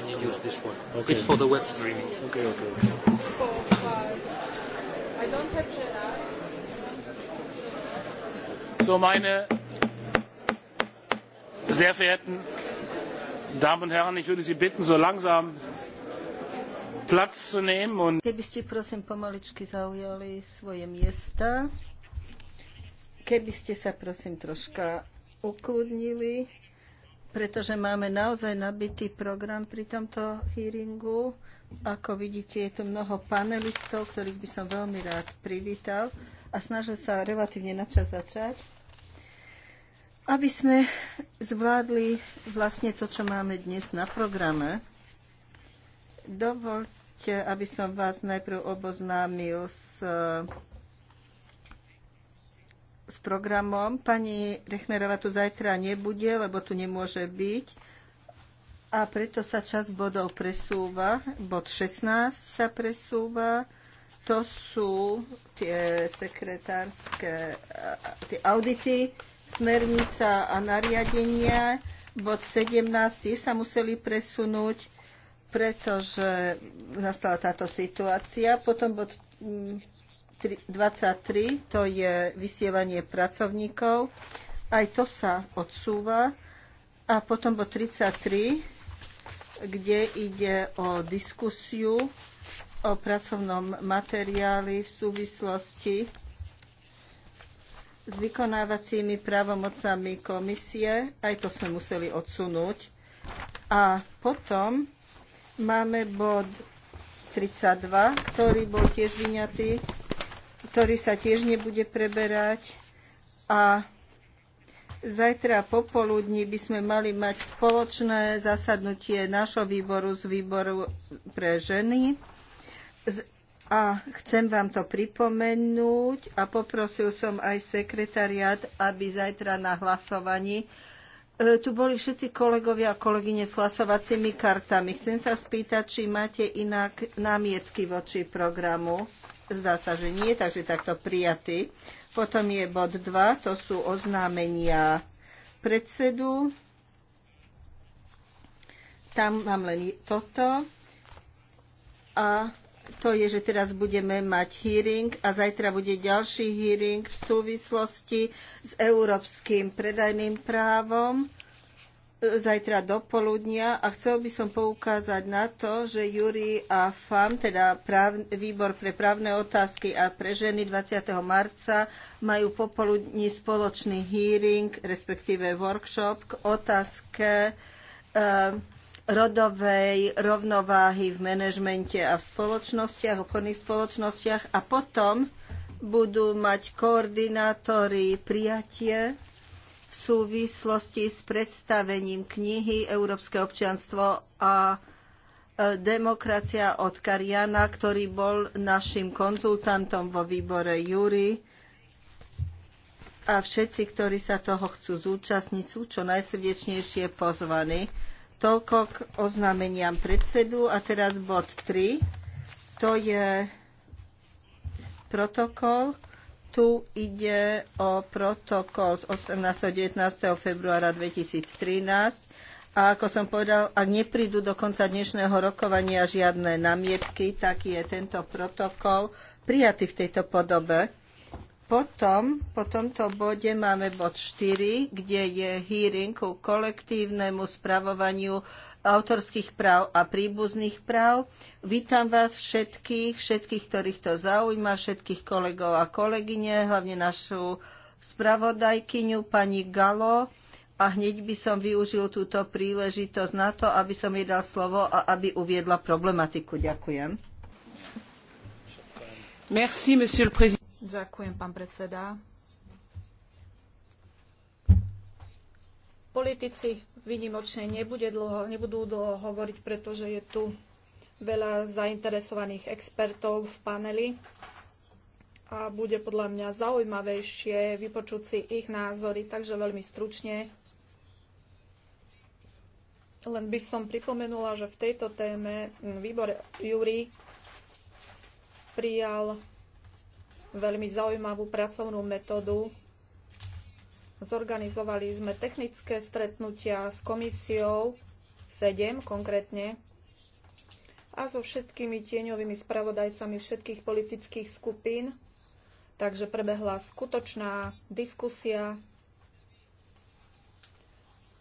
can you use this one. Okay. It's for the web streaming. Okay, okay, okay. so, meine sehr verehrten Damen und Herren, ich würde Sie bitten, so langsam Platz zu nehmen und Keby ste prosím pomaličky zaujali svoje miesta, keby ste sa prosím troška ukludnili pretože máme naozaj nabitý program pri tomto hearingu. Ako vidíte, je tu mnoho panelistov, ktorých by som veľmi rád privítal a snažil sa relatívne načas začať, aby sme zvládli vlastne to, čo máme dnes na programe. Dovolte, aby som vás najprv oboznámil s s programom. Pani Rechnerová tu zajtra nebude, lebo tu nemôže byť. A preto sa čas bodov presúva. Bod 16 sa presúva. To sú tie sekretárske tie audity, smernica a nariadenia. Bod 17 sa museli presunúť, pretože nastala táto situácia. Potom bod mm, 23, to je vysielanie pracovníkov. Aj to sa odsúva. A potom bod 33, kde ide o diskusiu o pracovnom materiáli v súvislosti s vykonávacími právomocami komisie. Aj to sme museli odsunúť. A potom máme bod 32, ktorý bol tiež vyňatý ktorý sa tiež nebude preberať. A zajtra popoludní by sme mali mať spoločné zasadnutie našho výboru z výboru pre ženy. A chcem vám to pripomenúť a poprosil som aj sekretariat, aby zajtra na hlasovaní e, tu boli všetci kolegovia a kolegyne s hlasovacími kartami. Chcem sa spýtať, či máte inak námietky voči programu. Zdá sa, že nie, takže takto prijatý. Potom je bod 2, to sú oznámenia predsedu. Tam mám len toto. A to je, že teraz budeme mať hearing a zajtra bude ďalší hearing v súvislosti s európskym predajným právom zajtra do poludnia a chcel by som poukázať na to, že Júri a FAM, teda práv, výbor pre právne otázky a pre ženy 20. marca majú popoludní spoločný hearing, respektíve workshop k otázke e, rodovej rovnováhy v manažmente a v spoločnostiach, obchodných spoločnostiach a potom budú mať koordinátory prijatie v súvislosti s predstavením knihy Európske občianstvo a e, demokracia od Kariana, ktorý bol našim konzultantom vo výbore Júri. A všetci, ktorí sa toho chcú zúčastniť, sú čo najsrdečnejšie pozvaní. Toľko k oznameniam predsedu. A teraz bod 3. To je protokol tu ide o protokol z 18. a 19. februára 2013 a ako som povedal, ak neprídu do konca dnešného rokovania žiadne námietky, tak je tento protokol prijatý v tejto podobe. Potom, po tomto bode máme bod 4, kde je hearing ku kolektívnemu spravovaniu autorských práv a príbuzných práv. Vítam vás všetkých, všetkých, ktorých to zaujíma, všetkých kolegov a kolegyne, hlavne našu spravodajkyňu pani Galo. A hneď by som využil túto príležitosť na to, aby som jej dal slovo a aby uviedla problematiku. Ďakujem. Merci, monsieur le président. Ďakujem, pán predseda. Politici vynimočne nebude dlho, nebudú dlho hovoriť, pretože je tu veľa zainteresovaných expertov v paneli a bude podľa mňa zaujímavejšie vypočuť si ich názory, takže veľmi stručne. Len by som pripomenula, že v tejto téme výbor Júri prijal veľmi zaujímavú pracovnú metódu. Zorganizovali sme technické stretnutia s komisiou, 7 konkrétne, a so všetkými tieňovými spravodajcami všetkých politických skupín. Takže prebehla skutočná diskusia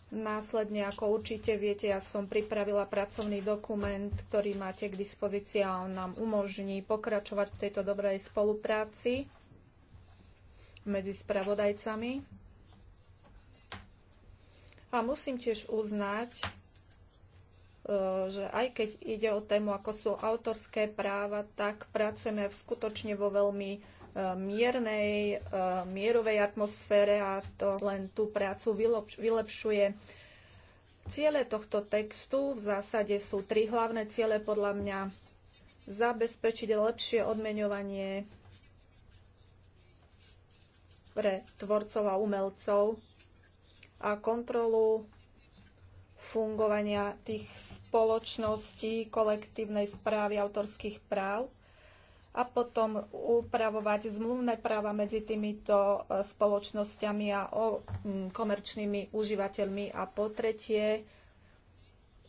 Následne, ako určite viete, ja som pripravila pracovný dokument, ktorý máte k dispozícii a on nám umožní pokračovať v tejto dobrej spolupráci medzi spravodajcami. A musím tiež uznať, e, že aj keď ide o tému, ako sú autorské práva, tak pracujeme skutočne vo veľmi E, miernej, e, mierovej atmosfére a to len tú prácu vylepšuje. Ciele tohto textu v zásade sú tri hlavné ciele podľa mňa. Zabezpečiť lepšie odmeňovanie pre tvorcov a umelcov a kontrolu fungovania tých spoločností kolektívnej správy autorských práv a potom upravovať zmluvné práva medzi týmito e, spoločnosťami a komerčnými užívateľmi. A po tretie,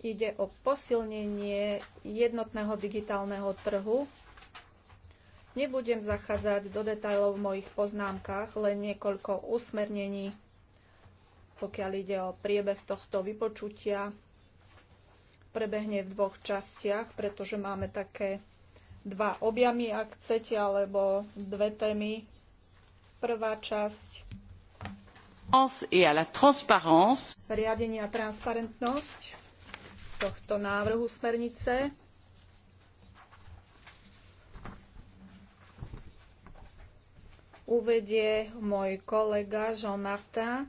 ide o posilnenie jednotného digitálneho trhu. Nebudem zachádzať do detajlov v mojich poznámkach, len niekoľko usmernení, pokiaľ ide o priebeh tohto vypočutia. Prebehne v dvoch častiach, pretože máme také dva objamy, ak chcete, alebo dve témy. Prvá časť. Riadenie a transparentnosť tohto návrhu smernice. uvedie môj kolega Jean Martin,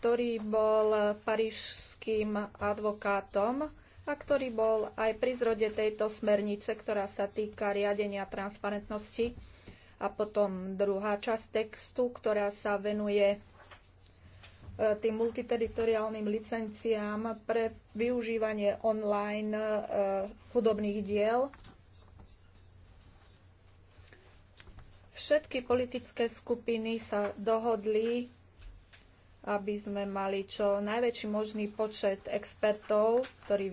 ktorý bol parížským advokátom a ktorý bol aj pri zrode tejto smernice, ktorá sa týka riadenia transparentnosti. A potom druhá časť textu, ktorá sa venuje e, tým multiteritoriálnym licenciám pre využívanie online e, hudobných diel všetky politické skupiny sa dohodli aby sme mali čo najväčší možný počet expertov, ktorí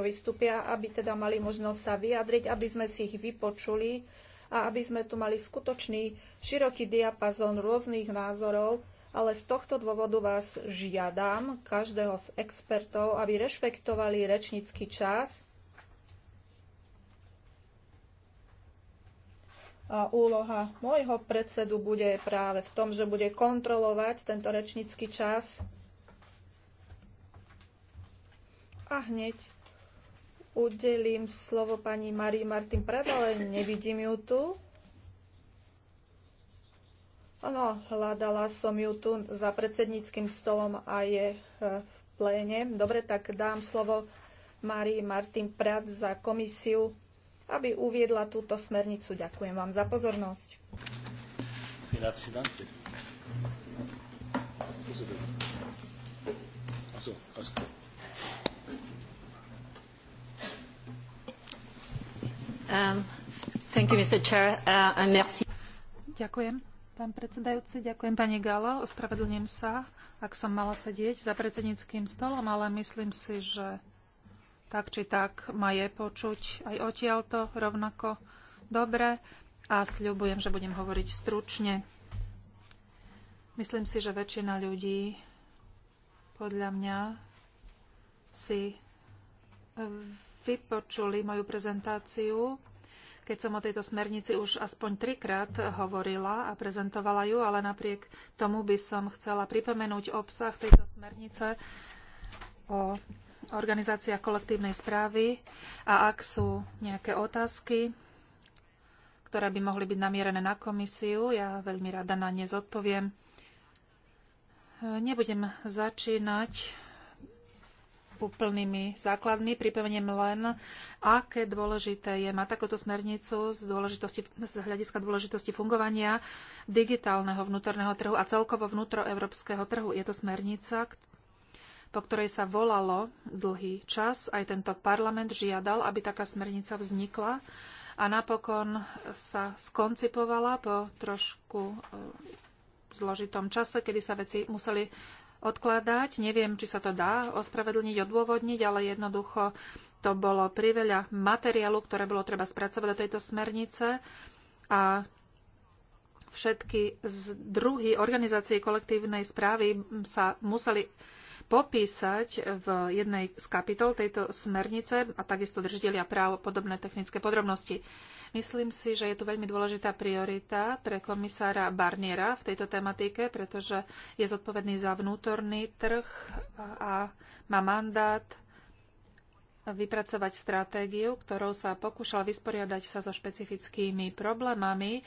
vystúpia, aby teda mali možnosť sa vyjadriť, aby sme si ich vypočuli a aby sme tu mali skutočný široký diapazon rôznych názorov, ale z tohto dôvodu vás žiadam, každého z expertov, aby rešpektovali rečnícky čas – úloha môjho predsedu bude práve v tom, že bude kontrolovať tento rečnícky čas. A hneď udelím slovo pani Marii Martin Prada, ale nevidím ju tu. Ono, hľadala som ju tu za predsedníckým stolom a je e, v pléne. Dobre, tak dám slovo Marii Martin Prad za komisiu aby uviedla túto smernicu. Ďakujem vám za pozornosť. Ah, ah, um, uh, ďakujem, pán predsedajúci, ďakujem pani Gala. Ospravedlňujem sa, ak som mala sedieť za predsedníckým stolom, ale myslím si, že tak či tak ma je počuť aj odtiaľto rovnako dobre a sľubujem, že budem hovoriť stručne. Myslím si, že väčšina ľudí podľa mňa si e, vypočuli moju prezentáciu, keď som o tejto smernici už aspoň trikrát hovorila a prezentovala ju, ale napriek tomu by som chcela pripomenúť obsah tejto smernice o Organizácia kolektívnej správy a ak sú nejaké otázky, ktoré by mohli byť namierené na komisiu, ja veľmi rada na ne zodpoviem. Nebudem začínať úplnými základmi. pripevnem len, aké dôležité je mať takúto smernicu z, dôležitosti, z hľadiska dôležitosti fungovania digitálneho vnútorného trhu a celkovo vnútroevropského trhu. Je to smernica, po ktorej sa volalo dlhý čas. Aj tento parlament žiadal, aby taká smernica vznikla a napokon sa skoncipovala po trošku eh, zložitom čase, kedy sa veci museli odkladať. Neviem, či sa to dá ospravedlniť, odôvodniť, ale jednoducho to bolo priveľa materiálu, ktoré bolo treba spracovať do tejto smernice a všetky z druhy organizácie kolektívnej správy sa museli popísať v jednej z kapitol tejto smernice a takisto držiteľia práv podobné technické podrobnosti. Myslím si, že je tu veľmi dôležitá priorita pre komisára Barniera v tejto tematike, pretože je zodpovedný za vnútorný trh a má mandát vypracovať stratégiu, ktorou sa pokúšal vysporiadať sa so špecifickými problémami,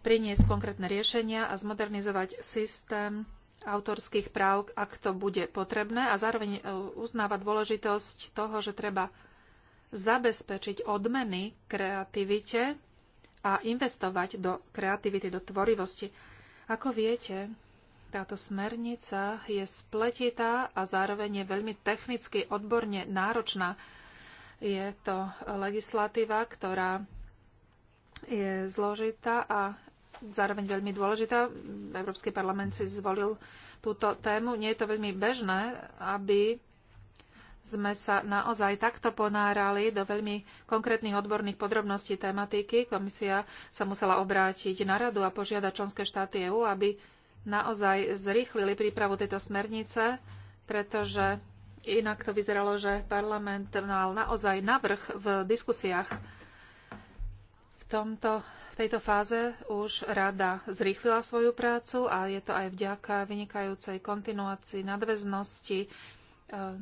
priniesť konkrétne riešenia a zmodernizovať systém autorských práv, ak to bude potrebné a zároveň e, uznáva dôležitosť toho, že treba zabezpečiť odmeny kreativite a investovať do kreativity, do tvorivosti. Ako viete, táto smernica je spletitá a zároveň je veľmi technicky, odborne náročná. Je to legislatíva, ktorá je zložitá a zároveň veľmi dôležitá. Európsky parlament si zvolil túto tému. Nie je to veľmi bežné, aby sme sa naozaj takto ponárali do veľmi konkrétnych odborných podrobností tematiky. Komisia sa musela obrátiť na radu a požiadať členské štáty EÚ, aby naozaj zrýchlili prípravu tejto smernice, pretože inak to vyzeralo, že parlament mal naozaj navrh v diskusiách tomto, v tejto fáze už rada zrýchlila svoju prácu a je to aj vďaka vynikajúcej kontinuácii nadväznosti eh,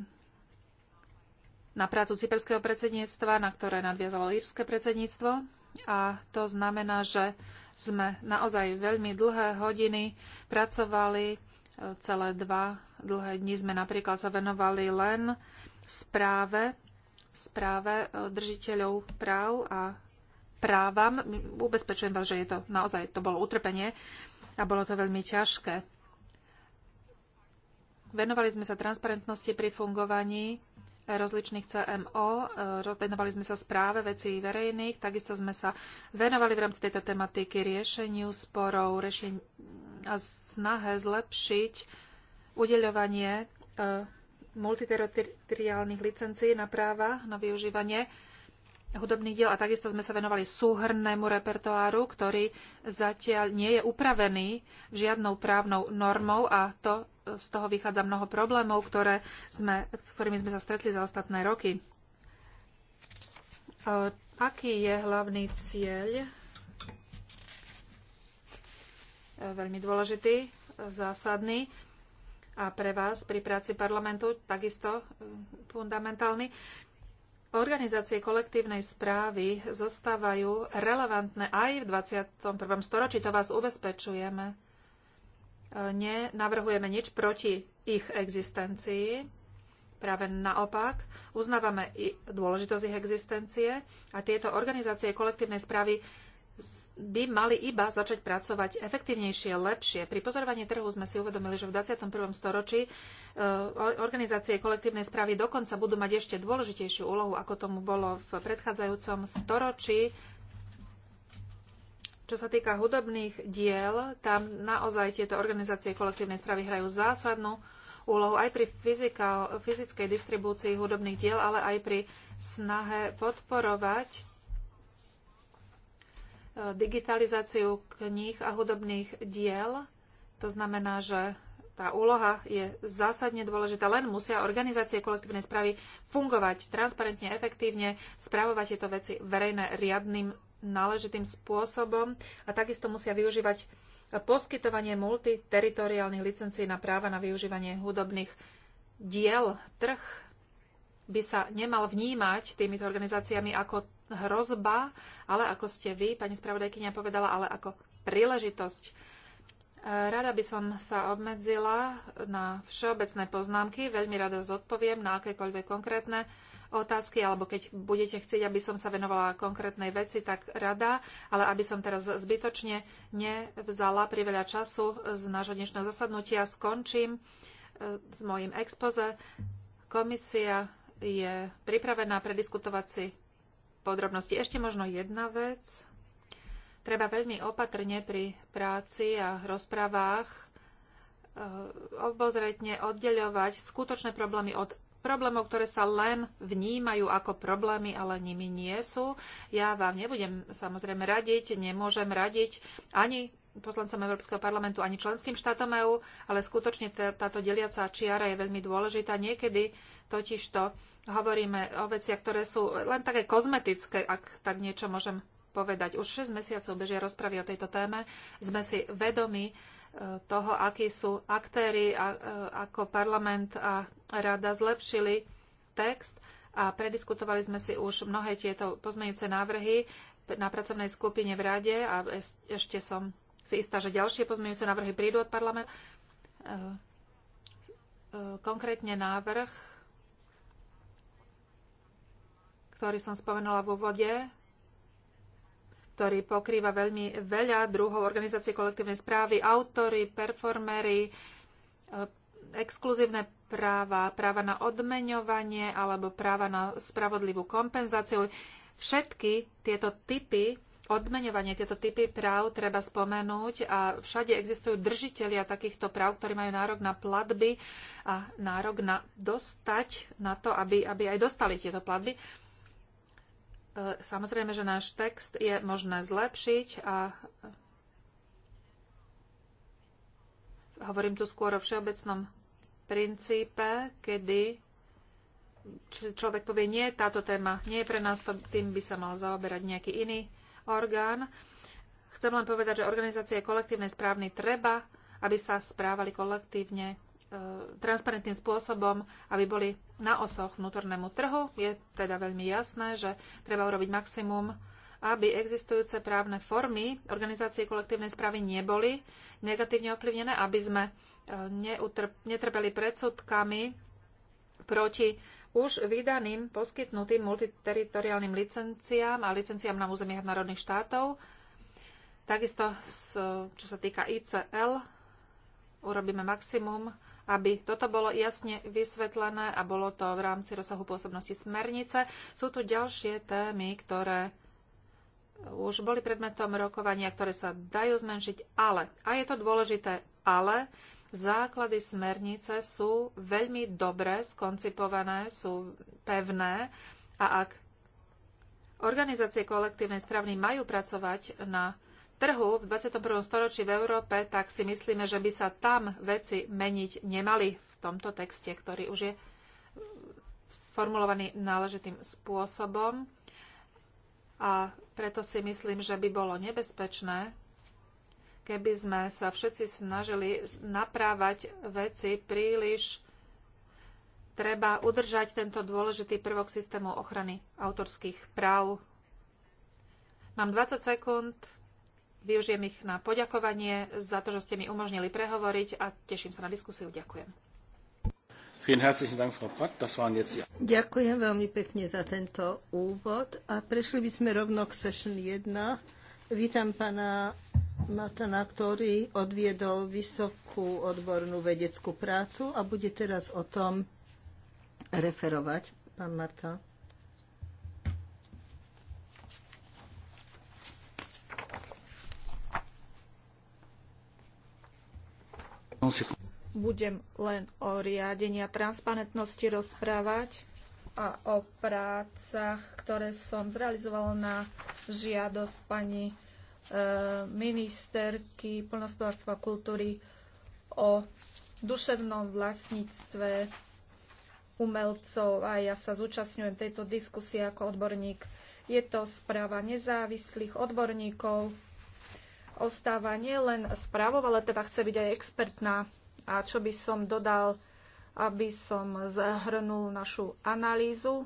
na prácu cyperského predsedníctva, na ktoré nadviazalo írske predsedníctvo. A to znamená, že sme naozaj veľmi dlhé hodiny pracovali, eh, celé dva dlhé dni sme napríklad sa venovali len správe, správe eh, držiteľov práv a správam. Ubezpečujem vás, že je to naozaj, to bolo utrpenie a bolo to veľmi ťažké. Venovali sme sa transparentnosti pri fungovaní rozličných CMO, eh, venovali sme sa správe vecí verejných, takisto sme sa venovali v rámci tejto tematiky riešeniu sporov riešen- a snahe zlepšiť udeľovanie eh, multiteritoriálnych licencií na práva na využívanie hudobných diel a takisto sme sa venovali súhrnému repertoáru, ktorý zatiaľ nie je upravený žiadnou právnou normou a to z toho vychádza mnoho problémov, ktoré sme, s ktorými sme sa stretli za ostatné roky. E, aký je hlavný cieľ? E, veľmi dôležitý, zásadný a pre vás pri práci parlamentu takisto e, fundamentálny Organizácie kolektívnej správy zostávajú relevantné aj v 21. storočí, to vás ubezpečujeme. E, nenavrhujeme nič proti ich existencii, práve naopak uznávame i dôležitosť ich existencie a tieto organizácie kolektívnej správy by mali iba začať pracovať efektívnejšie, lepšie. Pri pozorovaní trhu sme si uvedomili, že v 21. storočí e, organizácie kolektívnej správy dokonca budú mať ešte dôležitejšiu úlohu, ako tomu bolo v predchádzajúcom storočí. Čo sa týka hudobných diel, tam naozaj tieto organizácie kolektívnej správy hrajú zásadnú úlohu aj pri fyzikál, fyzickej distribúcii hudobných diel, ale aj pri snahe podporovať digitalizáciu kníh a hudobných diel. To znamená, že tá úloha je zásadne dôležitá. Len musia organizácie kolektívnej správy fungovať transparentne, efektívne, správovať tieto veci verejné riadným náležitým spôsobom a takisto musia využívať poskytovanie multiteritoriálnych licencií na práva na využívanie hudobných diel. Trh by sa nemal vnímať týmito organizáciami ako hrozba, ale ako ste vy, pani spravodajkynia, povedala, ale ako príležitosť. E, rada by som sa obmedzila na všeobecné poznámky. Veľmi rada zodpoviem na akékoľvek konkrétne otázky, alebo keď budete chcieť, aby som sa venovala konkrétnej veci, tak rada, ale aby som teraz zbytočne nevzala priveľa času z nášho dnešného zasadnutia, skončím e, s mojim expoze. Komisia je pripravená prediskutovať si podrobnosti. Ešte možno jedna vec. Treba veľmi opatrne pri práci a rozprávách e, obozretne oddeľovať skutočné problémy od problémov, ktoré sa len vnímajú ako problémy, ale nimi nie sú. Ja vám nebudem samozrejme radiť, nemôžem radiť ani poslancom Európskeho parlamentu, ani členským štátom EÚ, ale skutočne táto deliaca čiara je veľmi dôležitá. Niekedy Totižto hovoríme o veciach, ktoré sú len také kozmetické, ak tak niečo môžem povedať. Už 6 mesiacov bežia rozpravy o tejto téme. Sme si vedomi e, toho, akí sú aktéry, e, ako parlament a rada zlepšili text a prediskutovali sme si už mnohé tieto pozmeňujúce návrhy na pracovnej skupine v rade a ešte som si istá, že ďalšie pozmeňujúce návrhy prídu od parlamentu. E, konkrétne návrh ktorý som spomenula v úvode, ktorý pokrýva veľmi veľa druhov organizácie kolektívnej správy, autory, performery, e, exkluzívne práva, práva na odmeňovanie alebo práva na spravodlivú kompenzáciu. Všetky tieto typy odmeňovanie, tieto typy práv treba spomenúť a všade existujú držitelia takýchto práv, ktorí majú nárok na platby a nárok na dostať na to, aby, aby aj dostali tieto platby. E, samozrejme, že náš text je možné zlepšiť a hovorím tu skôr o všeobecnom princípe, kedy človek povie, nie, táto téma nie je pre nás, tým by sa mal zaoberať nejaký iný orgán. Chcem len povedať, že organizácie kolektívnej správny treba, aby sa správali kolektívne E, transparentným spôsobom, aby boli na osoch vnútornému trhu. Je teda veľmi jasné, že treba urobiť maximum, aby existujúce právne formy organizácie kolektívnej správy neboli negatívne ovplyvnené, aby sme e, netrpeli predsudkami proti už vydaným, poskytnutým multiteritoriálnym licenciám a licenciám na územiach národných štátov. Takisto, e, čo sa týka ICL, urobíme maximum, aby toto bolo jasne vysvetlené a bolo to v rámci rozsahu pôsobnosti smernice. Sú tu ďalšie témy, ktoré už boli predmetom rokovania, ktoré sa dajú zmenšiť, ale, a je to dôležité, ale základy smernice sú veľmi dobre skoncipované, sú pevné a ak organizácie kolektívnej stravny majú pracovať na trhu v 21. storočí v Európe, tak si myslíme, že by sa tam veci meniť nemali v tomto texte, ktorý už je sformulovaný náležitým spôsobom. A preto si myslím, že by bolo nebezpečné, keby sme sa všetci snažili naprávať veci príliš. Treba udržať tento dôležitý prvok systému ochrany autorských práv. Mám 20 sekúnd, Využijem ich na poďakovanie za to, že ste mi umožnili prehovoriť a teším sa na diskusiu. Ďakujem. Ďakujem veľmi pekne za tento úvod a prešli by sme rovno k session 1. Vítam pána Matana, ktorý odviedol vysokú odbornú vedeckú prácu a bude teraz o tom referovať. Pán Marta. Budem len o riadení a transparentnosti rozprávať a o prácach, ktoré som zrealizovala na žiadosť pani e, ministerky plnospodárstva kultúry o duševnom vlastníctve umelcov a ja sa zúčastňujem tejto diskusie ako odborník. Je to správa nezávislých odborníkov, ostáva nielen správou, ale teda chce byť aj expertná. A čo by som dodal, aby som zhrnul našu analýzu? E,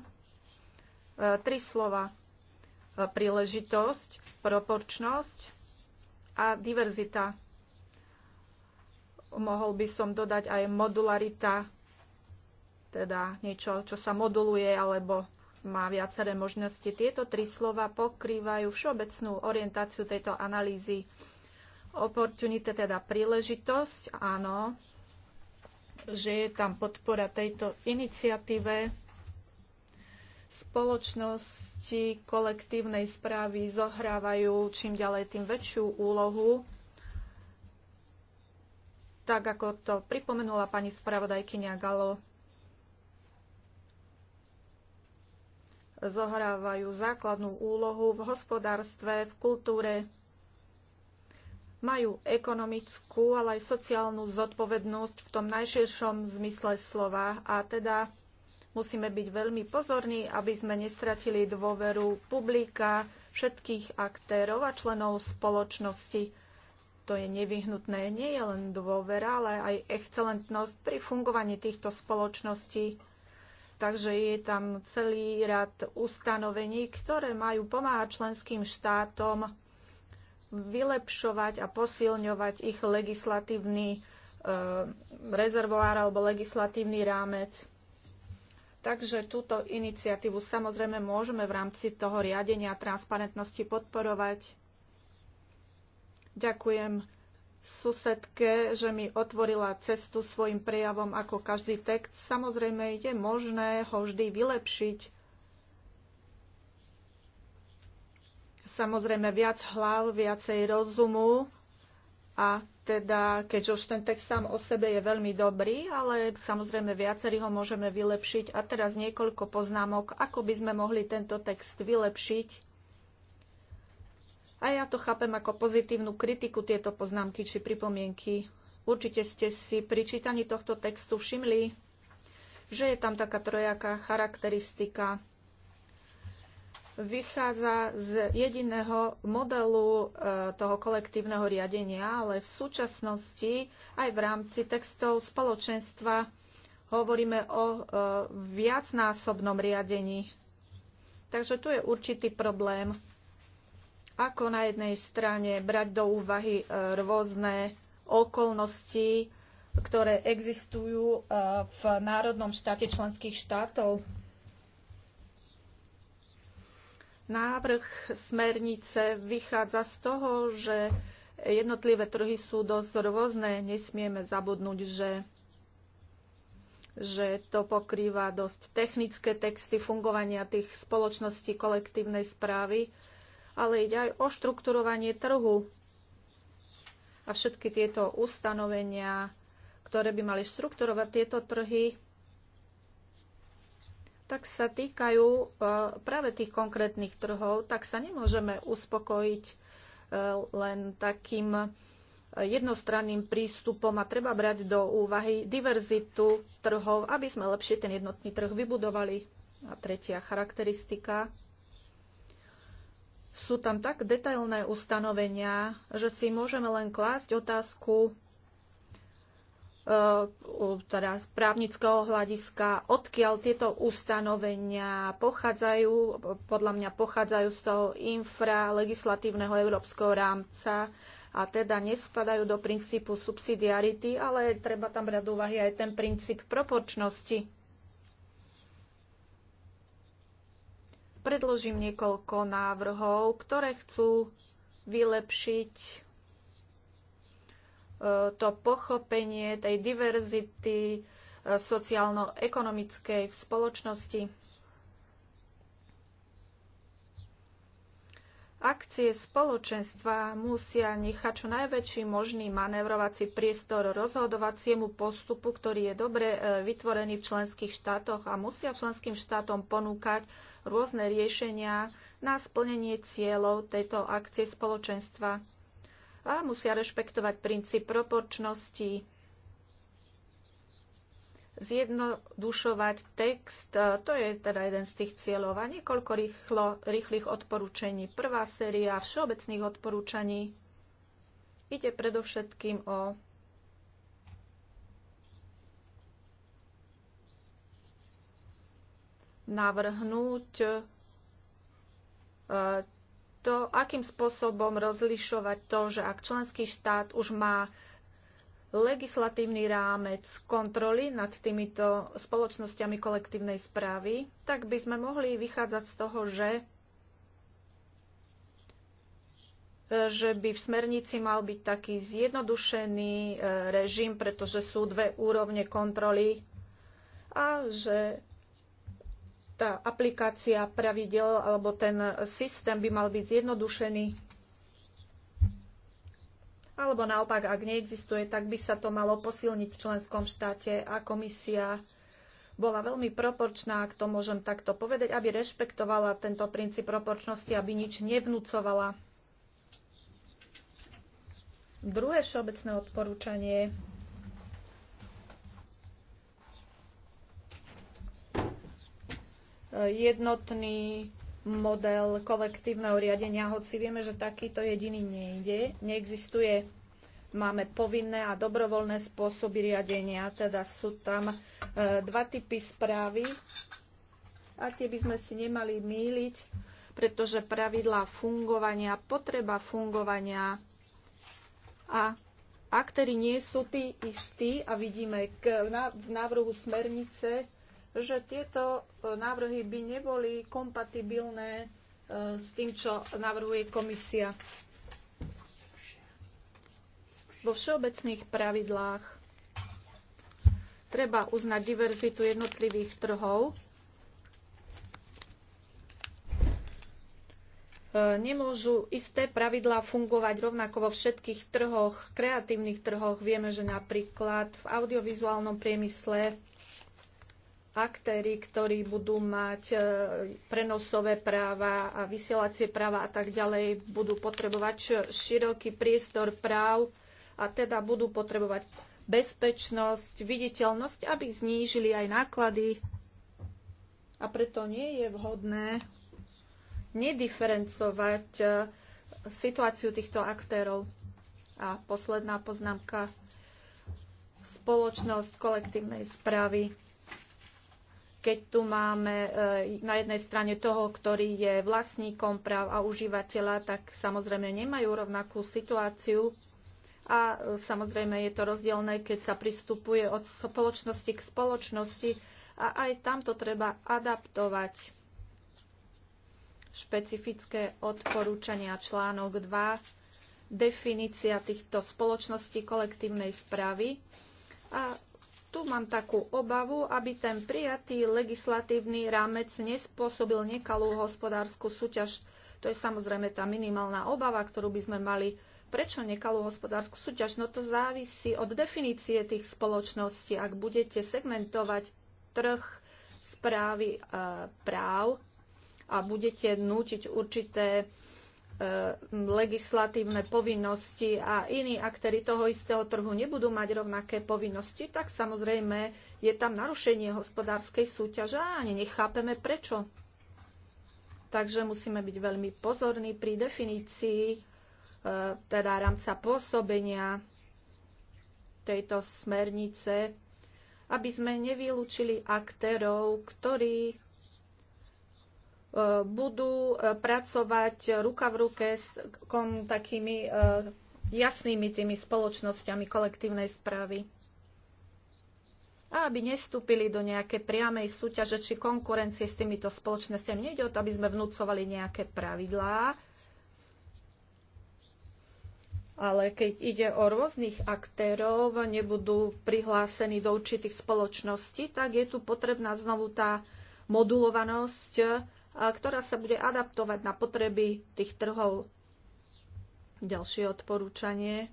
tri slova. E, príležitosť, proporčnosť a diverzita. Mohol by som dodať aj modularita, teda niečo, čo sa moduluje alebo má viaceré možnosti. Tieto tri slova pokrývajú všeobecnú orientáciu tejto analýzy. Opportunity, teda príležitosť, áno, že je tam podpora tejto iniciatíve spoločnosti kolektívnej správy zohrávajú čím ďalej tým väčšiu úlohu. Tak ako to pripomenula pani spravodajkynia Galo, zohrávajú základnú úlohu v hospodárstve, v kultúre, majú ekonomickú, ale aj sociálnu zodpovednosť v tom najširšom zmysle slova a teda musíme byť veľmi pozorní, aby sme nestratili dôveru publika, všetkých aktérov a členov spoločnosti. To je nevyhnutné nie je len dôvera, ale aj excelentnosť pri fungovaní týchto spoločností. Takže je tam celý rad ustanovení, ktoré majú pomáhať členským štátom vylepšovať a posilňovať ich legislatívny e, rezervoár alebo legislatívny rámec. Takže túto iniciatívu samozrejme môžeme v rámci toho riadenia transparentnosti podporovať. Ďakujem susedke, že mi otvorila cestu svojim prejavom ako každý text. Samozrejme, je možné ho vždy vylepšiť. Samozrejme, viac hlav, viacej rozumu a teda, keďže už ten text sám o sebe je veľmi dobrý, ale samozrejme viacerý ho môžeme vylepšiť. A teraz niekoľko poznámok, ako by sme mohli tento text vylepšiť a ja to chápem ako pozitívnu kritiku, tieto poznámky či pripomienky. Určite ste si pri čítaní tohto textu všimli, že je tam taká trojaká charakteristika. Vychádza z jediného modelu e, toho kolektívneho riadenia, ale v súčasnosti aj v rámci textov spoločenstva hovoríme o e, viacnásobnom riadení. Takže tu je určitý problém ako na jednej strane brať do úvahy e, rôzne okolnosti, ktoré existujú e, v národnom štáte členských štátov. Návrh smernice vychádza z toho, že jednotlivé trhy sú dosť rôzne. Nesmieme zabudnúť, že, že to pokrýva dosť technické texty fungovania tých spoločností kolektívnej správy ale ide aj o štrukturovanie trhu. A všetky tieto ustanovenia, ktoré by mali štrukturovať tieto trhy, tak sa týkajú e, práve tých konkrétnych trhov, tak sa nemôžeme uspokojiť e, len takým e, jednostranným prístupom a treba brať do úvahy diverzitu trhov, aby sme lepšie ten jednotný trh vybudovali. A tretia charakteristika sú tam tak detailné ustanovenia, že si môžeme len klásť otázku e, teda z právnického hľadiska, odkiaľ tieto ustanovenia pochádzajú. Podľa mňa pochádzajú z toho infralegislatívneho európskeho rámca a teda nespadajú do princípu subsidiarity, ale treba tam brať do úvahy aj ten princíp proporčnosti. predložím niekoľko návrhov, ktoré chcú vylepšiť e, to pochopenie tej diverzity e, sociálno-ekonomickej v spoločnosti. Akcie spoločenstva musia nechať čo najväčší možný manevrovací priestor rozhodovaciemu postupu, ktorý je dobre e, vytvorený v členských štátoch a musia členským štátom ponúkať rôzne riešenia na splnenie cieľov tejto akcie spoločenstva a musia rešpektovať princíp proporčnosti, zjednodušovať text, to je teda jeden z tých cieľov a niekoľko rýchlo, rýchlych odporúčení. Prvá séria všeobecných odporúčaní ide predovšetkým o navrhnúť e, to, akým spôsobom rozlišovať to, že ak členský štát už má legislatívny rámec kontroly nad týmito spoločnosťami kolektívnej správy, tak by sme mohli vychádzať z toho, že e, že by v smernici mal byť taký zjednodušený e, režim, pretože sú dve úrovne kontroly a že tá aplikácia pravidel alebo ten systém by mal byť zjednodušený. Alebo naopak, ak neexistuje, tak by sa to malo posilniť v členskom štáte a komisia bola veľmi proporčná, ak to môžem takto povedať, aby rešpektovala tento princíp proporčnosti, aby nič nevnúcovala. Druhé všeobecné odporúčanie jednotný model kolektívneho riadenia, hoci vieme, že takýto jediný nejde, neexistuje. Máme povinné a dobrovoľné spôsoby riadenia, teda sú tam e, dva typy správy a tie by sme si nemali míliť, pretože pravidlá fungovania, potreba fungovania a aktéry nie sú tí istí a vidíme k, na, v návrhu smernice že tieto e, návrhy by neboli kompatibilné e, s tým, čo navrhuje komisia. Vo všeobecných pravidlách treba uznať diverzitu jednotlivých trhov. E, nemôžu isté pravidlá fungovať rovnako vo všetkých trhoch, kreatívnych trhoch. Vieme, že napríklad v audiovizuálnom priemysle aktéry, ktorí budú mať e, prenosové práva a vysielacie práva a tak ďalej, budú potrebovať široký priestor práv a teda budú potrebovať bezpečnosť, viditeľnosť, aby znížili aj náklady. A preto nie je vhodné nediferencovať e, situáciu týchto aktérov. A posledná poznámka. Spoločnosť kolektívnej správy keď tu máme e, na jednej strane toho, ktorý je vlastníkom práv a užívateľa, tak samozrejme nemajú rovnakú situáciu. A e, samozrejme je to rozdielne, keď sa pristupuje od spoločnosti k spoločnosti a aj tam to treba adaptovať. Špecifické odporúčania článok 2, definícia týchto spoločností kolektívnej správy a tu mám takú obavu, aby ten prijatý legislatívny rámec nespôsobil nekalú hospodárskú súťaž. To je samozrejme tá minimálna obava, ktorú by sme mali. Prečo nekalú hospodárskú súťaž? No to závisí od definície tých spoločností. Ak budete segmentovať trh správy e, práv a budete nútiť určité Eh, legislatívne povinnosti a iní aktéry toho istého trhu nebudú mať rovnaké povinnosti, tak samozrejme je tam narušenie hospodárskej súťaže a ani nechápeme prečo. Takže musíme byť veľmi pozorní pri definícii eh, teda rámca pôsobenia tejto smernice, aby sme nevylúčili aktérov, ktorí E, budú e, pracovať ruka v ruke s kom, takými e, jasnými tými spoločnosťami kolektívnej správy. A aby nestúpili do nejakej priamej súťaže či konkurencie s týmito spoločnosťami. Nejde o to, aby sme vnúcovali nejaké pravidlá, ale keď ide o rôznych aktérov, nebudú prihlásení do určitých spoločností, tak je tu potrebná znovu tá modulovanosť, ktorá sa bude adaptovať na potreby tých trhov. Ďalšie odporúčanie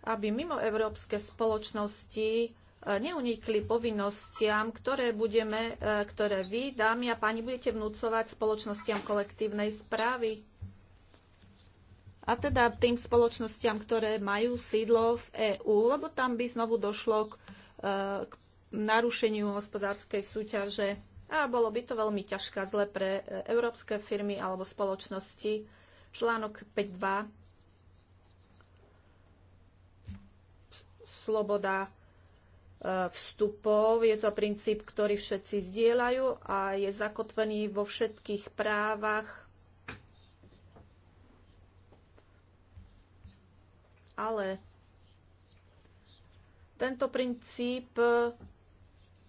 aby mimo európske spoločnosti e, neunikli povinnostiam, ktoré, budeme, e, ktoré vy, dámy a páni, budete vnúcovať spoločnostiam kolektívnej správy. A teda tým spoločnostiam, ktoré majú sídlo v EÚ, lebo tam by znovu došlo k, e, k narušeniu hospodárskej súťaže a bolo by to veľmi ťažké a zle pre e, európske firmy alebo spoločnosti. Článok 5.2 sloboda e, vstupov. Je to princíp, ktorý všetci zdieľajú a je zakotvený vo všetkých právach. Ale tento princíp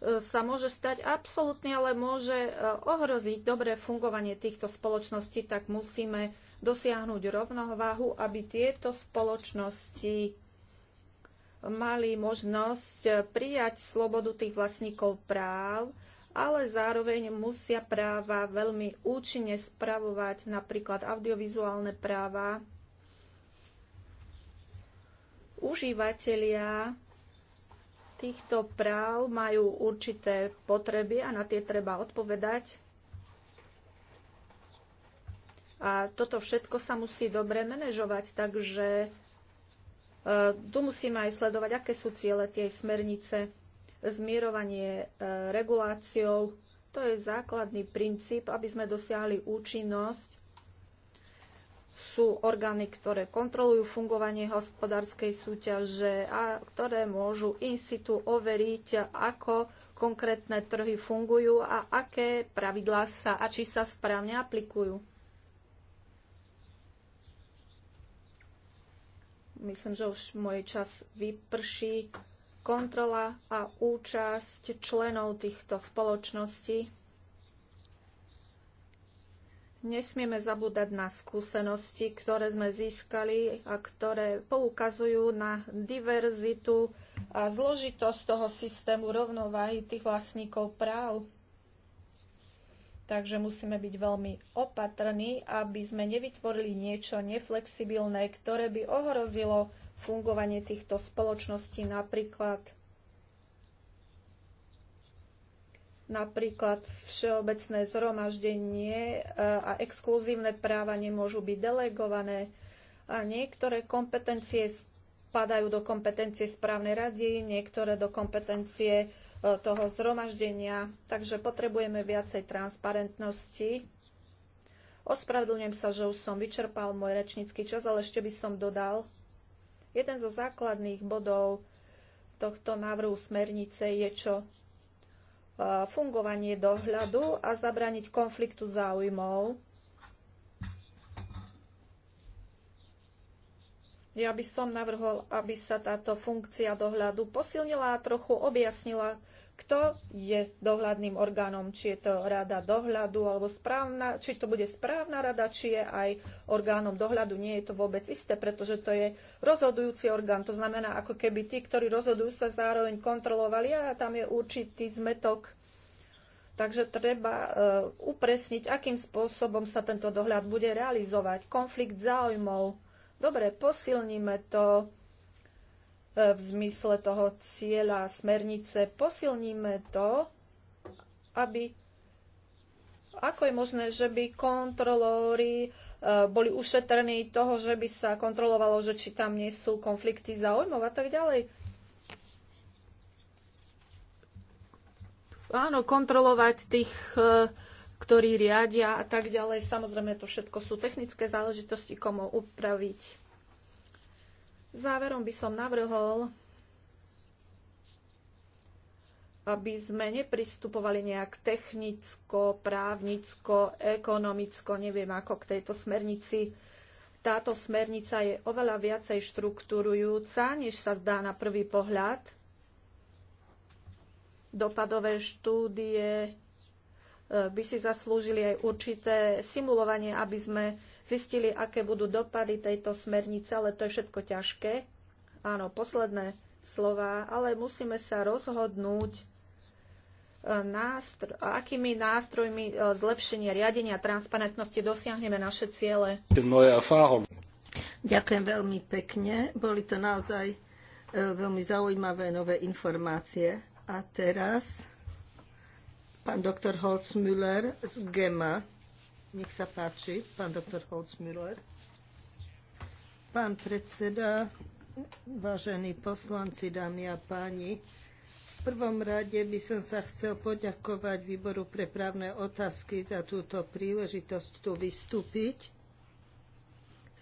sa môže stať absolútny, ale môže e, ohroziť dobré fungovanie týchto spoločností, tak musíme dosiahnuť rovnováhu, aby tieto spoločnosti mali možnosť e, prijať slobodu tých vlastníkov práv, ale zároveň musia práva veľmi účinne spravovať, napríklad audiovizuálne práva. Užívateľia týchto práv majú určité potreby a na tie treba odpovedať. A toto všetko sa musí dobre manažovať, takže e, tu musíme aj sledovať, aké sú ciele tej smernice. Zmierovanie e, reguláciou, to je základný princíp, aby sme dosiahli účinnosť sú orgány, ktoré kontrolujú fungovanie hospodárskej súťaže a ktoré môžu in situ overiť, ako konkrétne trhy fungujú a aké pravidlá sa a či sa správne aplikujú. Myslím, že už môj čas vyprší. Kontrola a účasť členov týchto spoločností Nesmieme zabúdať na skúsenosti, ktoré sme získali a ktoré poukazujú na diverzitu a zložitosť toho systému rovnováhy tých vlastníkov práv. Takže musíme byť veľmi opatrní, aby sme nevytvorili niečo neflexibilné, ktoré by ohrozilo fungovanie týchto spoločností, napríklad Napríklad všeobecné zhromaždenie e, a exkluzívne práva nemôžu byť delegované a niektoré kompetencie spadajú do kompetencie správnej rady, niektoré do kompetencie e, toho zhromaždenia, takže potrebujeme viacej transparentnosti. Ospravedlňujem sa, že už som vyčerpal môj rečnícky čas, ale ešte by som dodal. Jeden zo základných bodov tohto návrhu smernice je čo? E, fungovanie dohľadu a zabrániť konfliktu záujmov. Ja by som navrhol, aby sa táto funkcia dohľadu posilnila a trochu objasnila, kto je dohľadným orgánom, či je to rada dohľadu alebo správna, či to bude správna rada, či je aj orgánom dohľadu. Nie je to vôbec isté, pretože to je rozhodujúci orgán. To znamená, ako keby tí, ktorí rozhodujú, sa zároveň kontrolovali a tam je určitý zmetok. Takže treba e, upresniť, akým spôsobom sa tento dohľad bude realizovať. Konflikt záujmov. Dobre, posilníme to E, v zmysle toho cieľa smernice posilníme to, aby ako je možné, že by kontrolóri e, boli ušetrení toho, že by sa kontrolovalo, že či tam nie sú konflikty záujmov a tak ďalej. Áno, kontrolovať tých, e, ktorí riadia a tak ďalej. Samozrejme, to všetko sú technické záležitosti, komu upraviť Záverom by som navrhol, aby sme nepristupovali nejak technicko, právnicko, ekonomicko, neviem ako k tejto smernici. Táto smernica je oveľa viacej štruktúrujúca, než sa zdá na prvý pohľad. Dopadové štúdie eh, by si zaslúžili aj určité simulovanie, aby sme zistili, aké budú dopady tejto smernice, ale to je všetko ťažké. Áno, posledné slova, ale musíme sa rozhodnúť, e, nástro- akými nástrojmi e, zlepšenia riadenia transparentnosti dosiahneme naše ciele. Ďakujem veľmi pekne. Boli to naozaj e, veľmi zaujímavé nové informácie. A teraz pán doktor Holzmüller z GEMA. Nech sa páči, pán doktor Holzmüller. Pán predseda, vážení poslanci, dámy a páni, v prvom rade by som sa chcel poďakovať Výboru pre právne otázky za túto príležitosť tu vystúpiť.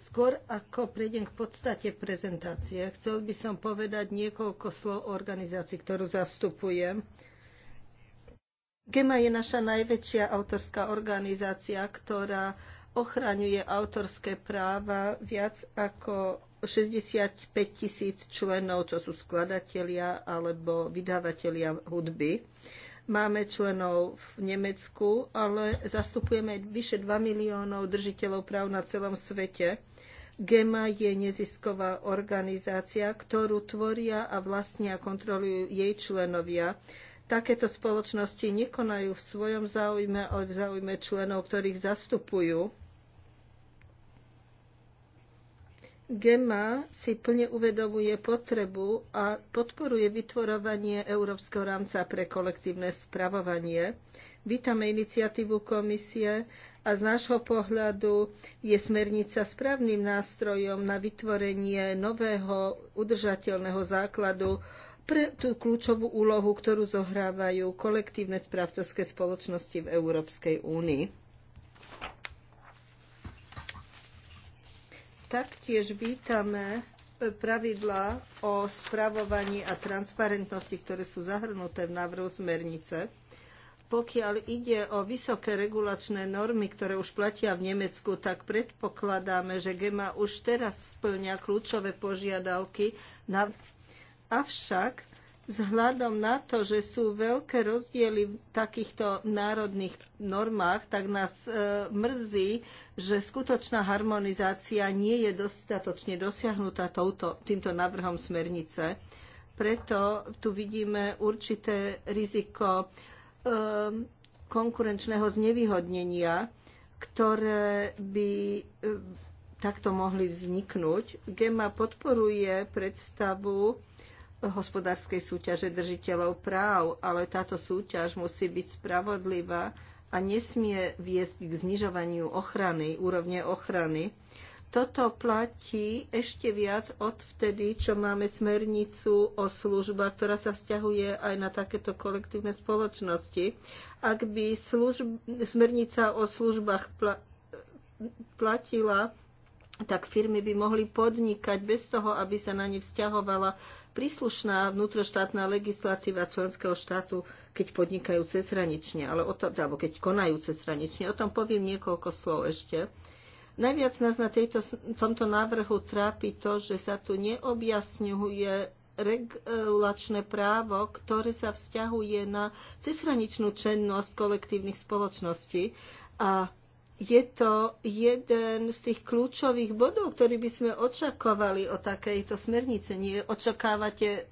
Skôr ako prejdem k podstate prezentácie, chcel by som povedať niekoľko slov o organizácii, ktorú zastupujem. GEMA je naša najväčšia autorská organizácia, ktorá ochraňuje autorské práva viac ako 65 tisíc členov, čo sú skladatelia alebo vydavatelia hudby. Máme členov v Nemecku, ale zastupujeme vyše 2 miliónov držiteľov práv na celom svete. GEMA je nezisková organizácia, ktorú tvoria a vlastnia a kontrolujú jej členovia. Takéto spoločnosti nekonajú v svojom záujme, ale v záujme členov, ktorých zastupujú. GEMA si plne uvedomuje potrebu a podporuje vytvorovanie Európskeho rámca pre kolektívne spravovanie. Vítame iniciatívu komisie a z nášho pohľadu je smernica správnym nástrojom na vytvorenie nového udržateľného základu pre tú kľúčovú úlohu, ktorú zohrávajú kolektívne správcovské spoločnosti v Európskej únii. Taktiež vítame e, pravidla o spravovaní a transparentnosti, ktoré sú zahrnuté v návrhu smernice. Pokiaľ ide o vysoké regulačné normy, ktoré už platia v Nemecku, tak predpokladáme, že GEMA už teraz splňa kľúčové požiadavky na Avšak vzhľadom na to, že sú veľké rozdiely v takýchto národných normách, tak nás e, mrzí, že skutočná harmonizácia nie je dostatočne dosiahnutá touto, týmto návrhom smernice. Preto tu vidíme určité riziko e, konkurenčného znevýhodnenia, ktoré by e, takto mohli vzniknúť. GEMA podporuje predstavu hospodárskej súťaže držiteľov práv, ale táto súťaž musí byť spravodlivá a nesmie viesť k znižovaniu ochrany, úrovne ochrany. Toto platí ešte viac od vtedy, čo máme smernicu o službách, ktorá sa vzťahuje aj na takéto kolektívne spoločnosti. Ak by služb, smernica o službách pla, platila, tak firmy by mohli podnikať bez toho, aby sa na ne vzťahovala príslušná vnútroštátna legislatíva členského štátu, keď podnikajú cezhranične, ale o tom, alebo keď konajú cezhranične. O tom poviem niekoľko slov ešte. Najviac nás na tejto, tomto návrhu trápi to, že sa tu neobjasňuje regulačné právo, ktoré sa vzťahuje na cezhraničnú čennosť kolektívnych spoločností. A je to jeden z tých kľúčových bodov, ktorý by sme očakovali o takejto smernice. Nie očakávate e,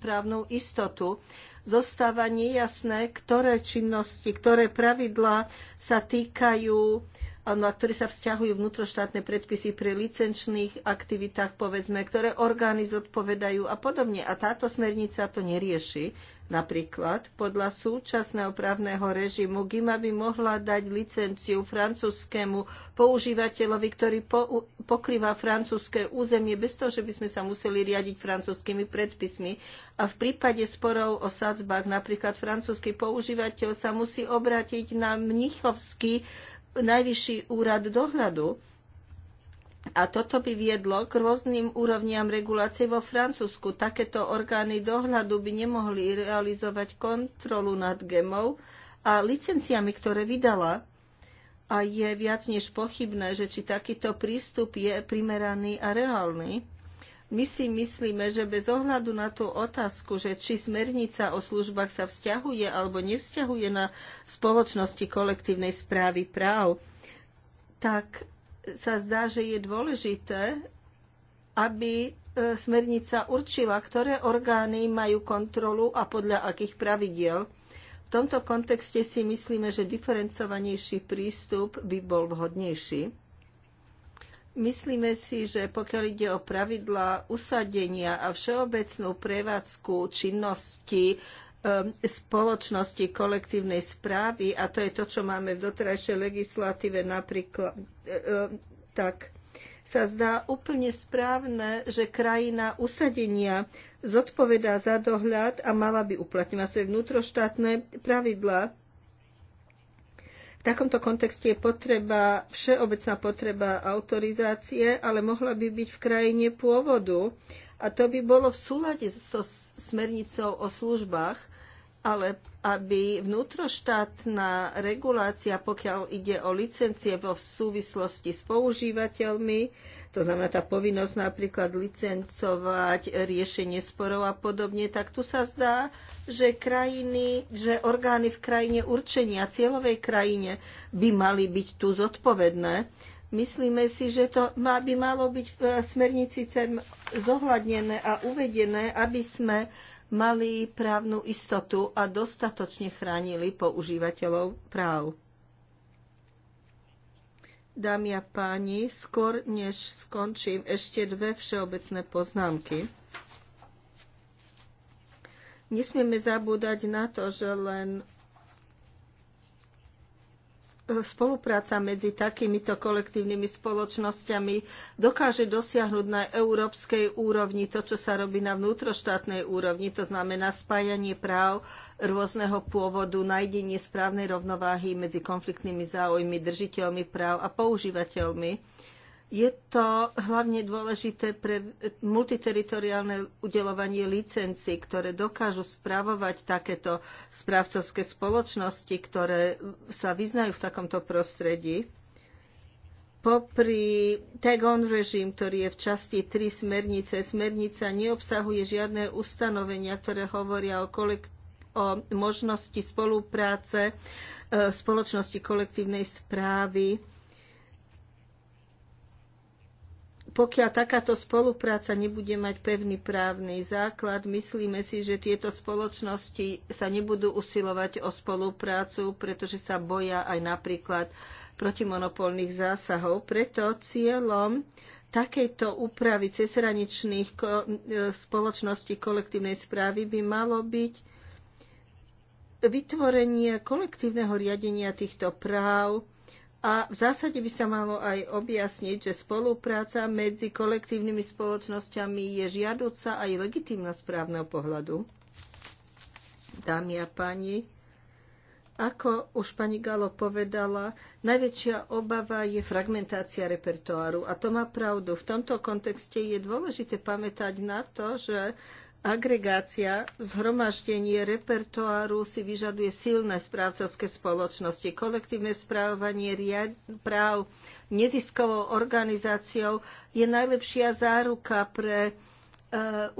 právnu istotu. Zostáva nejasné, ktoré činnosti, ktoré pravidlá sa týkajú na ktoré sa vzťahujú vnútroštátne predpisy pri licenčných aktivitách, povedzme, ktoré orgány zodpovedajú a podobne. A táto smernica to nerieši. Napríklad podľa súčasného právneho režimu GIMA by mohla dať licenciu francúzskému používateľovi, ktorý po, pokrýva francúzske územie bez toho, že by sme sa museli riadiť francúzskými predpismi. A v prípade sporov o sadzbách napríklad francúzsky používateľ sa musí obrátiť na mnichovský najvyšší úrad dohľadu. A toto by viedlo k rôznym úrovniam regulácie vo Francúzsku. Takéto orgány dohľadu by nemohli realizovať kontrolu nad gemou a licenciami, ktoré vydala. A je viac než pochybné, že či takýto prístup je primeraný a reálny. My si myslíme, že bez ohľadu na tú otázku, že či smernica o službách sa vzťahuje alebo nevzťahuje na spoločnosti kolektívnej správy práv, tak sa zdá, že je dôležité, aby e, smernica určila, ktoré orgány majú kontrolu a podľa akých pravidiel. V tomto kontexte si myslíme, že diferencovanejší prístup by bol vhodnejší. Myslíme si, že pokiaľ ide o pravidlá usadenia a všeobecnú prevádzku činnosti e, spoločnosti kolektívnej správy, a to je to, čo máme v doterajšej legislatíve napríklad, e, e, tak sa zdá úplne správne, že krajina usadenia zodpovedá za dohľad a mala by uplatňovať svoje vnútroštátne pravidlá. V takomto kontexte je potreba, všeobecná potreba autorizácie, ale mohla by byť v krajine pôvodu. A to by bolo v súlade so smernicou o službách, ale aby vnútroštátna regulácia, pokiaľ ide o licencie vo súvislosti s používateľmi, to znamená tá povinnosť napríklad licencovať riešenie sporov a podobne, tak tu sa zdá, že krajiny, že orgány v krajine určenia, cieľovej krajine by mali byť tu zodpovedné. Myslíme si, že to má, by malo byť v eh, smernici CERM zohľadnené a uvedené, aby sme mali právnu istotu a dostatočne chránili používateľov práv. Dámy a páni, skôr než skončím, ešte dve všeobecné poznámky. Nesmieme zabúdať na to, že len spolupráca medzi takýmito kolektívnymi spoločnosťami dokáže dosiahnuť na európskej úrovni to, čo sa robí na vnútroštátnej úrovni, to znamená spájanie práv rôzneho pôvodu, nájdenie správnej rovnováhy medzi konfliktnými záujmy, držiteľmi práv a používateľmi. Je to hlavne dôležité pre multiteritoriálne udelovanie licencií, ktoré dokážu spravovať takéto správcovské spoločnosti, ktoré sa vyznajú v takomto prostredí. Popri tag-on režim, ktorý je v časti 3 smernice, smernica neobsahuje žiadne ustanovenia, ktoré hovoria o, o možnosti spolupráce e, spoločnosti kolektívnej správy pokiaľ takáto spolupráca nebude mať pevný právny základ, myslíme si, že tieto spoločnosti sa nebudú usilovať o spoluprácu, pretože sa boja aj napríklad protimonopolných zásahov. Preto cieľom takejto úpravy cezhraničných e, spoločností kolektívnej správy by malo byť vytvorenie kolektívneho riadenia týchto práv, a v zásade by sa malo aj objasniť, že spolupráca medzi kolektívnymi spoločnosťami je žiaduca aj legitímna z právneho pohľadu. Dámy a páni, ako už pani Galo povedala, najväčšia obava je fragmentácia repertoáru. A to má pravdu. V tomto kontexte je dôležité pamätať na to, že Agregácia, zhromaždenie repertoáru si vyžaduje silné správcovské spoločnosti, kolektívne správanie práv neziskovou organizáciou je najlepšia záruka pre e,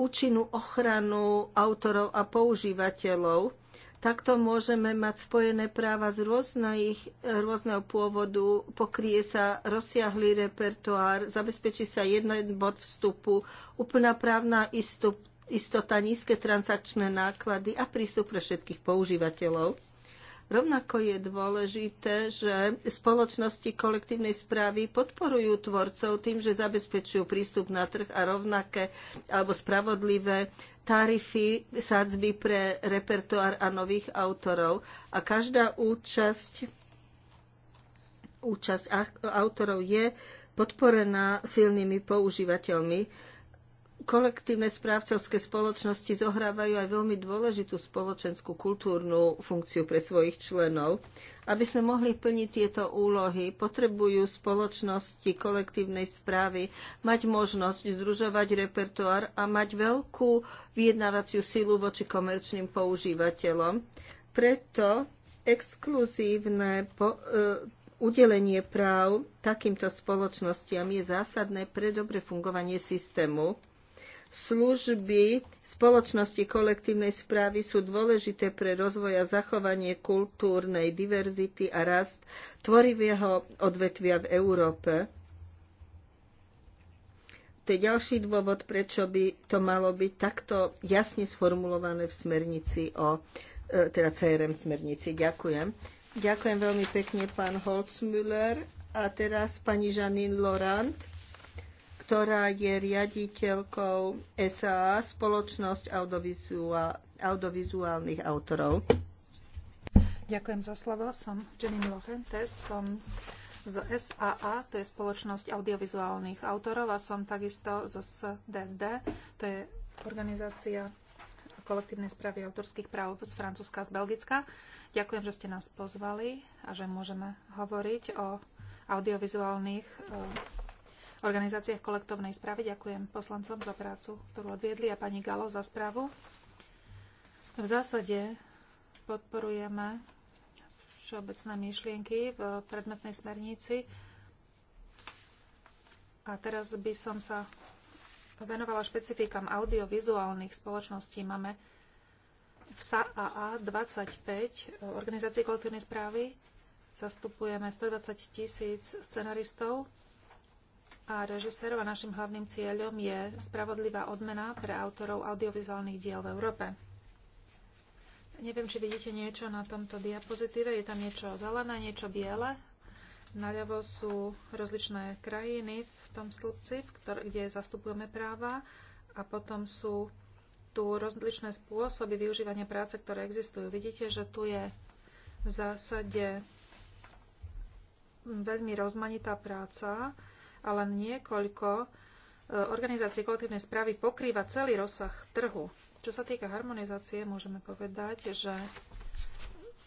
účinnú ochranu autorov a používateľov. Takto môžeme mať spojené práva z rôznych, rôzneho pôvodu, pokrie sa rozsiahlý repertoár, zabezpečí sa jeden bod vstupu, úplná právna istota istota, nízke transakčné náklady a prístup pre všetkých používateľov. Rovnako je dôležité, že spoločnosti kolektívnej správy podporujú tvorcov tým, že zabezpečujú prístup na trh a rovnaké alebo spravodlivé tarify, sádzby pre repertoár a nových autorov. A každá účasť, účasť autorov je podporená silnými používateľmi. Kolektívne správcovské spoločnosti zohrávajú aj veľmi dôležitú spoločenskú kultúrnu funkciu pre svojich členov. Aby sme mohli plniť tieto úlohy, potrebujú spoločnosti kolektívnej správy mať možnosť združovať repertoár a mať veľkú vyjednávaciu silu voči komerčným používateľom. Preto exkluzívne po, e, udelenie práv takýmto spoločnostiam je zásadné pre dobre fungovanie systému Služby spoločnosti kolektívnej správy sú dôležité pre rozvoj a zachovanie kultúrnej diverzity a rast tvorivého odvetvia v Európe. To je ďalší dôvod, prečo by to malo byť takto jasne sformulované v smernici o e, teda CRM smernici. Ďakujem. Ďakujem veľmi pekne, pán Holzmüller. A teraz pani Janine Laurent ktorá je riaditeľkou SA, spoločnosť audiovizuálnych autorov. Ďakujem za slovo. Som Jenny Lochentes, som z SAA, to je spoločnosť audiovizuálnych autorov a som takisto z SDD, to je organizácia kolektívnej správy autorských práv z Francúzska a z Belgicka. Ďakujem, že ste nás pozvali a že môžeme hovoriť o audiovizuálnych e, organizáciách kolektovnej správy. Ďakujem poslancom za prácu, ktorú odviedli a pani Galo za správu. V zásade podporujeme všeobecné myšlienky v predmetnej smernici. A teraz by som sa venovala špecifikám audiovizuálnych spoločností. Máme v SAAA 25 organizácií kolektívnej správy. Zastupujeme 120 tisíc scenaristov a režisérov a našim hlavným cieľom je spravodlivá odmena pre autorov audiovizuálnych diel v Európe. Neviem, či vidíte niečo na tomto diapozitíve. Je tam niečo zelené, niečo biele. Naľavo sú rozličné krajiny v tom stĺpci, kde zastupujeme práva a potom sú tu rozličné spôsoby využívania práce, ktoré existujú. Vidíte, že tu je v zásade veľmi rozmanitá práca a len niekoľko e, organizácií kolektívnej správy pokrýva celý rozsah trhu. Čo sa týka harmonizácie, môžeme povedať, že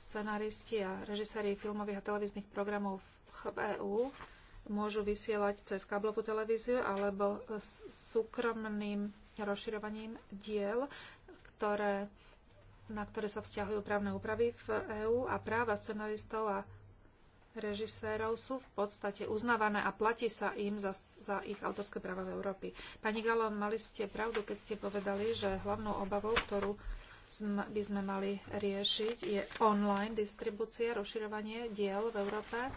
scenáristi a režisári filmových a televíznych programov v EÚ môžu vysielať cez káblovú televíziu alebo s súkromným rozširovaním diel, ktoré, na ktoré sa vzťahujú právne úpravy v EÚ a práva scenaristov a režisérov sú v podstate uznávané a platí sa im za, za ich autorské práva v Európy. Pani Galo, mali ste pravdu, keď ste povedali, že hlavnou obavou, ktorú by sme mali riešiť, je online distribúcia, rozširovanie diel v Európe. E,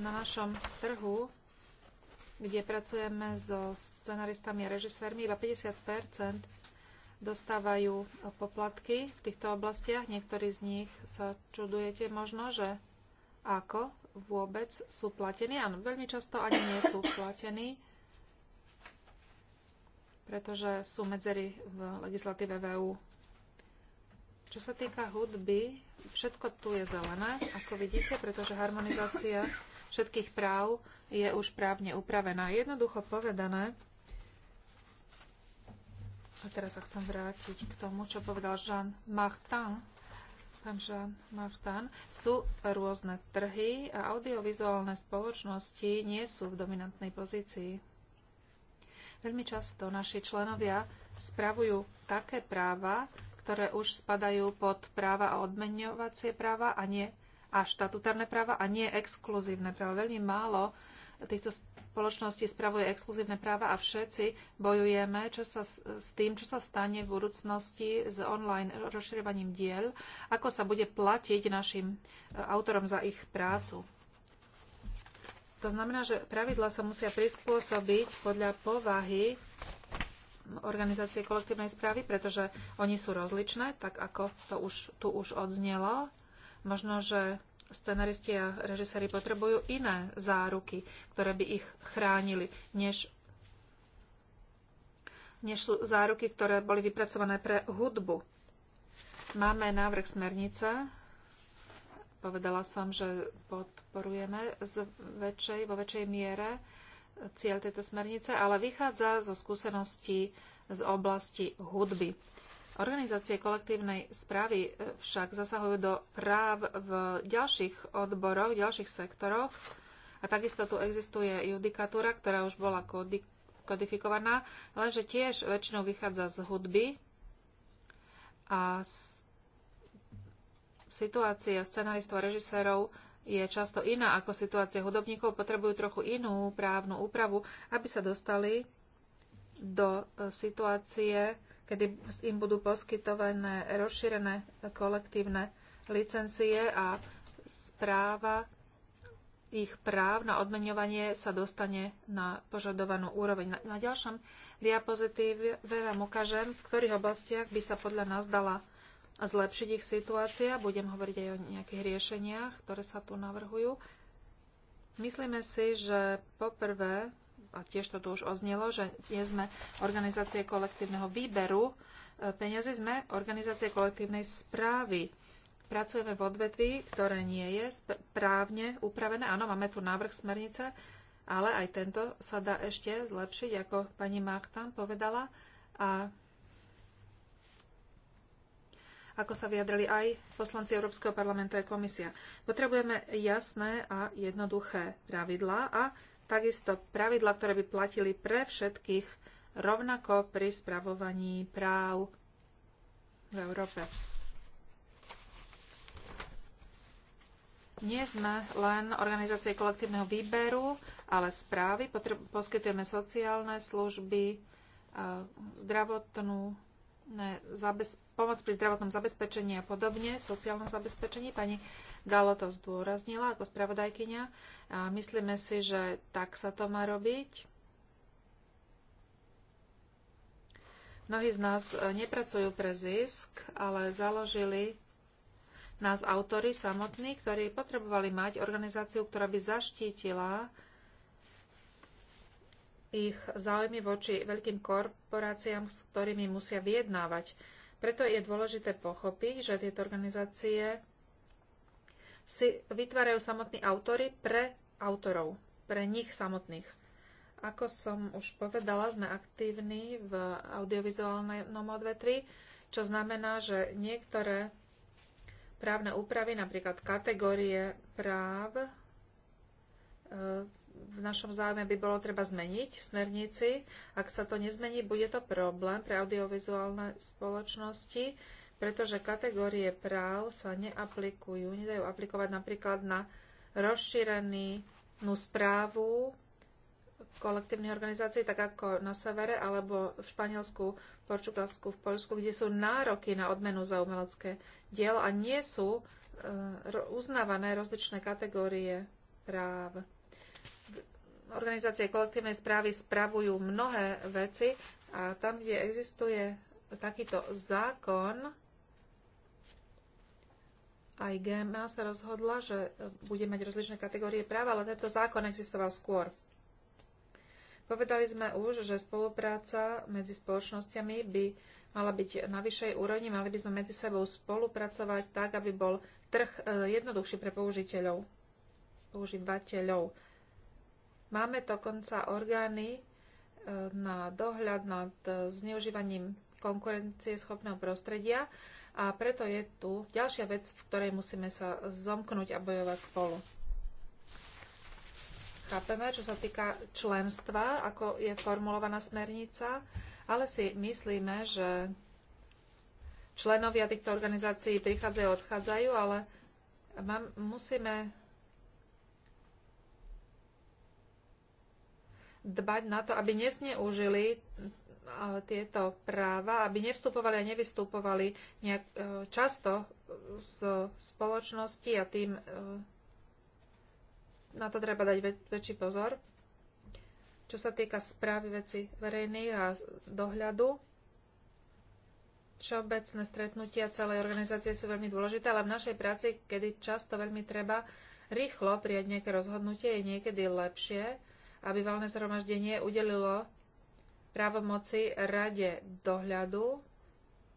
na našom trhu, kde pracujeme so scenaristami a režisérmi, iba 50 dostávajú poplatky v týchto oblastiach. Niektorí z nich sa čudujete možno, že ako vôbec sú platení. Áno, veľmi často ani nie sú platení, pretože sú medzery v legislatíve VU. E čo sa týka hudby, všetko tu je zelené, ako vidíte, pretože harmonizácia všetkých práv je už právne upravená. Jednoducho povedané, a teraz sa chcem vrátiť k tomu, čo povedal Jean Martin, pán Martin, sú rôzne trhy a audiovizuálne spoločnosti nie sú v dominantnej pozícii. Veľmi často naši členovia spravujú také práva, ktoré už spadajú pod práva a odmenovacie práva a nie a štatutárne práva a nie exkluzívne práva. Veľmi málo týchto spoločnosti spravuje exkluzívne práva a všetci bojujeme čo sa, s tým, čo sa stane v budúcnosti s online rozširovaním diel, ako sa bude platiť našim e, autorom za ich prácu. To znamená, že pravidla sa musia prispôsobiť podľa povahy organizácie kolektívnej správy, pretože oni sú rozličné, tak ako to už, tu už odznelo. Možno, že scenaristi a režiséri potrebujú iné záruky, ktoré by ich chránili, než, než sú záruky, ktoré boli vypracované pre hudbu. Máme návrh smernice. Povedala som, že podporujeme z väčšej, vo väčšej miere cieľ tejto smernice, ale vychádza zo skúseností z oblasti hudby. Organizácie kolektívnej správy e, však zasahujú do práv v ďalších odboroch, ďalších sektoroch a takisto tu existuje judikatúra, ktorá už bola kodifikovaná, lenže tiež väčšinou vychádza z hudby a situácia scenaristov a režisérov je často iná ako situácia hudobníkov, potrebujú trochu inú právnu úpravu, aby sa dostali do e, situácie, kedy im budú poskytované rozšírené kolektívne licencie a správa ich práv na odmeňovanie sa dostane na požadovanú úroveň. Na, na ďalšom diapozitíve vám ukážem, v ktorých oblastiach by sa podľa nás dala zlepšiť ich situácia. Budem hovoriť aj o nejakých riešeniach, ktoré sa tu navrhujú. Myslíme si, že poprvé a tiež to tu už oznelo, že nie sme organizácie kolektívneho výberu e, peniazy, sme organizácie kolektívnej správy. Pracujeme v odvetví, ktoré nie je právne upravené. Áno, máme tu návrh smernice, ale aj tento sa dá ešte zlepšiť, ako pani Machtan povedala. A ako sa vyjadrili aj poslanci Európskeho parlamentu a komisia. Potrebujeme jasné a jednoduché pravidlá a takisto pravidla, ktoré by platili pre všetkých rovnako pri spravovaní práv v Európe. Nie sme len organizácie kolektívneho výberu, ale správy. Poskytujeme sociálne služby, zdravotnú pomoc pri zdravotnom zabezpečení a podobne, sociálnom zabezpečení. Pani Galo to zdôraznila ako spravodajkynia. A myslíme si, že tak sa to má robiť. Mnohí z nás e, nepracujú pre zisk, ale založili nás autory samotní, ktorí potrebovali mať organizáciu, ktorá by zaštítila ich záujmy voči veľkým korporáciám, s ktorými musia vyjednávať. Preto je dôležité pochopiť, že tieto organizácie si vytvárajú samotní autory pre autorov, pre nich samotných. Ako som už povedala, sme aktívni v audiovizuálnom odvetvi, čo znamená, že niektoré právne úpravy, napríklad kategórie práv, e, v našom záujme by bolo treba zmeniť v smernici. Ak sa to nezmení, bude to problém pre audiovizuálne spoločnosti, pretože kategórie práv sa neaplikujú, nedajú aplikovať napríklad na rozšírenú správu kolektívnych organizácií, tak ako na severe, alebo v Španielsku, Portugalsku, v Polsku, kde sú nároky na odmenu za umelecké dielo a nie sú e, uznávané rozličné kategórie práv organizácie kolektívnej správy spravujú mnohé veci a tam, kde existuje takýto zákon, aj GMA sa rozhodla, že bude mať rozličné kategórie práva, ale tento zákon existoval skôr. Povedali sme už, že spolupráca medzi spoločnosťami by mala byť na vyššej úrovni, mali by sme medzi sebou spolupracovať tak, aby bol trh eh, jednoduchší pre použiteľov, používateľov. Máme dokonca orgány e, na dohľad nad e, zneužívaním konkurencie schopného prostredia a preto je tu ďalšia vec, v ktorej musíme sa zomknúť a bojovať spolu. Chápeme, čo sa týka členstva, ako je formulovaná smernica, ale si myslíme, že členovia týchto organizácií prichádzajú a odchádzajú, ale mám, musíme dbať na to, aby nesneužili tieto práva, aby nevstupovali a nevystupovali nejak e, často z spoločnosti a tým e, na to treba dať väčší pozor. Čo sa týka správy veci verejných a dohľadu, všeobecné stretnutia celej organizácie sú veľmi dôležité, ale v našej práci, kedy často veľmi treba rýchlo prijať nejaké rozhodnutie, je niekedy lepšie, aby valné zhromaždenie udelilo právomoci rade dohľadu,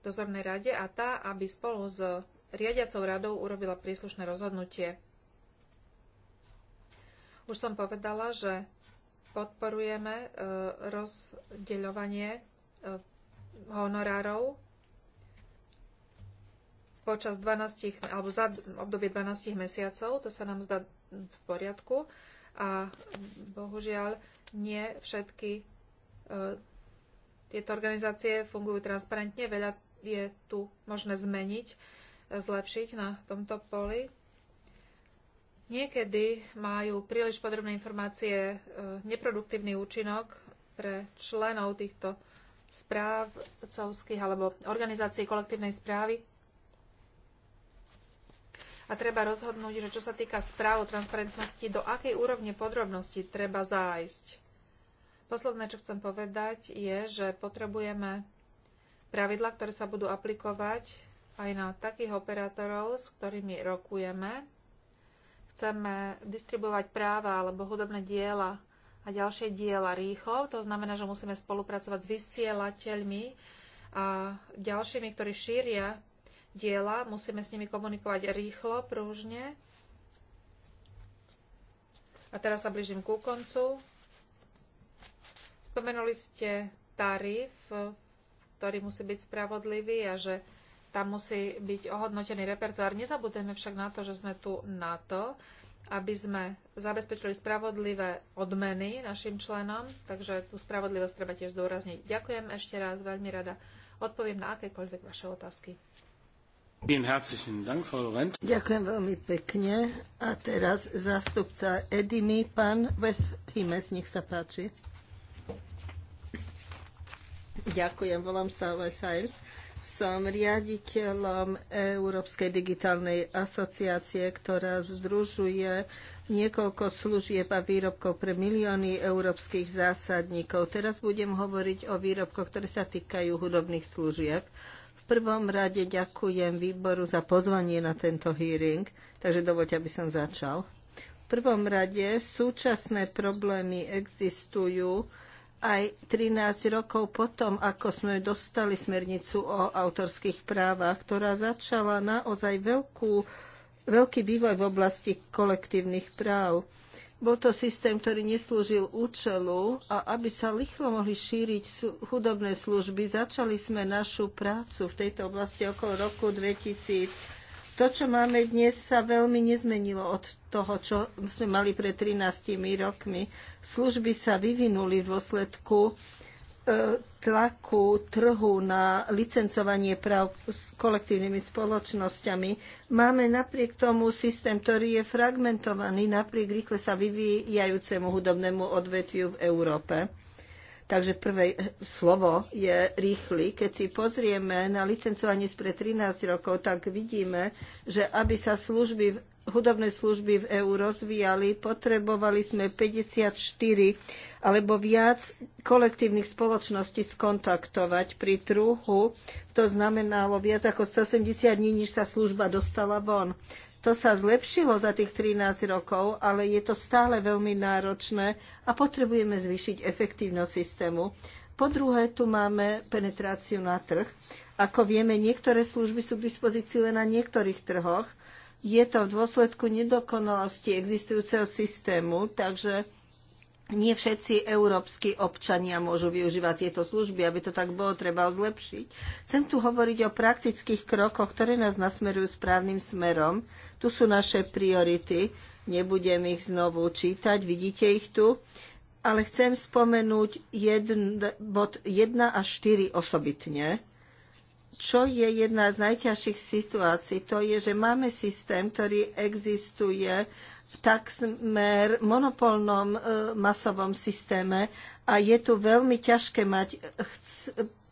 dozornej rade a tá, aby spolu s riadiacou radou urobila príslušné rozhodnutie. Už som povedala, že podporujeme e, rozdeľovanie e, honorárov počas 12, alebo za obdobie 12 mesiacov, to sa nám zdá v poriadku a bohužiaľ nie všetky e, tieto organizácie fungujú transparentne. Veľa je tu možné zmeniť, e, zlepšiť na tomto poli. Niekedy majú príliš podrobné informácie e, neproduktívny účinok pre členov týchto správcovských alebo organizácií kolektívnej správy a treba rozhodnúť, že čo sa týka správ o transparentnosti, do akej úrovne podrobnosti treba zájsť. Posledné, čo chcem povedať, je, že potrebujeme pravidla, ktoré sa budú aplikovať aj na takých operátorov, s ktorými rokujeme. Chceme distribuovať práva alebo hudobné diela a ďalšie diela rýchlo. To znamená, že musíme spolupracovať s vysielateľmi a ďalšími, ktorí šíria diela, musíme s nimi komunikovať rýchlo, prúžne. A teraz sa blížim ku koncu. Spomenuli ste tarif, ktorý musí byť spravodlivý a že tam musí byť ohodnotený repertoár. Nezabudeme však na to, že sme tu na to, aby sme zabezpečili spravodlivé odmeny našim členom, takže tú spravodlivosť treba tiež zdôrazniť. Ďakujem ešte raz, veľmi rada odpoviem na akékoľvek vaše otázky. Ďakujem veľmi pekne. A teraz zástupca Edimy, pán Wes nech sa páči. Ďakujem, volám sa Som riaditeľom Európskej digitálnej asociácie, ktorá združuje niekoľko služieb a výrobkov pre milióny európskych zásadníkov. Teraz budem hovoriť o výrobkoch, ktoré sa týkajú hudobných služieb prvom rade ďakujem výboru za pozvanie na tento hearing, takže dovoľte, aby som začal. V prvom rade súčasné problémy existujú aj 13 rokov potom, ako sme dostali smernicu o autorských právach, ktorá začala naozaj veľkú, veľký vývoj v oblasti kolektívnych práv. Bol to systém, ktorý neslúžil účelu a aby sa rýchlo mohli šíriť chudobné služby, začali sme našu prácu v tejto oblasti okolo roku 2000 to, čo máme dnes, sa veľmi nezmenilo od toho, čo sme mali pred 13 rokmi. Služby sa vyvinuli v dôsledku tlaku trhu na licencovanie práv s kolektívnymi spoločnosťami. Máme napriek tomu systém, ktorý je fragmentovaný napriek rýchle sa vyvíjajúcemu hudobnému odvetviu v Európe. Takže prvé slovo je rýchly. Keď si pozrieme na licencovanie spred 13 rokov, tak vidíme, že aby sa služby v hudobné služby v EÚ rozvíjali, potrebovali sme 54 alebo viac kolektívnych spoločností skontaktovať pri trúhu. To znamenalo viac ako 180 dní, než sa služba dostala von. To sa zlepšilo za tých 13 rokov, ale je to stále veľmi náročné a potrebujeme zvýšiť efektívnosť systému. Po druhé, tu máme penetráciu na trh. Ako vieme, niektoré služby sú k dispozícii len na niektorých trhoch je to v dôsledku nedokonalosti existujúceho systému, takže nie všetci európsky občania môžu využívať tieto služby. Aby to tak bolo, treba ho zlepšiť. Chcem tu hovoriť o praktických krokoch, ktoré nás nasmerujú správnym smerom. Tu sú naše priority. Nebudem ich znovu čítať, vidíte ich tu. Ale chcem spomenúť jedn, bod 1 a 4 osobitne čo je jedna z najťažších situácií, to je, že máme systém, ktorý existuje v takmer monopolnom e, masovom systéme a je tu veľmi ťažké mať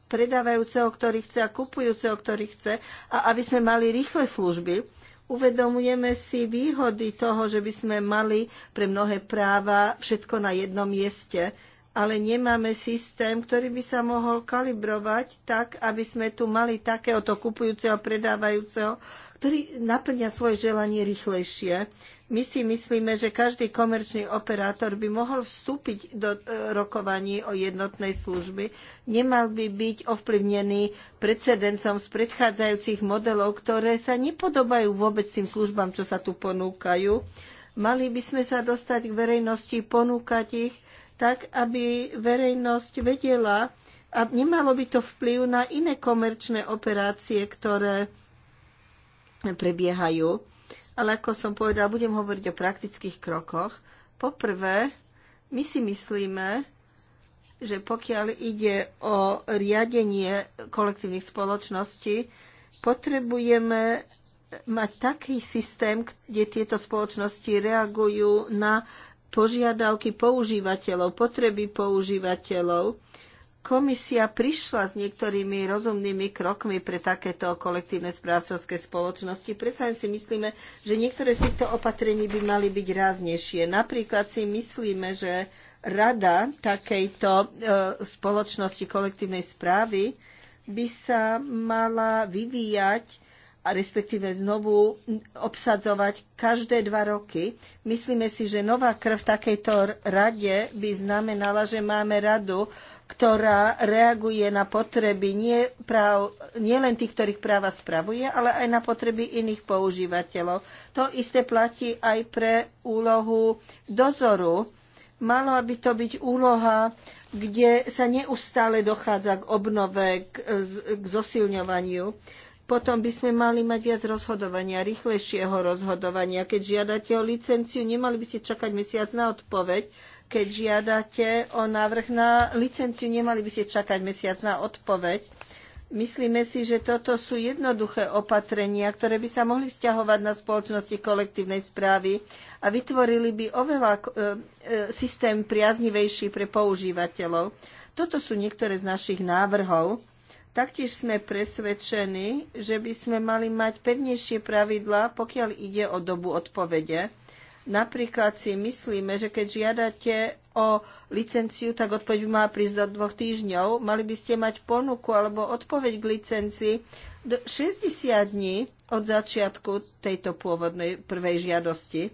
predávajúceho, ktorý chce a kupujúceho, ktorý chce a aby sme mali rýchle služby. Uvedomujeme si výhody toho, že by sme mali pre mnohé práva všetko na jednom mieste ale nemáme systém, ktorý by sa mohol kalibrovať tak, aby sme tu mali takéhoto kupujúceho, predávajúceho, ktorý naplňa svoje želanie rýchlejšie. My si myslíme, že každý komerčný operátor by mohol vstúpiť do e, rokovaní o jednotnej služby. Nemal by byť ovplyvnený precedencom z predchádzajúcich modelov, ktoré sa nepodobajú vôbec tým službám, čo sa tu ponúkajú. Mali by sme sa dostať k verejnosti, ponúkať ich tak aby verejnosť vedela a nemalo by to vplyv na iné komerčné operácie, ktoré prebiehajú. Ale ako som povedal, budem hovoriť o praktických krokoch. Poprvé, my si myslíme, že pokiaľ ide o riadenie kolektívnych spoločností, potrebujeme mať taký systém, kde tieto spoločnosti reagujú na požiadavky používateľov, potreby používateľov. Komisia prišla s niektorými rozumnými krokmi pre takéto kolektívne správcovské spoločnosti. Predsa si myslíme, že niektoré z týchto opatrení by mali byť ráznejšie. Napríklad si myslíme, že rada takejto e, spoločnosti kolektívnej správy by sa mala vyvíjať a respektíve znovu obsadzovať každé dva roky. Myslíme si, že nová krv v takejto rade by znamenala, že máme radu, ktorá reaguje na potreby nie, práv, nie len tých, ktorých práva spravuje, ale aj na potreby iných používateľov. To isté platí aj pre úlohu dozoru. Malo by to byť úloha, kde sa neustále dochádza k obnove, k, k zosilňovaniu potom by sme mali mať viac rozhodovania, rýchlejšieho rozhodovania. Keď žiadate o licenciu, nemali by ste čakať mesiac na odpoveď. Keď žiadate o návrh na licenciu, nemali by ste čakať mesiac na odpoveď. Myslíme si, že toto sú jednoduché opatrenia, ktoré by sa mohli vzťahovať na spoločnosti kolektívnej správy a vytvorili by oveľa e, e, systém priaznivejší pre používateľov. Toto sú niektoré z našich návrhov Taktiež sme presvedčení, že by sme mali mať pevnejšie pravidlá, pokiaľ ide o dobu odpovede. Napríklad si myslíme, že keď žiadate o licenciu, tak odpoveď by mala prísť do dvoch týždňov. Mali by ste mať ponuku alebo odpoveď k licencii do 60 dní od začiatku tejto pôvodnej prvej žiadosti.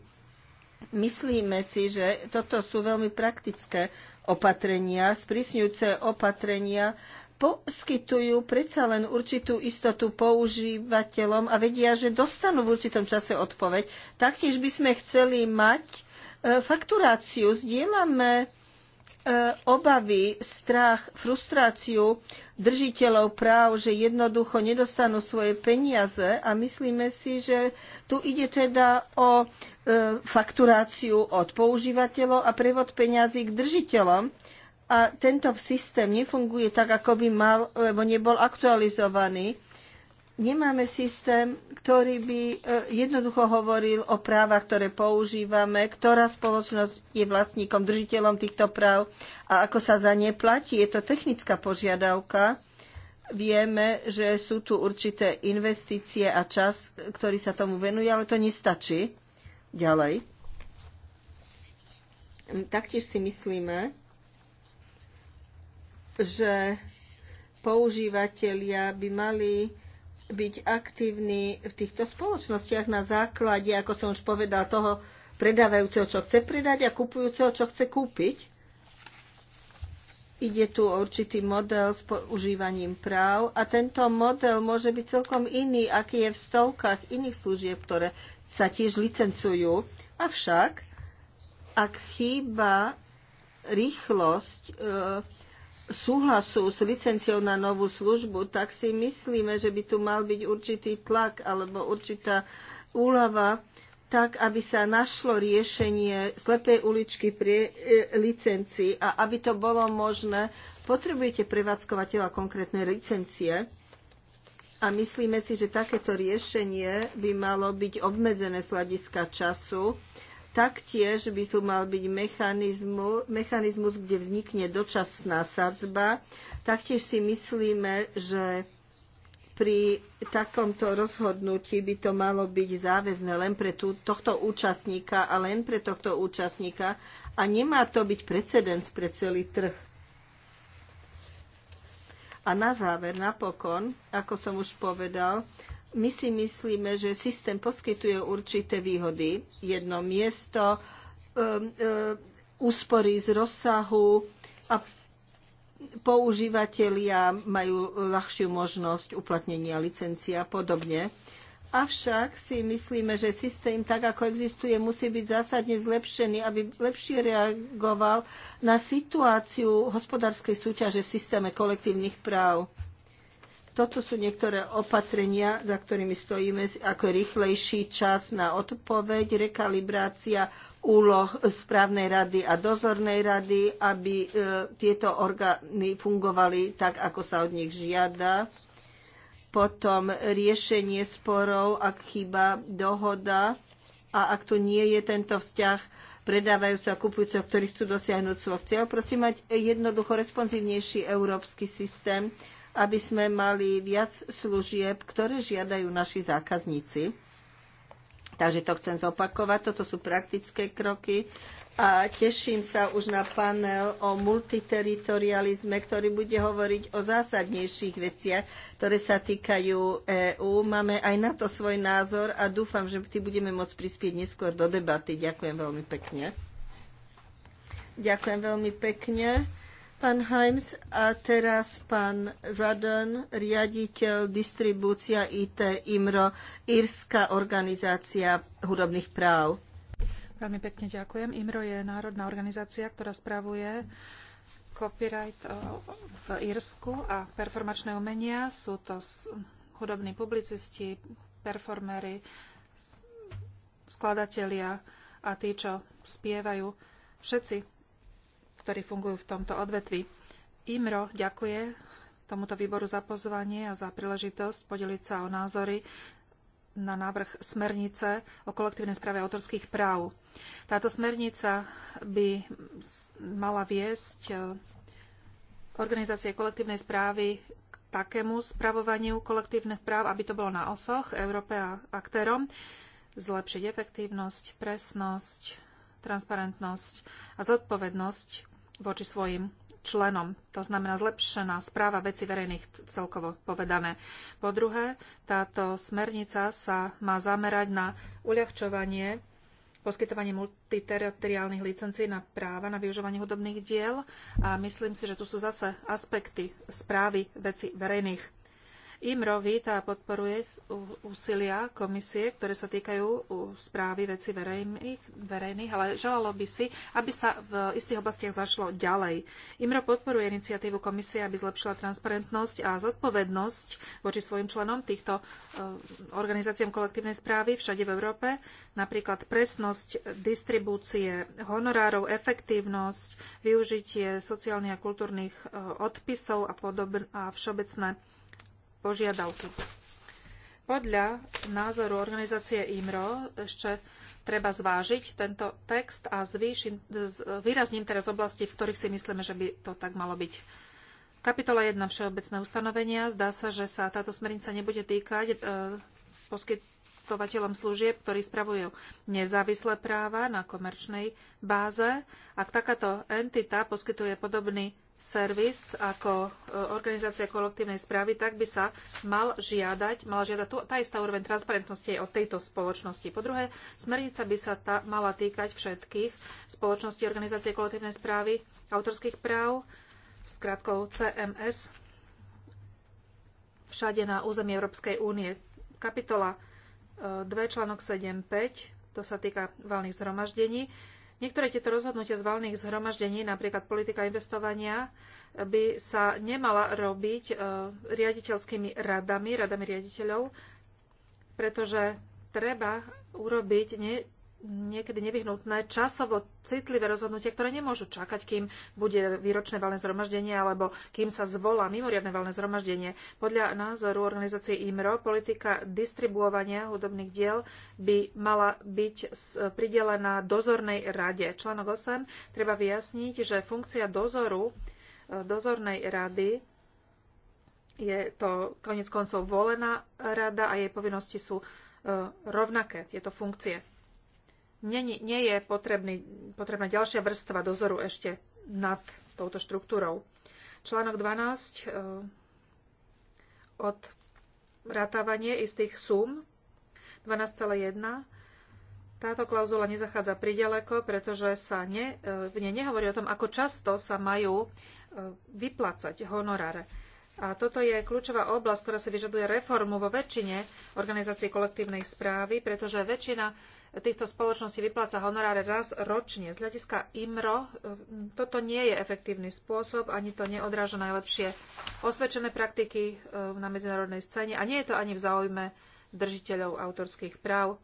Myslíme si, že toto sú veľmi praktické opatrenia, sprísňujúce opatrenia, poskytujú predsa len určitú istotu používateľom a vedia, že dostanú v určitom čase odpoveď. Taktiež by sme chceli mať e, fakturáciu. Zdieľame e, obavy, strach, frustráciu držiteľov práv, že jednoducho nedostanú svoje peniaze a myslíme si, že tu ide teda o e, fakturáciu od používateľov a prevod peniazy k držiteľom a tento systém nefunguje tak, ako by mal, lebo nebol aktualizovaný. Nemáme systém, ktorý by e, jednoducho hovoril o právach, ktoré používame, ktorá spoločnosť je vlastníkom, držiteľom týchto práv a ako sa za ne platí. Je to technická požiadavka. Vieme, že sú tu určité investície a čas, ktorý sa tomu venuje, ale to nestačí. Ďalej. Taktiež si myslíme, že používateľia by mali byť aktívni v týchto spoločnostiach na základe, ako som už povedal, toho predávajúceho, čo chce predať a kupujúceho, čo chce kúpiť. Ide tu o určitý model s používaním práv a tento model môže byť celkom iný, aký je v stovkách iných služieb, ktoré sa tiež licencujú. Avšak, ak chýba rýchlosť e, súhlasu s licenciou na novú službu, tak si myslíme, že by tu mal byť určitý tlak alebo určitá úlava, tak aby sa našlo riešenie slepej uličky pri e, licencii a aby to bolo možné, potrebujete prevádzkovateľa konkrétne licencie a myslíme si, že takéto riešenie by malo byť obmedzené z hľadiska času Taktiež by tu mal byť mechanizmu, mechanizmus, kde vznikne dočasná sadzba. Taktiež si myslíme, že pri takomto rozhodnutí by to malo byť záväzné len pre tú, tohto účastníka a len pre tohto účastníka a nemá to byť precedens pre celý trh. A na záver, napokon, ako som už povedal, my si myslíme, že systém poskytuje určité výhody. Jedno miesto, um, um, úspory z rozsahu a používateľia majú ľahšiu možnosť uplatnenia licencia a podobne. Avšak si myslíme, že systém, tak ako existuje, musí byť zásadne zlepšený, aby lepšie reagoval na situáciu hospodárskej súťaže v systéme kolektívnych práv. Toto sú niektoré opatrenia, za ktorými stojíme, ako rýchlejší čas na odpoveď, rekalibrácia úloh správnej rady a dozornej rady, aby e, tieto orgány fungovali tak, ako sa od nich žiada. Potom riešenie sporov, ak chýba dohoda a ak tu nie je tento vzťah predávajúceho a kupujúceho, ktorí chcú dosiahnuť svoj cieľ. Prosím mať jednoducho responsívnejší európsky systém, aby sme mali viac služieb, ktoré žiadajú naši zákazníci. Takže to chcem zopakovať, toto sú praktické kroky a teším sa už na panel o multiteritorializme, ktorý bude hovoriť o zásadnejších veciach, ktoré sa týkajú EÚ. Máme aj na to svoj názor a dúfam, že ty budeme môcť prispieť neskôr do debaty. Ďakujem veľmi pekne. Ďakujem veľmi pekne. Pán Heims a teraz pán Radon, riaditeľ distribúcia IT IMRO, írska organizácia hudobných práv. Veľmi pekne ďakujem. IMRO je národná organizácia, ktorá spravuje copyright eh, v Írsku a performačné umenia. Sú to hudobní publicisti, performery, skladatelia a tí, čo spievajú. Všetci ktorí fungujú v tomto odvetvi. IMRO ďakuje tomuto výboru za pozvanie a za príležitosť podeliť sa o názory na návrh smernice o kolektívnej správe autorských práv. Táto smernica by mala viesť e, organizácie kolektívnej správy k takému spravovaniu kolektívnych práv, aby to bolo na osoch Európe a aktérom, zlepšiť efektívnosť, presnosť, transparentnosť a zodpovednosť voči svojim členom. To znamená zlepšená správa veci verejných celkovo povedané. Po druhé, táto smernica sa má zamerať na uľahčovanie poskytovanie multiteritoriálnych licencií na práva na využívanie hudobných diel a myslím si, že tu sú zase aspekty správy veci verejných. IMRO víta a podporuje úsilia komisie, ktoré sa týkajú správy veci verejných, verejných, ale želalo by si, aby sa v istých oblastiach zašlo ďalej. IMRO podporuje iniciatívu komisie, aby zlepšila transparentnosť a zodpovednosť voči svojim členom týchto e, organizáciám kolektívnej správy všade v Európe, napríklad presnosť distribúcie honorárov, efektívnosť, využitie sociálnych a kultúrnych e, odpisov a, podobne, a všeobecné požiadavky. Podľa názoru organizácie IMRO ešte treba zvážiť tento text a zvýšim, výrazním teraz oblasti, v ktorých si myslíme, že by to tak malo byť. Kapitola 1 Všeobecné ustanovenia. Zdá sa, že sa táto smernica nebude týkať e, poskytovateľom služieb, ktorí spravujú nezávislé práva na komerčnej báze. Ak takáto entita poskytuje podobný servis ako e, organizácia kolektívnej správy, tak by sa mal žiadať, mala žiadať tá istá úroveň transparentnosti aj od tejto spoločnosti. Po druhé, smernica by sa tá, mala týkať všetkých spoločností organizácie kolektívnej správy autorských práv, s krátkou CMS, všade na území Európskej únie. Kapitola 2, e, článok 7.5, to sa týka valných zhromaždení Niektoré tieto rozhodnutia z valných zhromaždení, napríklad politika investovania, by sa nemala robiť e, riaditeľskými radami, radami riaditeľov, pretože treba urobiť niekedy nevyhnutné časovo citlivé rozhodnutia, ktoré nemôžu čakať, kým bude výročné valné zhromaždenie alebo kým sa zvolá mimoriadne valné zhromaždenie. Podľa názoru organizácie IMRO politika distribuovania hudobných diel by mala byť pridelená dozornej rade. Článok 8 treba vyjasniť, že funkcia dozoru e, dozornej rady je to konec koncov volená rada a jej povinnosti sú e, rovnaké, tieto funkcie nie, nie je potrebný, potrebná ďalšia vrstva dozoru ešte nad touto štruktúrou. Článok 12 e, od ratávanie istých sum 12,1 táto klauzula nezachádza priďaleko, pretože sa ne, e, v nej nehovorí o tom, ako často sa majú e, vyplácať honoráre. A toto je kľúčová oblasť, ktorá si vyžaduje reformu vo väčšine organizácií kolektívnej správy, pretože väčšina týchto spoločností vypláca honoráre raz ročne. Z hľadiska IMRO e, toto nie je efektívny spôsob, ani to neodráža najlepšie osvedčené praktiky e, na medzinárodnej scéne a nie je to ani v záujme držiteľov autorských práv.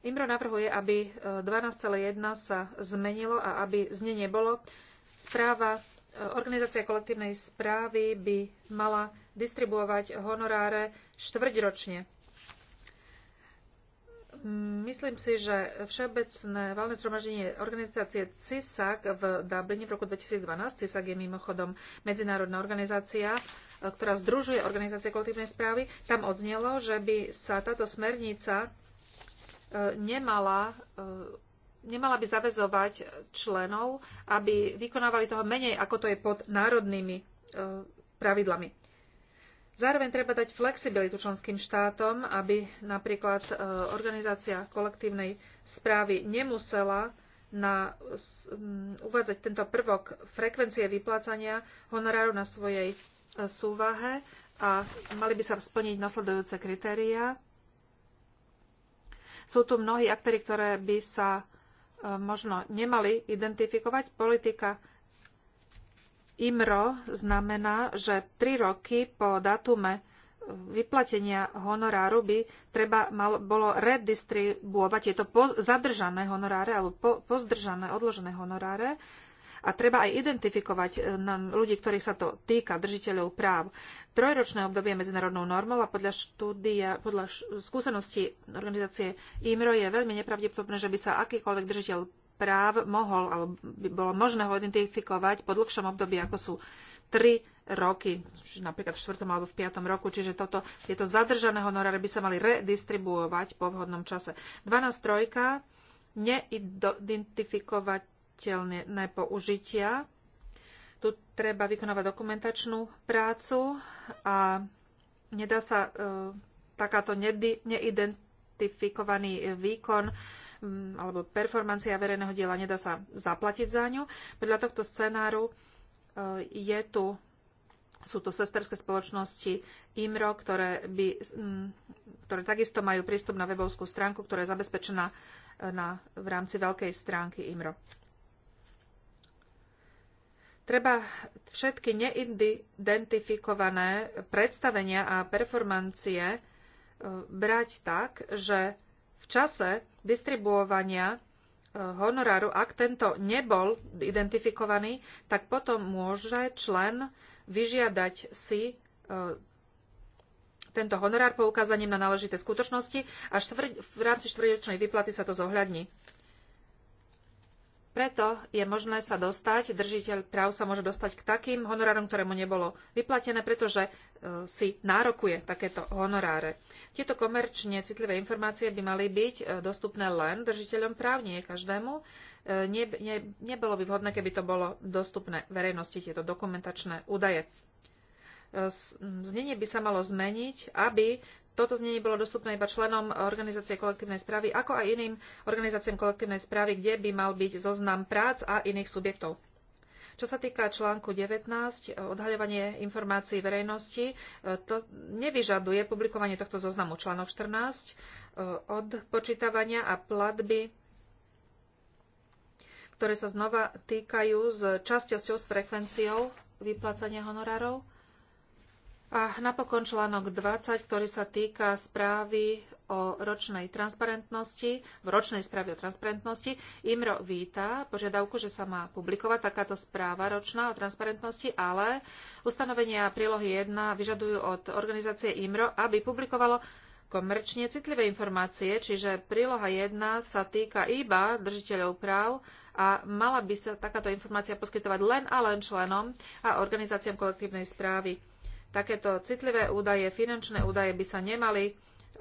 IMRO navrhuje, aby 12,1 e, sa zmenilo a aby znenie nebolo. Správa, organizácia kolektívnej správy by mala distribuovať honoráre štvrťročne Myslím si, že Všeobecné valné zhromaždenie organizácie CISAC v Dubline v roku 2012, CISAC je mimochodom medzinárodná organizácia, e, ktorá združuje organizácie kolektívnej správy, tam odznelo, že by sa táto smernica e, nemala e, nemala by zavezovať členov, aby vykonávali toho menej, ako to je pod národnými pravidlami. Zároveň treba dať flexibilitu členským štátom, aby napríklad e, organizácia kolektívnej správy nemusela na, uvádzať tento prvok frekvencie vyplácania honoráru na svojej e, súvahe a mali by sa splniť nasledujúce kritériá. Sú tu mnohí aktéry, ktoré by sa e, možno nemali identifikovať. Politika IMRO znamená, že 3 roky po datume vyplatenia honoráru by treba mal, bolo redistribuovať tieto zadržané honoráre alebo po, pozdržané, odložené honoráre a treba aj identifikovať e, ľudí, ktorých sa to týka, držiteľov práv. Trojročné obdobie medzinárodnou normou a podľa štúdia, podľa skúsenosti organizácie IMRO je veľmi nepravdepodobné, že by sa akýkoľvek držiteľ práv mohol, alebo by bolo možné ho identifikovať po dlhšom období, ako sú tri roky, napríklad v štvrtom alebo v 5. roku, čiže toto, tieto zadržané honoráre by sa mali redistribuovať po vhodnom čase. 12 trojka, neidentifikovateľné použitia. Tu treba vykonávať dokumentačnú prácu a nedá sa e, takáto neidentifikovaný výkon e, alebo performancia verejného diela, nedá sa zaplatiť za ňu. Podľa tohto scenáru e, je tu, sú tu sesterské spoločnosti IMRO, ktoré, by, ktoré takisto majú prístup na webovskú stránku, ktorá je zabezpečená e, na, v rámci veľkej stránky IMRO. Treba všetky neidentifikované predstavenia a performancie e, brať tak, že v čase, distribuovania e, honoráru, ak tento nebol identifikovaný, tak potom môže člen vyžiadať si e, tento honorár poukázaním na náležité skutočnosti a v rámci štvrdečnej výplaty sa to zohľadní. Preto je možné sa dostať, držiteľ práv sa môže dostať k takým honorárom, ktoré mu nebolo vyplatené, pretože e, si nárokuje takéto honoráre. Tieto komerčne citlivé informácie by mali byť e, dostupné len držiteľom práv, nie každému. E, nebolo by vhodné, keby to bolo dostupné verejnosti, tieto dokumentačné údaje. Znenie by sa malo zmeniť, aby toto znenie bolo dostupné iba členom organizácie kolektívnej správy, ako aj iným organizáciám kolektívnej správy, kde by mal byť zoznam prác a iných subjektov. Čo sa týka článku 19, odhaľovanie informácií verejnosti, to nevyžaduje publikovanie tohto zoznamu. Článok 14, eh, odpočítavania a platby, ktoré sa znova týkajú s časťosťou, s frekvenciou vyplácania honorárov. A napokon článok 20, ktorý sa týka správy o ročnej transparentnosti, v ročnej správe o transparentnosti. IMRO víta požiadavku, že sa má publikovať takáto správa ročná o transparentnosti, ale ustanovenia prílohy 1 vyžadujú od organizácie IMRO, aby publikovalo komerčne citlivé informácie, čiže príloha 1 sa týka iba držiteľov práv a mala by sa takáto informácia poskytovať len a len členom a organizáciám kolektívnej správy. Takéto citlivé údaje, finančné údaje by sa nemali e,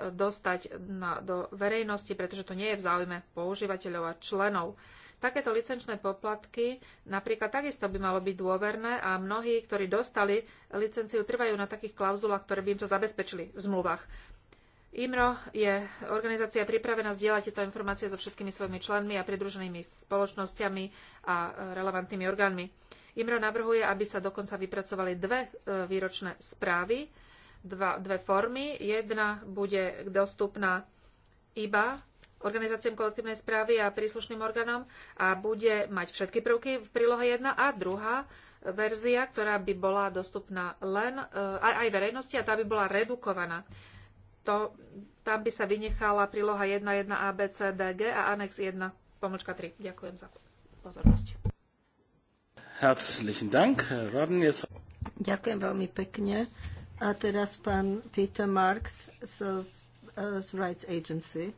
dostať na, do verejnosti, pretože to nie je v záujme používateľov a členov. Takéto licenčné poplatky napríklad takisto by malo byť dôverné a mnohí, ktorí dostali licenciu, trvajú na takých klauzulách, ktoré by im to zabezpečili v zmluvách. IMRO je organizácia pripravená zdieľať tieto informácie so všetkými svojimi členmi a pridruženými spoločnosťami a relevantnými orgánmi. IMRO navrhuje, aby sa dokonca vypracovali dve e, výročné správy, dva, dve formy. Jedna bude dostupná iba organizáciám kolektívnej správy a príslušným orgánom a bude mať všetky prvky v prílohe 1 a druhá verzia, ktorá by bola dostupná len e, aj, aj verejnosti a tá by bola redukovaná. To, tam by sa vynechala príloha 1, 1 A, B, C, D, G a anex 1, pomočka 3. Ďakujem za pozornosť. Herzlichen Dank, Herr Rodden. Jetzt... Ďakujem veľmi pekne. A teraz pán Peter Marks z, eh, z Rights Agency.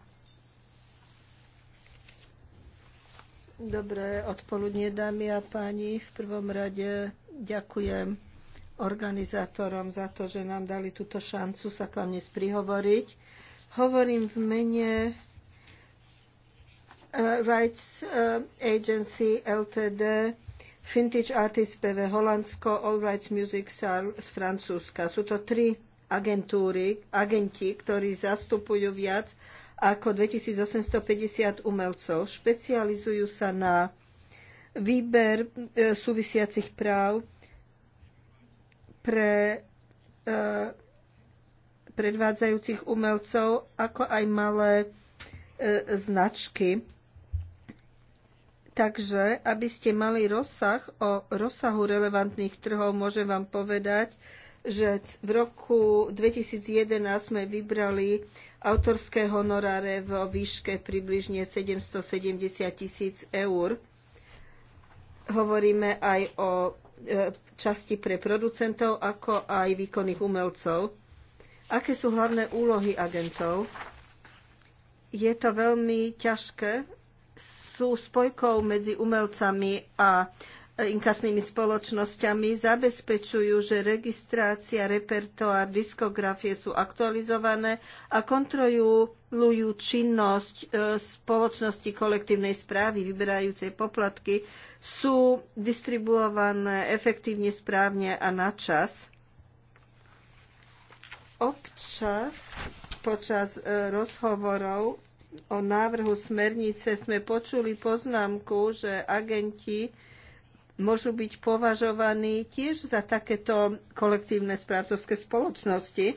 Dobré odpoludne, dámy a páni. V prvom rade ďakujem organizátorom za to, že nám dali túto šancu sa k vám dnes prihovoriť. Hovorím v mene eh, Rights eh, Agency LTD, Vintage Artist PV Holandsko, All Rights Music z Francúzska. Sú to tri agentúry, agenti, ktorí zastupujú viac ako 2850 umelcov. Špecializujú sa na výber e, súvisiacich práv pre e, predvádzajúcich umelcov, ako aj malé e, značky Takže, aby ste mali rozsah o rozsahu relevantných trhov, môžem vám povedať, že v roku 2011 sme vybrali autorské honoráre vo výške približne 770 tisíc eur. Hovoríme aj o e, časti pre producentov, ako aj výkonných umelcov. Aké sú hlavné úlohy agentov? Je to veľmi ťažké sú spojkou medzi umelcami a inkasnými spoločnosťami zabezpečujú, že registrácia, repertoár, diskografie sú aktualizované a kontrolujú činnosť e, spoločnosti kolektívnej správy vyberajúcej poplatky, sú distribuované efektívne, správne a na čas. Občas počas e, rozhovorov o návrhu smernice sme počuli poznámku, že agenti môžu byť považovaní tiež za takéto kolektívne správcovské spoločnosti,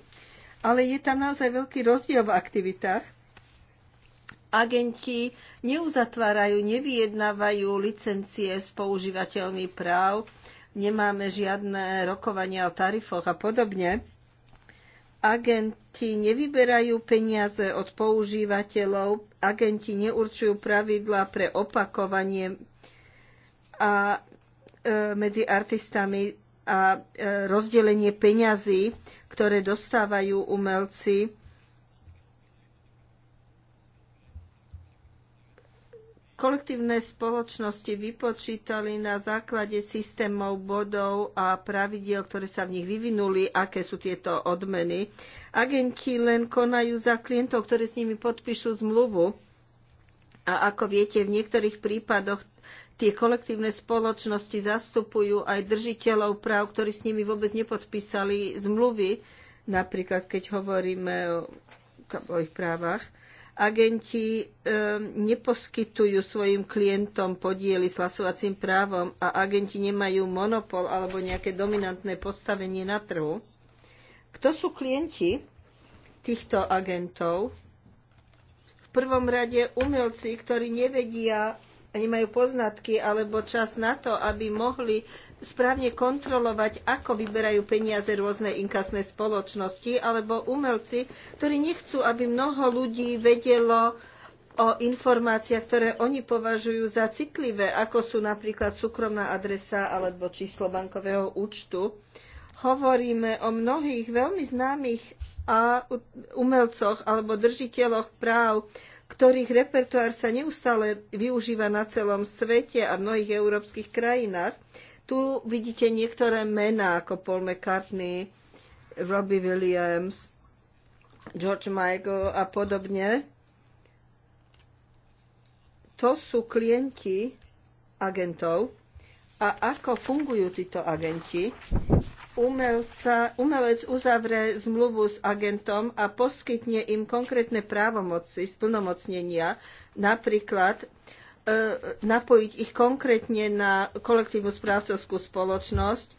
ale je tam naozaj veľký rozdiel v aktivitách. Agenti neuzatvárajú, nevyjednávajú licencie s používateľmi práv, nemáme žiadne rokovania o tarifoch a podobne agenti nevyberajú peniaze od používateľov, agenti neurčujú pravidlá pre opakovanie a e, medzi artistami a e, rozdelenie peňazí, ktoré dostávajú umelci Kolektívne spoločnosti vypočítali na základe systémov bodov a pravidiel, ktoré sa v nich vyvinuli, aké sú tieto odmeny. Agenti len konajú za klientov, ktorí s nimi podpíšu zmluvu. A ako viete, v niektorých prípadoch tie kolektívne spoločnosti zastupujú aj držiteľov práv, ktorí s nimi vôbec nepodpísali zmluvy, napríklad keď hovoríme o ich právach agenti ehm, neposkytujú svojim klientom podiely s hlasovacím právom a agenti nemajú monopol alebo nejaké dominantné postavenie na trhu. Kto sú klienti týchto agentov? V prvom rade umelci, ktorí nevedia nemajú poznatky alebo čas na to, aby mohli správne kontrolovať, ako vyberajú peniaze rôzne inkasné spoločnosti alebo umelci, ktorí nechcú, aby mnoho ľudí vedelo o informáciách, ktoré oni považujú za citlivé, ako sú napríklad súkromná adresa alebo číslo bankového účtu. Hovoríme o mnohých veľmi známych umelcoch alebo držiteľoch práv ktorých repertoár sa neustále využíva na celom svete a v mnohých európskych krajinách. Tu vidíte niektoré mená ako Paul McCartney, Robbie Williams, George Michael a podobne. To sú klienti agentov. A ako fungujú títo agenti? umelca, umelec uzavrie zmluvu s agentom a poskytne im konkrétne právomoci splnomocnenia, napríklad e, napojiť ich konkrétne na kolektívnu správcovskú spoločnosť, e,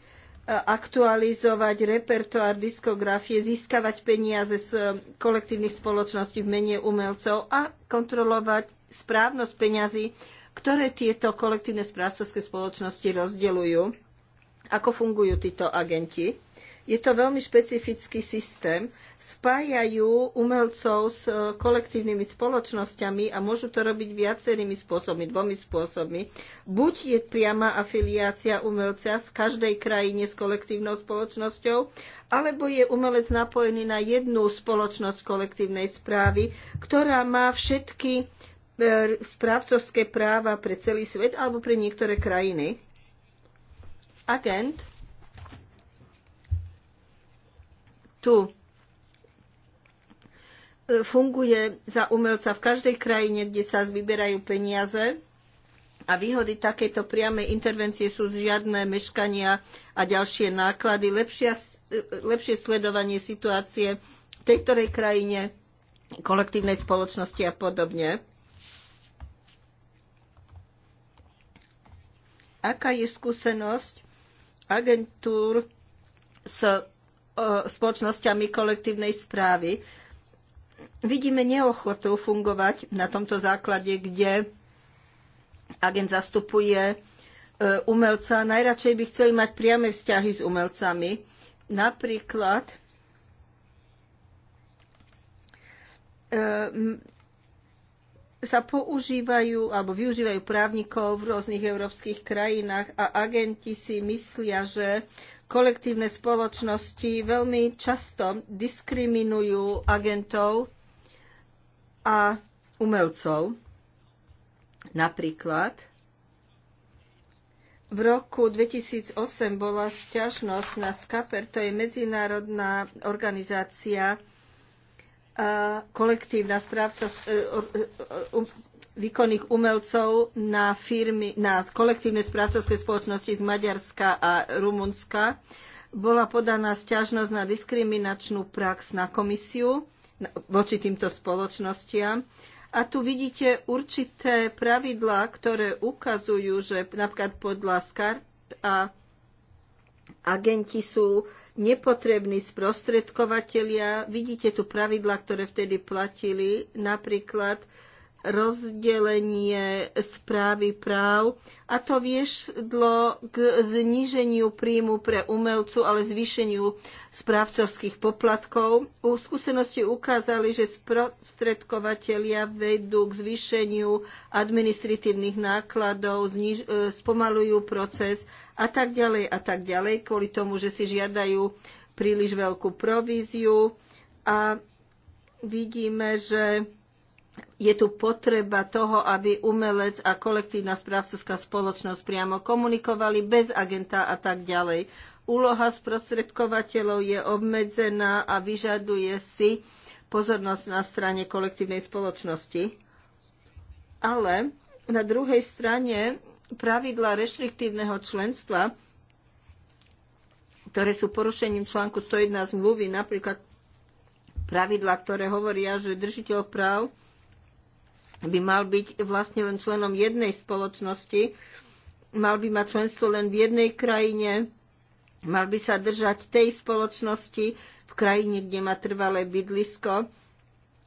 aktualizovať repertoár diskografie, získavať peniaze z kolektívnych spoločností v mene umelcov a kontrolovať správnosť peňazí, ktoré tieto kolektívne správcovské spoločnosti rozdeľujú ako fungujú títo agenti? Je to veľmi špecifický systém. Spájajú umelcov s e, kolektívnymi spoločnosťami a môžu to robiť viacerými spôsobmi, dvomi spôsobmi. Buď je priama afiliácia umelca z každej krajine s kolektívnou spoločnosťou, alebo je umelec napojený na jednu spoločnosť kolektívnej správy, ktorá má všetky e, správcovské práva pre celý svet alebo pre niektoré krajiny agent tu e, funguje za umelca v každej krajine, kde sa vyberajú peniaze a výhody takejto priamej intervencie sú žiadne meškania a ďalšie náklady, lepšia, e, lepšie sledovanie situácie v tej ktorej krajine, kolektívnej spoločnosti a podobne. Aká je skúsenosť agentúr s e, spoločnosťami kolektívnej správy. Vidíme neochotu fungovať na tomto základe, kde agent zastupuje e, umelca. Najradšej by chceli mať priame vzťahy s umelcami. Napríklad e, sa používajú alebo využívajú právnikov v rôznych európskych krajinách a agenti si myslia, že kolektívne spoločnosti veľmi často diskriminujú agentov a umelcov. Napríklad v roku 2008 bola sťažnosť na SCAPER, to je medzinárodná organizácia a kolektívna správca e, e, um, výkonných umelcov na, firmy, na kolektívne správcovské spoločnosti z Maďarska a Rumunska bola podaná sťažnosť na diskriminačnú prax na komisiu voči týmto spoločnostiam. A tu vidíte určité pravidlá, ktoré ukazujú, že napríklad podľa SCARP a agenti sú nepotrební sprostredkovatelia. Vidíte tu pravidla, ktoré vtedy platili, napríklad rozdelenie správy práv a to viedlo k zníženiu príjmu pre umelcu, ale zvýšeniu správcovských poplatkov. U skúsenosti ukázali, že sprostredkovateľia vedú k zvýšeniu administratívnych nákladov, zniž- e, spomalujú proces a tak ďalej a tak ďalej, kvôli tomu, že si žiadajú príliš veľkú províziu a vidíme, že je tu potreba toho, aby umelec a kolektívna správcovská spoločnosť priamo komunikovali bez agenta a tak ďalej. Úloha sprostredkovateľov je obmedzená a vyžaduje si pozornosť na strane kolektívnej spoločnosti. Ale na druhej strane pravidla reštriktívneho členstva, ktoré sú porušením článku 101 zmluvy, napríklad pravidla, ktoré hovoria, že držiteľ práv by mal byť vlastne len členom jednej spoločnosti, mal by mať členstvo len v jednej krajine, mal by sa držať tej spoločnosti v krajine, kde má trvalé bydlisko.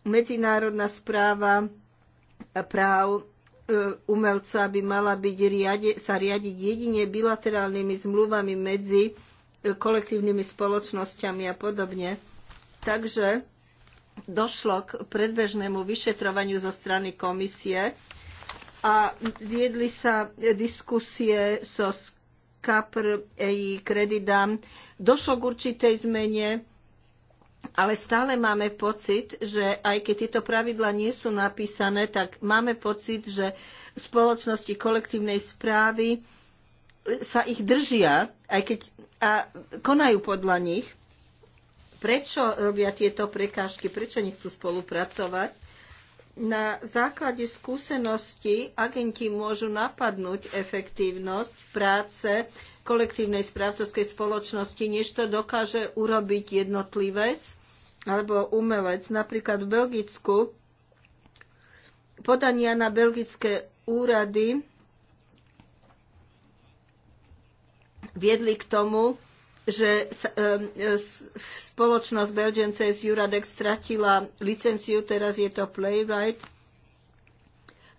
Medzinárodná správa práv e, umelca by mala byť sa riadiť jedine bilaterálnymi zmluvami medzi e, kolektívnymi spoločnosťami a podobne. Takže došlo k predbežnému vyšetrovaniu zo strany komisie a viedli sa diskusie so Skapr EI Kredidam. Došlo k určitej zmene, ale stále máme pocit, že aj keď tieto pravidla nie sú napísané, tak máme pocit, že spoločnosti kolektívnej správy sa ich držia, aj keď a konajú podľa nich prečo robia tieto prekážky, prečo nechcú spolupracovať. Na základe skúsenosti agenti môžu napadnúť efektívnosť práce kolektívnej správcovskej spoločnosti, než to dokáže urobiť jednotlivec alebo umelec. Napríklad v Belgicku podania na belgické úrady viedli k tomu, že spoločnosť Belgian Says Juradex stratila licenciu, teraz je to Playwright.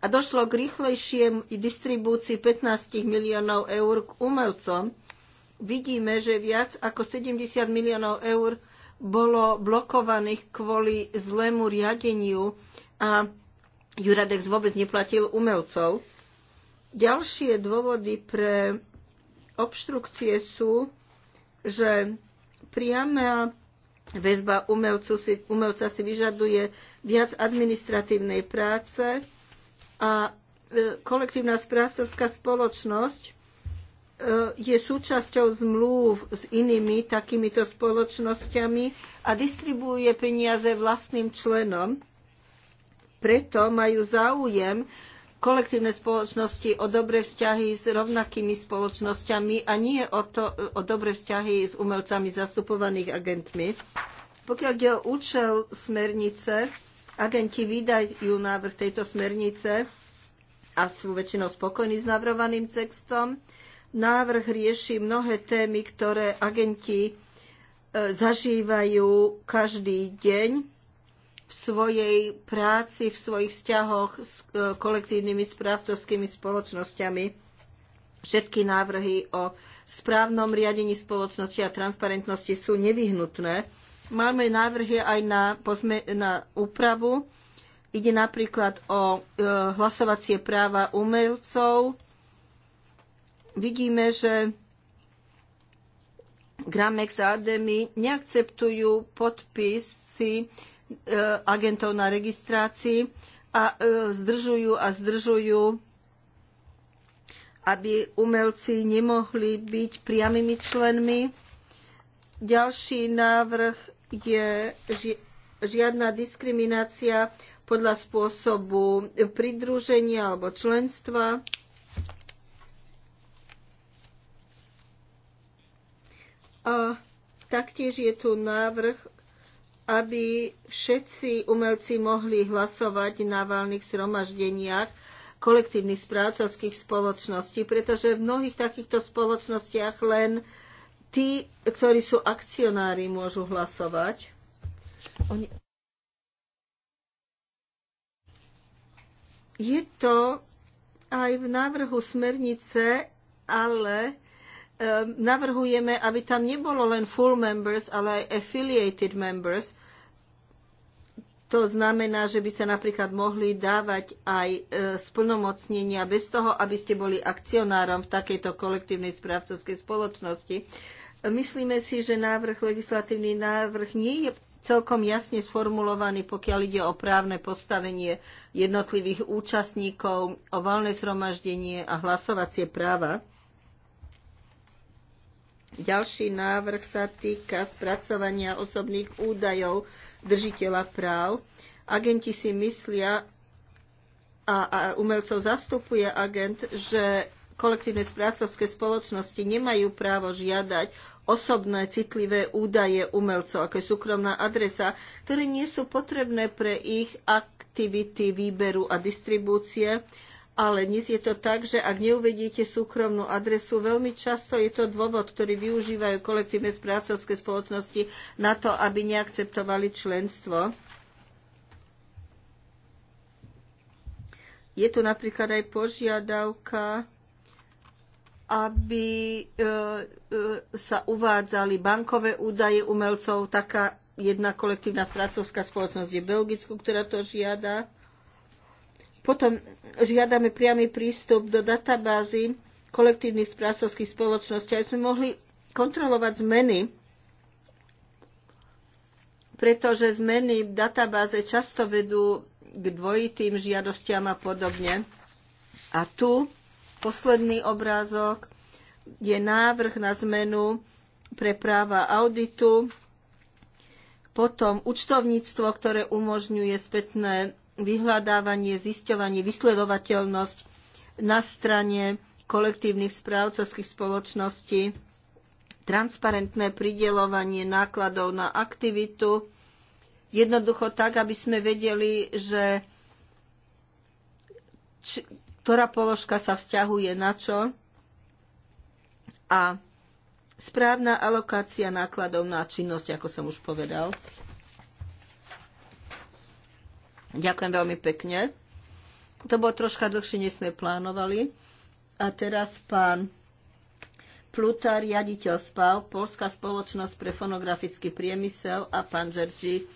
A došlo k rýchlejšiem distribúcii 15 miliónov eur k umelcom. Vidíme, že viac ako 70 miliónov eur bolo blokovaných kvôli zlému riadeniu a Juradex vôbec neplatil umelcov. Ďalšie dôvody pre obštrukcie sú, že priama väzba umelcu si, umelca si vyžaduje viac administratívnej práce a e, kolektívna správcovská spoločnosť e, je súčasťou zmluv s inými takýmito spoločnosťami a distribuuje peniaze vlastným členom. Preto majú záujem kolektívne spoločnosti o dobré vzťahy s rovnakými spoločnosťami a nie o, to, o dobré vzťahy s umelcami zastupovaných agentmi. Pokiaľ ide o účel smernice, agenti vydajú návrh tejto smernice a sú väčšinou spokojní s navrovaným textom. Návrh rieši mnohé témy, ktoré agenti e, zažívajú každý deň v svojej práci, v svojich vzťahoch s e, kolektívnymi správcovskými spoločnosťami. Všetky návrhy o správnom riadení spoločnosti a transparentnosti sú nevyhnutné. Máme návrhy aj na, pozme- na úpravu. Ide napríklad o e, hlasovacie práva umelcov. Vidíme, že Gramex a Ademy neakceptujú podpisy E, agentov na registrácii a e, zdržujú a zdržujú, aby umelci nemohli byť priamými členmi. Ďalší návrh je žiadna diskriminácia podľa spôsobu pridruženia alebo členstva. A taktiež je tu návrh aby všetci umelci mohli hlasovať na valných zhromaždeniach kolektívnych správcovských spoločností, pretože v mnohých takýchto spoločnostiach len tí, ktorí sú akcionári, môžu hlasovať. Oni... Je to aj v návrhu smernice, ale ehm, navrhujeme, aby tam nebolo len full members, ale aj affiliated members, to znamená, že by sa napríklad mohli dávať aj e, splnomocnenia bez toho, aby ste boli akcionárom v takejto kolektívnej správcovskej spoločnosti. Myslíme si, že návrh, legislatívny návrh nie je celkom jasne sformulovaný, pokiaľ ide o právne postavenie jednotlivých účastníkov, o valné zhromaždenie a hlasovacie práva. Ďalší návrh sa týka spracovania osobných údajov držiteľa práv. Agenti si myslia a, a umelcov zastupuje agent, že kolektívne správcovské spoločnosti nemajú právo žiadať osobné citlivé údaje umelcov, ako je súkromná adresa, ktoré nie sú potrebné pre ich aktivity výberu a distribúcie, ale dnes je to tak, že ak neuvediete súkromnú adresu, veľmi často je to dôvod, ktorý využívajú kolektívne správcovské spoločnosti na to, aby neakceptovali členstvo. Je tu napríklad aj požiadavka, aby e, e, sa uvádzali bankové údaje umelcov. Taká jedna kolektívna správcovská spoločnosť je v Belgicku, ktorá to žiada potom žiadame priamy prístup do databázy kolektívnych správcovských spoločností, aby sme mohli kontrolovať zmeny, pretože zmeny v databáze často vedú k dvojitým žiadostiam a podobne. A tu posledný obrázok je návrh na zmenu pre práva auditu, potom účtovníctvo, ktoré umožňuje spätné vyhľadávanie, zisťovanie, vysledovateľnosť na strane kolektívnych správcovských spoločností, transparentné pridelovanie nákladov na aktivitu, jednoducho tak, aby sme vedeli, že či, ktorá položka sa vzťahuje na čo a správna alokácia nákladov na činnosť, ako som už povedal. Ďakujem veľmi pekne. To bolo troška dlhšie, než sme plánovali. A teraz pán Plutár riaditeľ SPAV, Polská spoločnosť pre fonografický priemysel a pán Žerži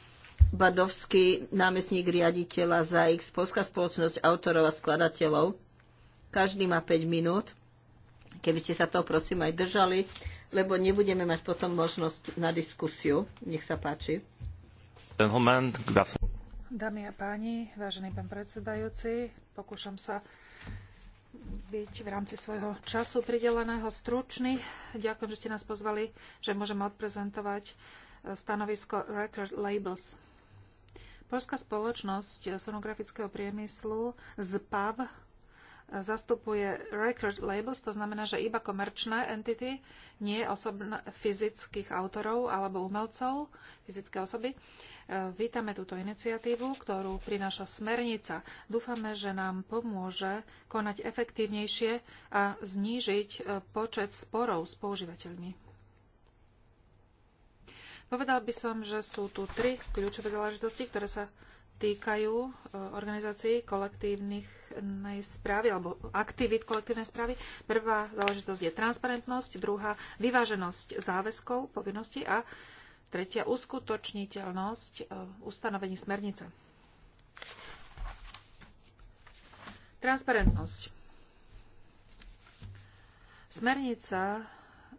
Badovský, námestník riaditeľa ZAIX, Polská spoločnosť autorov a skladateľov. Každý má 5 minút. Keby ste sa to prosím aj držali, lebo nebudeme mať potom možnosť na diskusiu. Nech sa páči. Ten moment, Dámy a páni, vážený pán predsedajúci, pokúšam sa byť v rámci svojho času prideleného stručný. Ďakujem, že ste nás pozvali, že môžeme odprezentovať eh, stanovisko Record Labels. Polská spoločnosť sonografického priemyslu PAV zastupuje record labels, to znamená, že iba komerčné entity, nie osobn- fyzických autorov alebo umelcov, fyzické osoby. Vítame túto iniciatívu, ktorú prináša smernica. Dúfame, že nám pomôže konať efektívnejšie a znížiť e, počet sporov s používateľmi. Povedal by som, že sú tu tri kľúčové záležitosti, ktoré sa týkajú e, organizácií kolektívnych správy alebo aktivít kolektívnej správy. Prvá záležitosť je transparentnosť, druhá vyváženosť záväzkov, povinností a Tretia uskutočniteľnosť e, ustanovení smernice. Transparentnosť. Smernica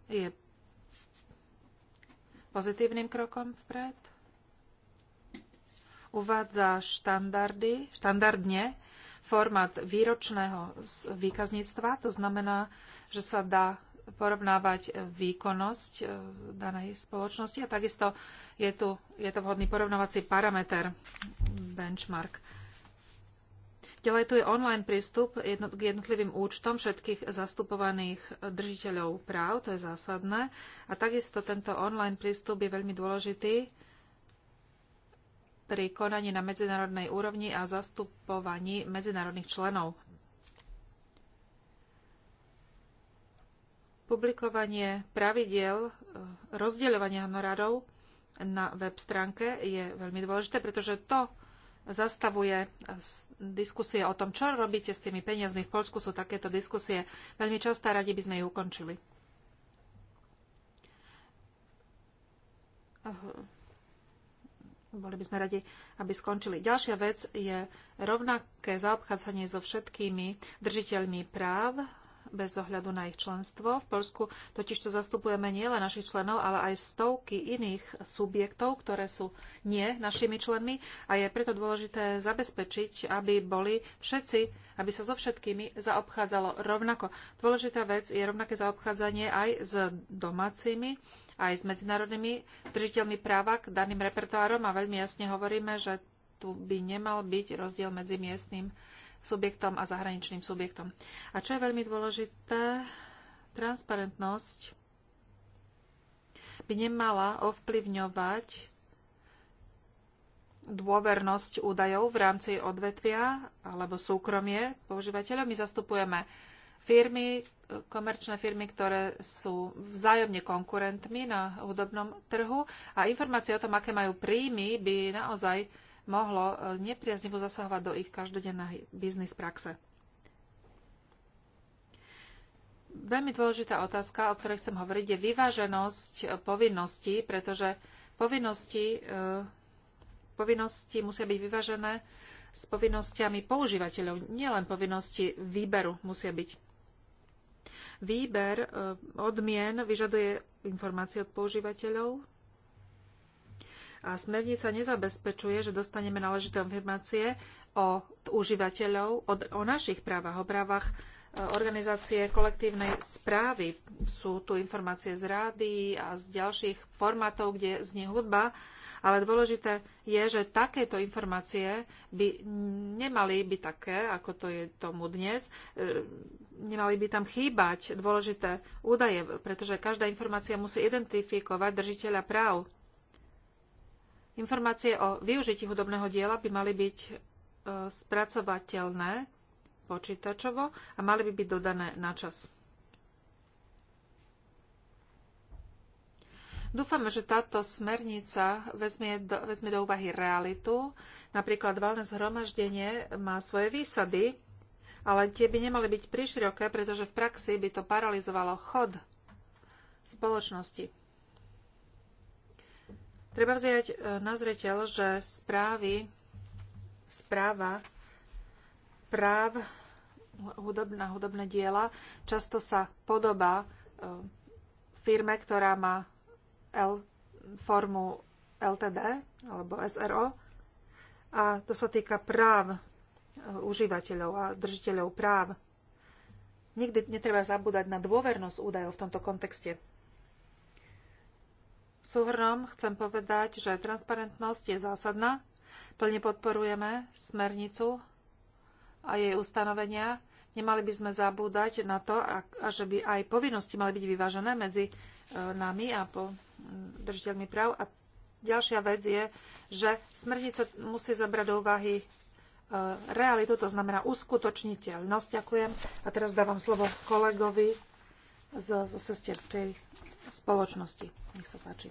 je pozitívnym krokom vpred. Uvádza štandardy, štandardne formát výročného výkazníctva, to znamená, že sa dá porovnávať výkonnosť e, danej spoločnosti a takisto je, tu, je to vhodný porovnávací parameter, benchmark. Ďalej tu je online prístup k jednotlivým účtom všetkých zastupovaných držiteľov práv, to je zásadné. A takisto tento online prístup je veľmi dôležitý pri konaní na medzinárodnej úrovni a zastupovaní medzinárodných členov Publikovanie pravidiel e, rozdeľovania honorárov na web stránke je veľmi dôležité, pretože to zastavuje e, diskusie o tom, čo robíte s tými peniazmi. V Polsku sú takéto diskusie veľmi časté a radi by sme ich ukončili. boli by sme radi, aby skončili. Ďalšia vec je rovnaké zaobchádzanie so všetkými držiteľmi práv bez ohľadu na ich členstvo. V Polsku totiž to zastupujeme nielen našich členov, ale aj stovky iných subjektov, ktoré sú nie našimi členmi a je preto dôležité zabezpečiť, aby boli všetci, aby sa so všetkými zaobchádzalo rovnako. Dôležitá vec je rovnaké zaobchádzanie aj s domácimi aj s medzinárodnými držiteľmi práva k daným repertoárom a veľmi jasne hovoríme, že tu by nemal byť rozdiel medzi miestnym subjektom a zahraničným subjektom. A čo je veľmi dôležité, transparentnosť by nemala ovplyvňovať dôvernosť údajov v rámci odvetvia alebo súkromie používateľov. My zastupujeme firmy, komerčné firmy, ktoré sú vzájomne konkurentmi na hudobnom trhu a informácie o tom, aké majú príjmy, by naozaj mohlo e, nepriaznivo zasahovať do ich každodenného biznis praxe. Veľmi dôležitá otázka, o ktorej chcem hovoriť, je vyváženosť povinností, pretože povinnosti, e, povinnosti musia byť vyvážené s povinnosťami používateľov. Nielen povinnosti výberu musia byť Výber e, odmien vyžaduje informácie od používateľov, a smernica nezabezpečuje, že dostaneme náležité informácie o užívateľov, o, našich právach, o právach e, organizácie kolektívnej správy. Sú tu informácie z rády a z ďalších formátov, kde znie hudba, ale dôležité je, že takéto informácie by nemali byť také, ako to je tomu dnes. E, nemali by tam chýbať dôležité údaje, pretože každá informácia musí identifikovať držiteľa práv. Informácie o využití hudobného diela by mali byť e, spracovateľné počítačovo a mali by byť dodané na čas. Dúfame, že táto smernica vezme do, vezme do úvahy realitu. Napríklad valné zhromaždenie má svoje výsady, ale tie by nemali byť príširoké, pretože v praxi by to paralizovalo chod spoločnosti. Treba vziať e, na zreteľ, že správy, správa práv na hudobné diela často sa podobá e, firme, ktorá má L, formu LTD alebo SRO a to sa týka práv e, užívateľov a držiteľov práv. Nikdy netreba zabúdať na dôvernosť údajov v tomto kontexte. Súhrnom chcem povedať, že transparentnosť je zásadná. Plne podporujeme smernicu a jej ustanovenia. Nemali by sme zabúdať na to, a, že by aj povinnosti mali byť vyvážené medzi e, nami a po, držiteľmi práv. A ďalšia vec je, že smernica musí zabrať do úvahy e, realitu, to znamená uskutočniteľnosť. Ďakujem. A teraz dávam slovo kolegovi zo, zo sesterskej spoločnosti. Nech sa páči.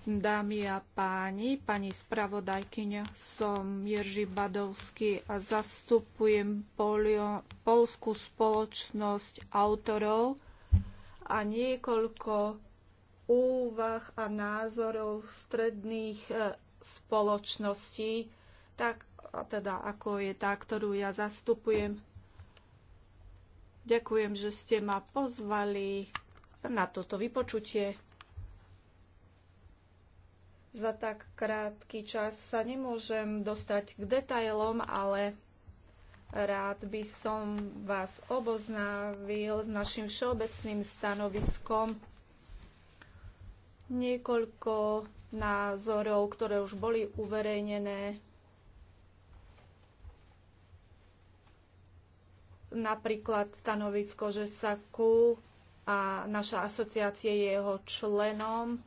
Dámy a páni, pani spravodajkyňa, som Jerzy Badovský a zastupujem polio, polskú spoločnosť autorov a niekoľko úvah a názorov stredných e, spoločností, tak, teda ako je tá, ktorú ja zastupujem. Ďakujem, že ste ma pozvali na toto vypočutie. Za tak krátky čas sa nemôžem dostať k detailom, ale rád by som vás oboznávil s našim všeobecným stanoviskom. Niekoľko názorov, ktoré už boli uverejnené napríklad stanovisko, že sa KU a naša asociácia je jeho členom.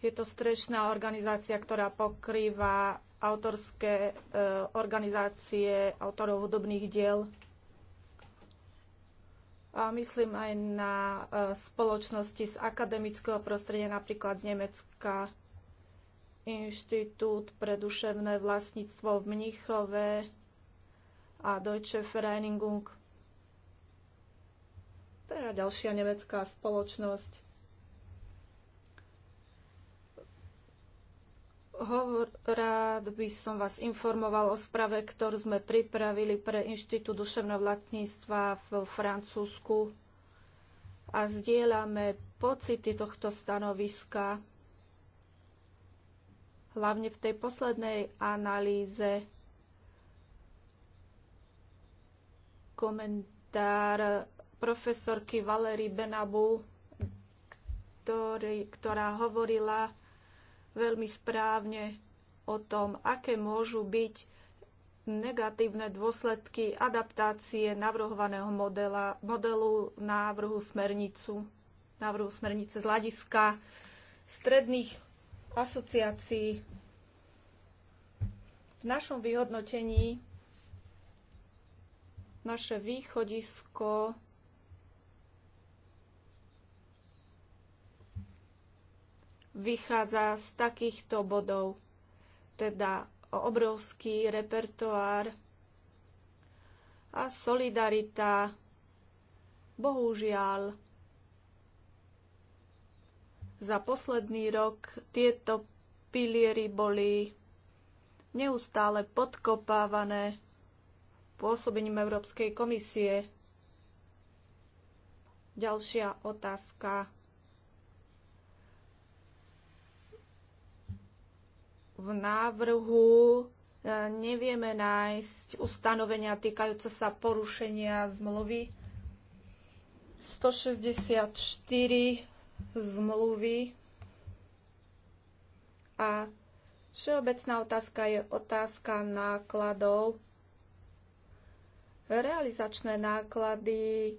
Je to strešná organizácia, ktorá pokrýva autorské e, organizácie autorov hudobných diel. A myslím aj na e, spoločnosti z akademického prostredia, napríklad z Nemecka, Inštitút pre duševné vlastníctvo v Mnichove a Deutsche Vereinigung. Teda ďalšia nemecká spoločnosť. Hovor, rád by som vás informoval o sprave, ktorú sme pripravili pre Inštitút duševného vlastníctva v Francúzsku a zdieľame pocity tohto stanoviska hlavne v tej poslednej analýze komentár profesorky Valery Benabu, ktorý, ktorá hovorila veľmi správne o tom, aké môžu byť negatívne dôsledky adaptácie navrhovaného modela, modelu návrhu, smernicu, návrhu smernice z hľadiska stredných asociácií. V našom vyhodnotení naše východisko vychádza z takýchto bodov, teda obrovský repertoár a solidarita. Bohužiaľ, za posledný rok tieto piliery boli neustále podkopávané pôsobením Európskej komisie. Ďalšia otázka. V návrhu e, nevieme nájsť ustanovenia týkajúce sa porušenia zmluvy. 164 zmluvy. A všeobecná otázka je otázka nákladov. Realizačné náklady,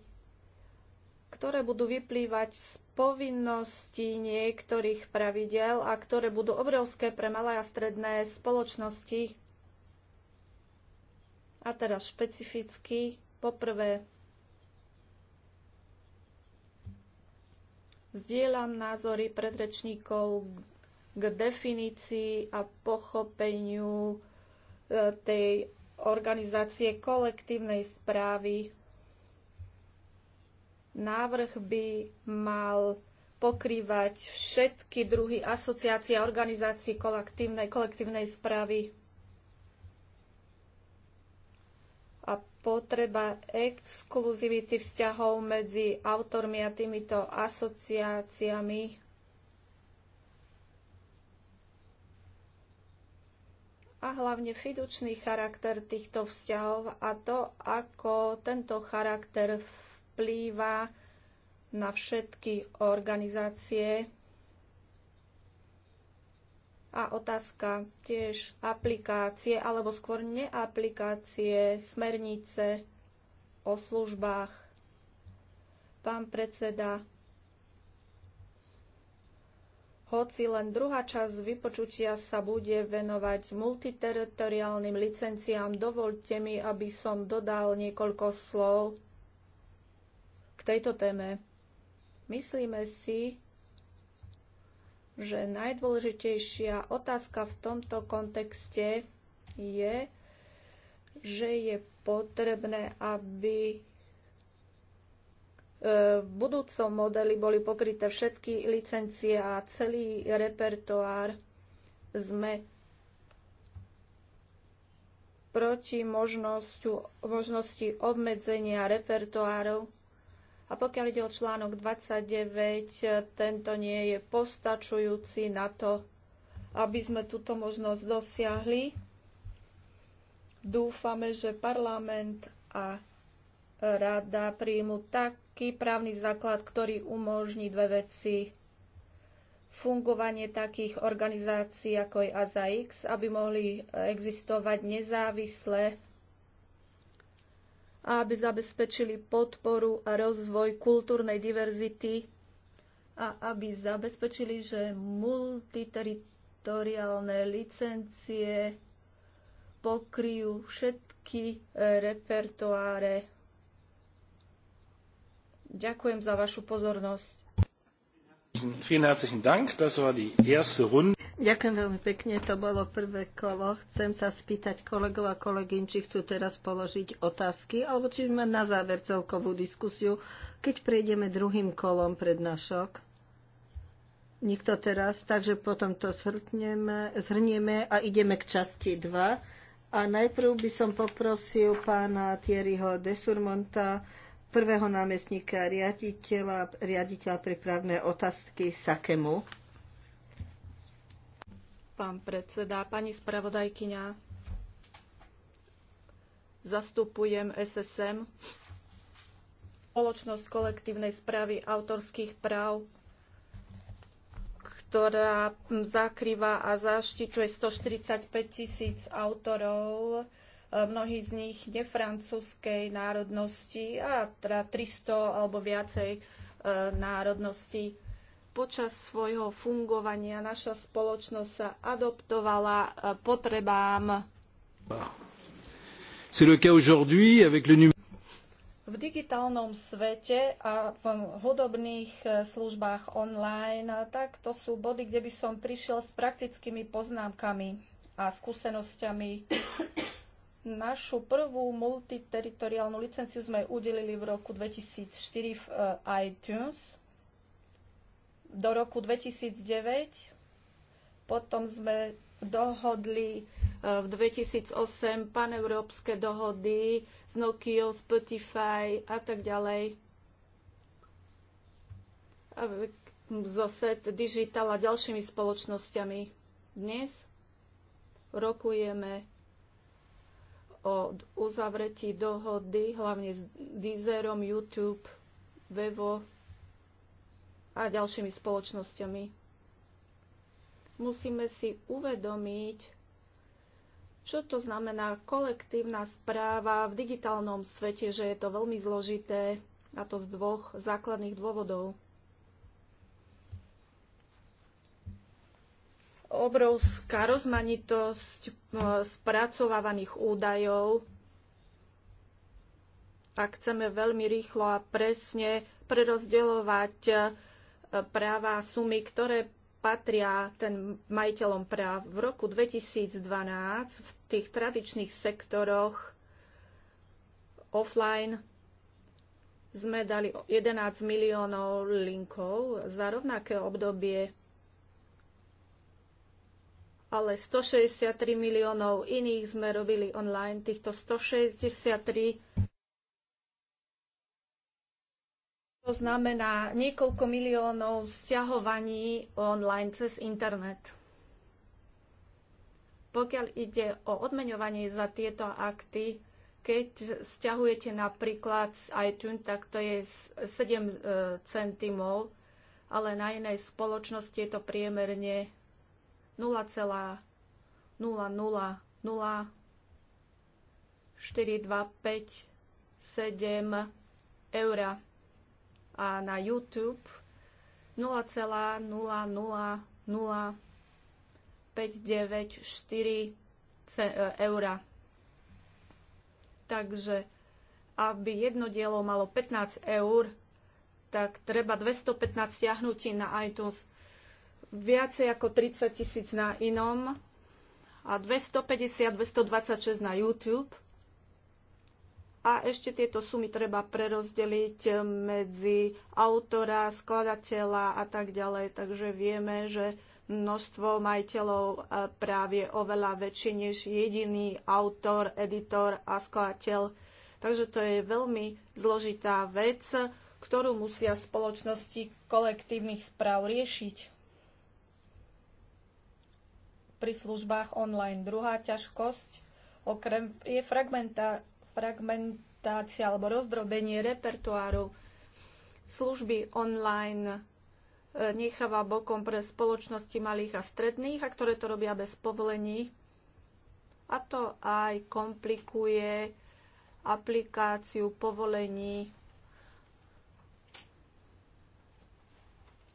ktoré budú vyplývať z povinností niektorých pravidel a ktoré budú obrovské pre malé a stredné spoločnosti. A teda špecificky, poprvé, Zdieľam názory predrečníkov k definícii a pochopeniu e, tej organizácie kolektívnej správy. Návrh by mal pokrývať všetky druhy asociácie a organizácií kolektívnej, kolektívnej správy. potreba exkluzivity vzťahov medzi autormi a týmito asociáciami. a hlavne fidučný charakter týchto vzťahov a to, ako tento charakter vplýva na všetky organizácie a otázka tiež aplikácie alebo skôr neaplikácie smernice o službách. Pán predseda, hoci len druhá časť vypočutia sa bude venovať multiteritoriálnym licenciám, dovolte mi, aby som dodal niekoľko slov k tejto téme. Myslíme si, že najdôležitejšia otázka v tomto kontexte je, že je potrebné, aby e, v budúcom modeli boli pokryté všetky licencie a celý repertoár sme proti možnosti obmedzenia repertoárov a pokiaľ ide o článok 29, tento nie je postačujúci na to, aby sme túto možnosť dosiahli. Dúfame, že parlament a rada príjmu taký právny základ, ktorý umožní dve veci fungovanie takých organizácií ako je AZAX, aby mohli existovať nezávisle aby zabezpečili podporu a rozvoj kultúrnej diverzity a aby zabezpečili, že multiteritoriálne licencie pokryjú všetky e, repertoáre. Ďakujem za vašu pozornosť. Vielen herzlichen Dank. Das war die erste Runde. Ďakujem veľmi pekne, to bolo prvé kolo. Chcem sa spýtať kolegov a kolegyň, či chcú teraz položiť otázky, alebo či mať na záver celkovú diskusiu, keď prejdeme druhým kolom prednášok. Nikto teraz, takže potom to zhrnieme a ideme k časti 2. A najprv by som poprosil pána Thierryho Desurmonta, prvého námestníka riaditeľa, riaditeľa pre právne otázky Sakemu pán predseda. Pani spravodajkyňa, zastupujem SSM, spoločnosť kolektívnej správy autorských práv, ktorá zakrýva a zaštituje 145 tisíc autorov, e, mnohí z nich nefrancúzskej národnosti a teda 300 alebo viacej e, národnosti Počas svojho fungovania naša spoločnosť sa adoptovala e, potrebám. C'est le cas aujourd'hui avec le v digitálnom svete a v hudobných e, službách online, tak to sú body, kde by som prišiel s praktickými poznámkami a skúsenosťami. Našu prvú multiteritoriálnu licenciu sme udelili v roku 2004 v e, iTunes do roku 2009. Potom sme dohodli e, v 2008 paneurópske dohody s Nokia, Spotify a tak ďalej. A Zoset, Digital a ďalšími spoločnosťami. Dnes rokujeme o uzavretí dohody, hlavne s Deezerom, YouTube, Vevo, a ďalšími spoločnosťami. Musíme si uvedomiť, čo to znamená kolektívna správa v digitálnom svete, že je to veľmi zložité, a to z dvoch základných dôvodov. obrovská rozmanitosť spracovávaných údajov. Ak chceme veľmi rýchlo a presne prerozdeľovať práva sumy, ktoré patria ten majiteľom práv. V roku 2012 v tých tradičných sektoroch offline sme dali 11 miliónov linkov za rovnaké obdobie, ale 163 miliónov iných sme robili online. Týchto 163 To znamená niekoľko miliónov stiahovaní online cez internet. Pokiaľ ide o odmeňovanie za tieto akty, keď stiahujete napríklad z iTunes, tak to je 7 e, centimov, ale na inej spoločnosti je to priemerne 0,0004257 7 eura a na YouTube 0,0000594 eur. Takže aby jedno dielo malo 15 eur, tak treba 215 stiahnutí na iTunes, viacej ako 30 tisíc na inom a 250-226 na YouTube a ešte tieto sumy treba prerozdeliť eh, medzi autora, skladateľa a tak ďalej. Takže vieme, že množstvo majiteľov eh, práv je oveľa väčšie než jediný autor, editor a skladateľ. Takže to je veľmi zložitá vec, ktorú musia spoločnosti kolektívnych správ riešiť pri službách online. Druhá ťažkosť okrem je fragmenta, fragmentácia alebo rozdrobenie repertoárov. Služby online e, necháva bokom pre spoločnosti malých a stredných, a ktoré to robia bez povolení. A to aj komplikuje aplikáciu povolení.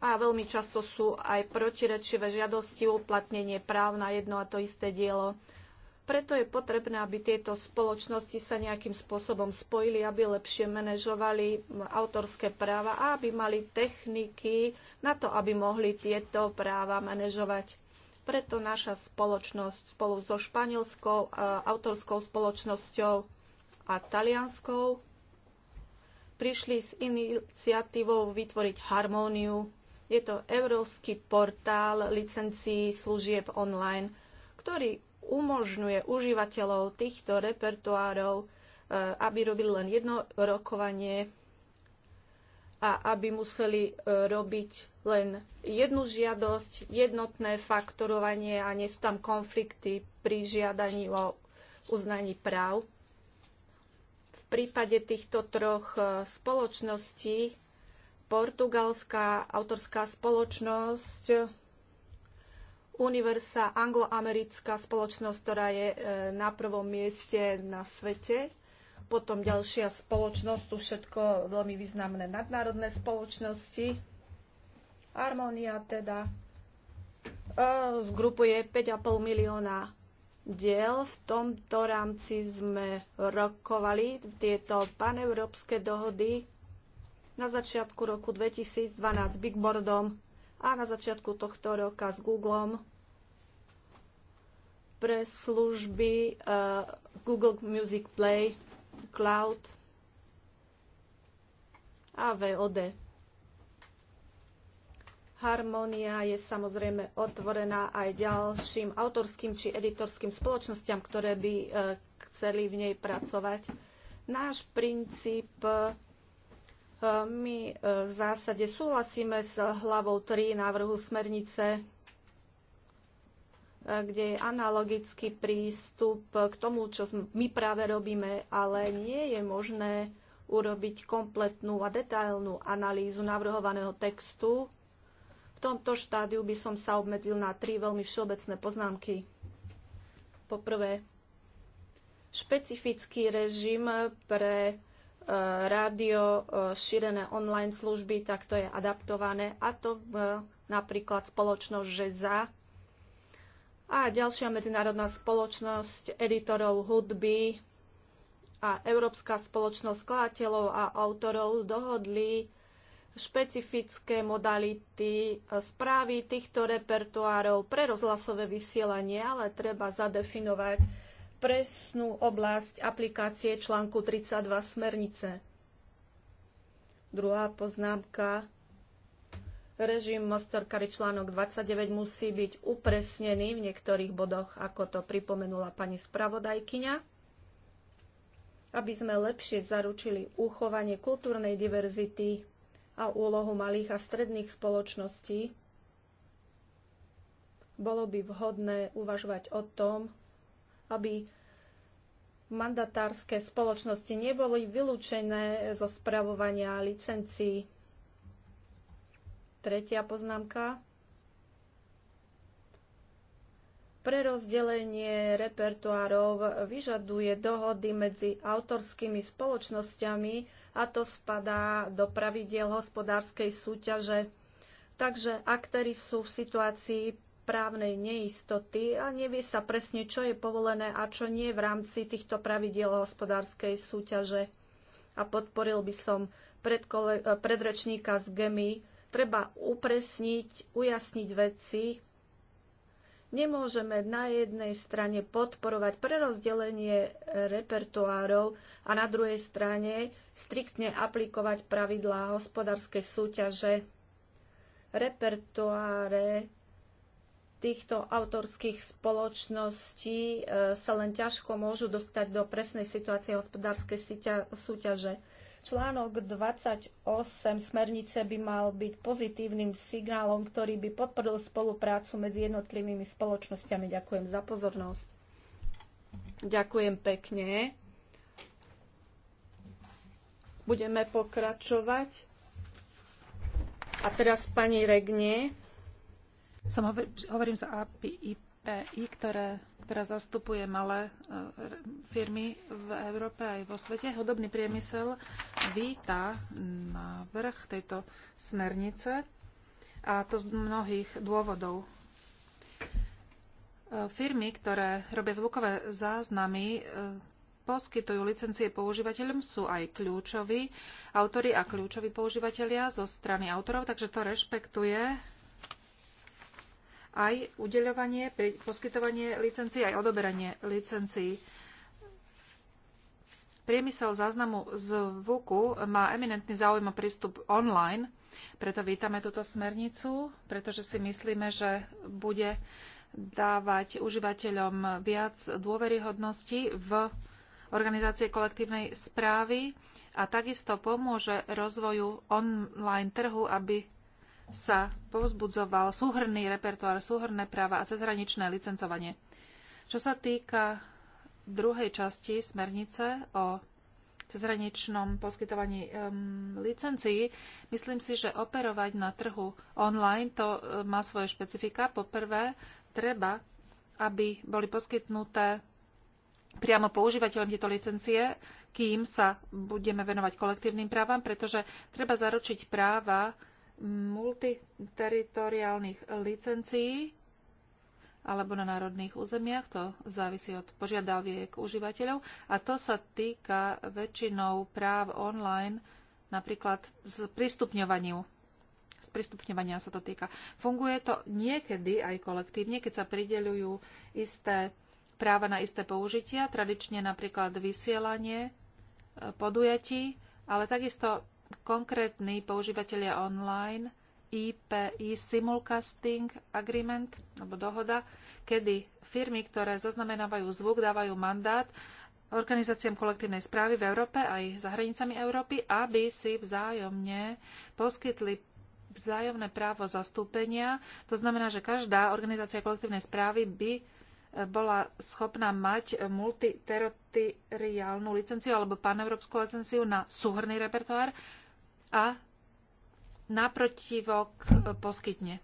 A veľmi často sú aj protirečivé žiadosti uplatnenie práv na jedno a to isté dielo. Preto je potrebné, aby tieto spoločnosti sa nejakým spôsobom spojili, aby lepšie manažovali autorské práva a aby mali techniky na to, aby mohli tieto práva manažovať. Preto naša spoločnosť spolu so španielskou e, autorskou spoločnosťou a talianskou prišli s iniciatívou vytvoriť harmóniu. Je to európsky portál licencií služieb online, ktorý umožňuje užívateľov týchto repertoárov, e, aby robili len jedno rokovanie a aby museli e, robiť len jednu žiadosť, jednotné faktorovanie a nie sú tam konflikty pri žiadaní o uznaní práv. V prípade týchto troch e, spoločností portugalská autorská spoločnosť Universa angloamerická spoločnosť, ktorá je e, na prvom mieste na svete. Potom ďalšia spoločnosť, tu všetko veľmi významné nadnárodné spoločnosti. Harmonia teda e, zgrupuje 5,5 milióna diel. V tomto rámci sme rokovali tieto paneurópske dohody na začiatku roku 2012 Boardom a na začiatku tohto roka s Googlem pre služby uh, Google Music Play, Cloud a VOD. Harmonia je samozrejme otvorená aj ďalším autorským či editorským spoločnosťam, ktoré by uh, chceli v nej pracovať. Náš princíp uh, E, my e, v zásade súhlasíme s hlavou 3 návrhu smernice, e, kde je analogický prístup k tomu, čo my práve robíme, ale nie je možné urobiť kompletnú a detailnú analýzu navrhovaného textu. V tomto štádiu by som sa obmedzil na tri veľmi všeobecné poznámky. Poprvé, špecifický režim pre Eh, rádio, eh, šírené online služby, tak to je adaptované a to eh, napríklad spoločnosť Žeza a ďalšia medzinárodná spoločnosť editorov hudby a Európska spoločnosť skladateľov a autorov dohodli špecifické modality správy týchto repertoárov pre rozhlasové vysielanie, ale treba zadefinovať presnú oblasť aplikácie článku 32 smernice. Druhá poznámka. Režim Mostorkary článok 29 musí byť upresnený v niektorých bodoch, ako to pripomenula pani spravodajkyňa, aby sme lepšie zaručili uchovanie kultúrnej diverzity a úlohu malých a stredných spoločností. Bolo by vhodné uvažovať o tom, aby mandatárske spoločnosti neboli vylúčené zo spravovania licencií. Tretia poznámka. Prerozdelenie repertoárov vyžaduje dohody medzi autorskými spoločnosťami a to spadá do pravidiel hospodárskej súťaže. Takže aktéry sú v situácii právnej neistoty a nevie sa presne, čo je povolené a čo nie v rámci týchto pravidiel hospodárskej súťaže. A podporil by som predkole, eh, predrečníka z GEMI. Treba upresniť, ujasniť veci. Nemôžeme na jednej strane podporovať prerozdelenie repertoárov a na druhej strane striktne aplikovať pravidlá hospodárskej súťaže repertoáre týchto autorských spoločností e, sa len ťažko môžu dostať do presnej situácie hospodárskej súťaže. Článok 28 smernice by mal byť pozitívnym signálom, ktorý by podporil spoluprácu medzi jednotlivými spoločnosťami. Ďakujem za pozornosť. Ďakujem pekne. Budeme pokračovať. A teraz pani Regne. Som, hovorím za APIPI, ktoré, ktorá zastupuje malé e, firmy v Európe aj vo svete. Hudobný priemysel víta návrh tejto smernice a to z mnohých dôvodov. E, firmy, ktoré robia zvukové záznamy, e, poskytujú licencie používateľom, sú aj kľúčoví autory a kľúčoví používateľia zo strany autorov, takže to rešpektuje aj udeľovanie, poskytovanie licencií, aj odoberanie licencií. Priemysel záznamu zvuku má eminentný záujem a prístup online, preto vítame túto smernicu, pretože si myslíme, že bude dávať užívateľom viac dôveryhodnosti v organizácie kolektívnej správy a takisto pomôže rozvoju online trhu, aby sa povzbudzoval súhrný repertoár, súhrné práva a cezhraničné licencovanie. Čo sa týka druhej časti smernice o cezhraničnom poskytovaní um, licencií. Myslím si, že operovať na trhu online to e, má svoje špecifika. Poprvé, treba, aby boli poskytnuté priamo používateľom tieto licencie, kým sa budeme venovať kolektívnym právam, pretože treba zaručiť práva multiteritoriálnych licencií alebo na národných územiach, to závisí od požiadaviek užívateľov. A to sa týka väčšinou práv online, napríklad sprístupňovaniu. prístupňovania sa to týka. Funguje to niekedy aj kolektívne, keď sa prideľujú isté práva na isté použitia, tradične napríklad vysielanie eh, podujatí, ale takisto konkrétni používateľia online IPI Simulcasting Agreement, alebo dohoda, kedy firmy, ktoré zaznamenávajú zvuk, dávajú mandát organizáciám kolektívnej správy v Európe aj za hranicami Európy, aby si vzájomne poskytli vzájomné právo zastúpenia. To znamená, že každá organizácia kolektívnej správy by bola schopná mať multiteritoriálnu licenciu alebo paneurópsku licenciu na súhrný repertoár a naprotivok e, poskytne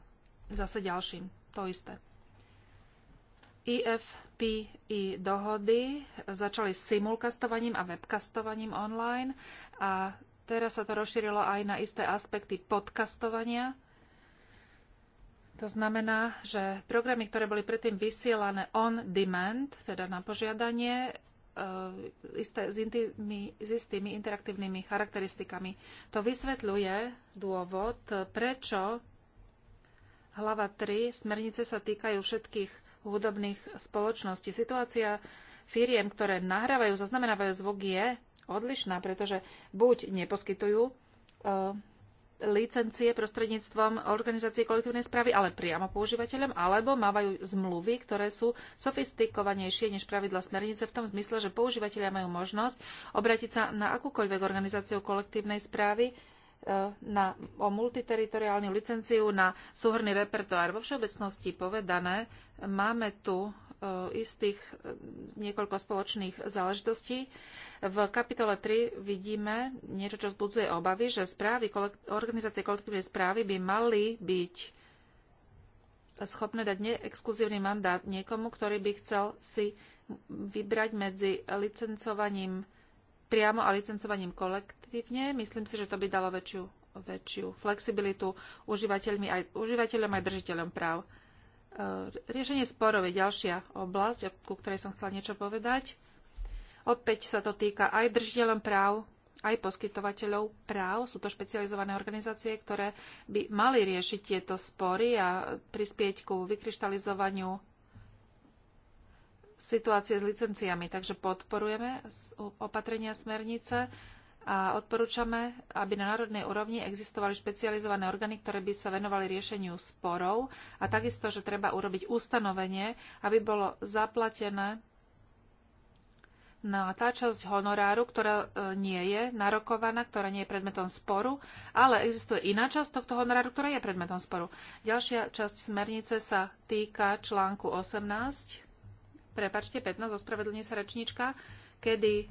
zase ďalším to isté. IFPI dohody začali simulkastovaním a webkastovaním online a teraz sa to rozšírilo aj na isté aspekty podcastovania to znamená, že programy, ktoré boli predtým vysielané on demand, teda na požiadanie, e, s, istými interaktívnymi charakteristikami. To vysvetľuje dôvod, prečo hlava 3 smernice sa týkajú všetkých hudobných spoločností. Situácia firiem, ktoré nahrávajú, zaznamenávajú zvuk, je odlišná, pretože buď neposkytujú e, licencie prostredníctvom organizácie kolektívnej správy, ale priamo používateľom, alebo mávajú zmluvy, ktoré sú sofistikovanejšie než pravidla smernice v tom zmysle, že používateľia majú možnosť obrátiť sa na akúkoľvek organizáciu kolektívnej správy e, na, o multiteritoriálnu licenciu na súhrný repertoár. Vo všeobecnosti povedané, máme tu E, istých e, niekoľko spoločných záležitostí. V kapitole 3 vidíme niečo, čo vzbudzuje obavy, že správy, organizácie kolektívnej správy by mali byť schopné dať neexkluzívny mandát niekomu, ktorý by chcel si vybrať medzi licencovaním priamo a licencovaním kolektívne. Myslím si, že to by dalo väčšiu, väčšiu flexibilitu aj, užívateľom aj držiteľom práv. E, riešenie sporov je ďalšia oblasť, ku ktorej som chcela niečo povedať. Opäť sa to týka aj držiteľom práv, aj poskytovateľov práv. Sú to špecializované organizácie, ktoré by mali riešiť tieto spory a prispieť ku vykryštalizovaniu situácie s licenciami. Takže podporujeme opatrenia smernice a odporúčame, aby na národnej úrovni existovali špecializované orgány, ktoré by sa venovali riešeniu sporov a takisto, že treba urobiť ustanovenie, aby bolo zaplatené na tá časť honoráru, ktorá e, nie je narokovaná, ktorá nie je predmetom sporu, ale existuje iná časť tohto honoráru, ktorá je predmetom sporu. Ďalšia časť smernice sa týka článku 18, prepačte, 15, ospravedlní sa rečníčka, kedy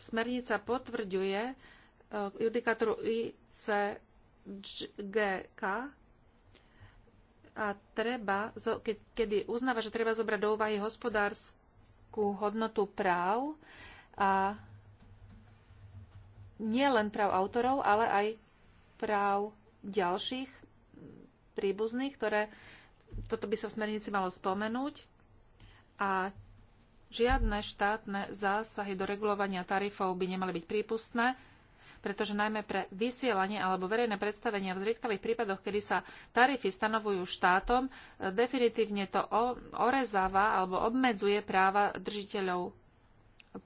smernica potvrďuje e, judikatúru ICGK a treba, kedy uznáva, že treba zobrať do úvahy hospodárskú hodnotu práv a nie len práv autorov, ale aj práv ďalších príbuzných, ktoré toto by sa v smernici malo spomenúť. A Žiadne štátne zásahy do regulovania tarifov by nemali byť prípustné, pretože najmä pre vysielanie alebo verejné predstavenia v zriedkavých prípadoch, kedy sa tarify stanovujú štátom, definitívne to orezáva alebo obmedzuje práva držiteľov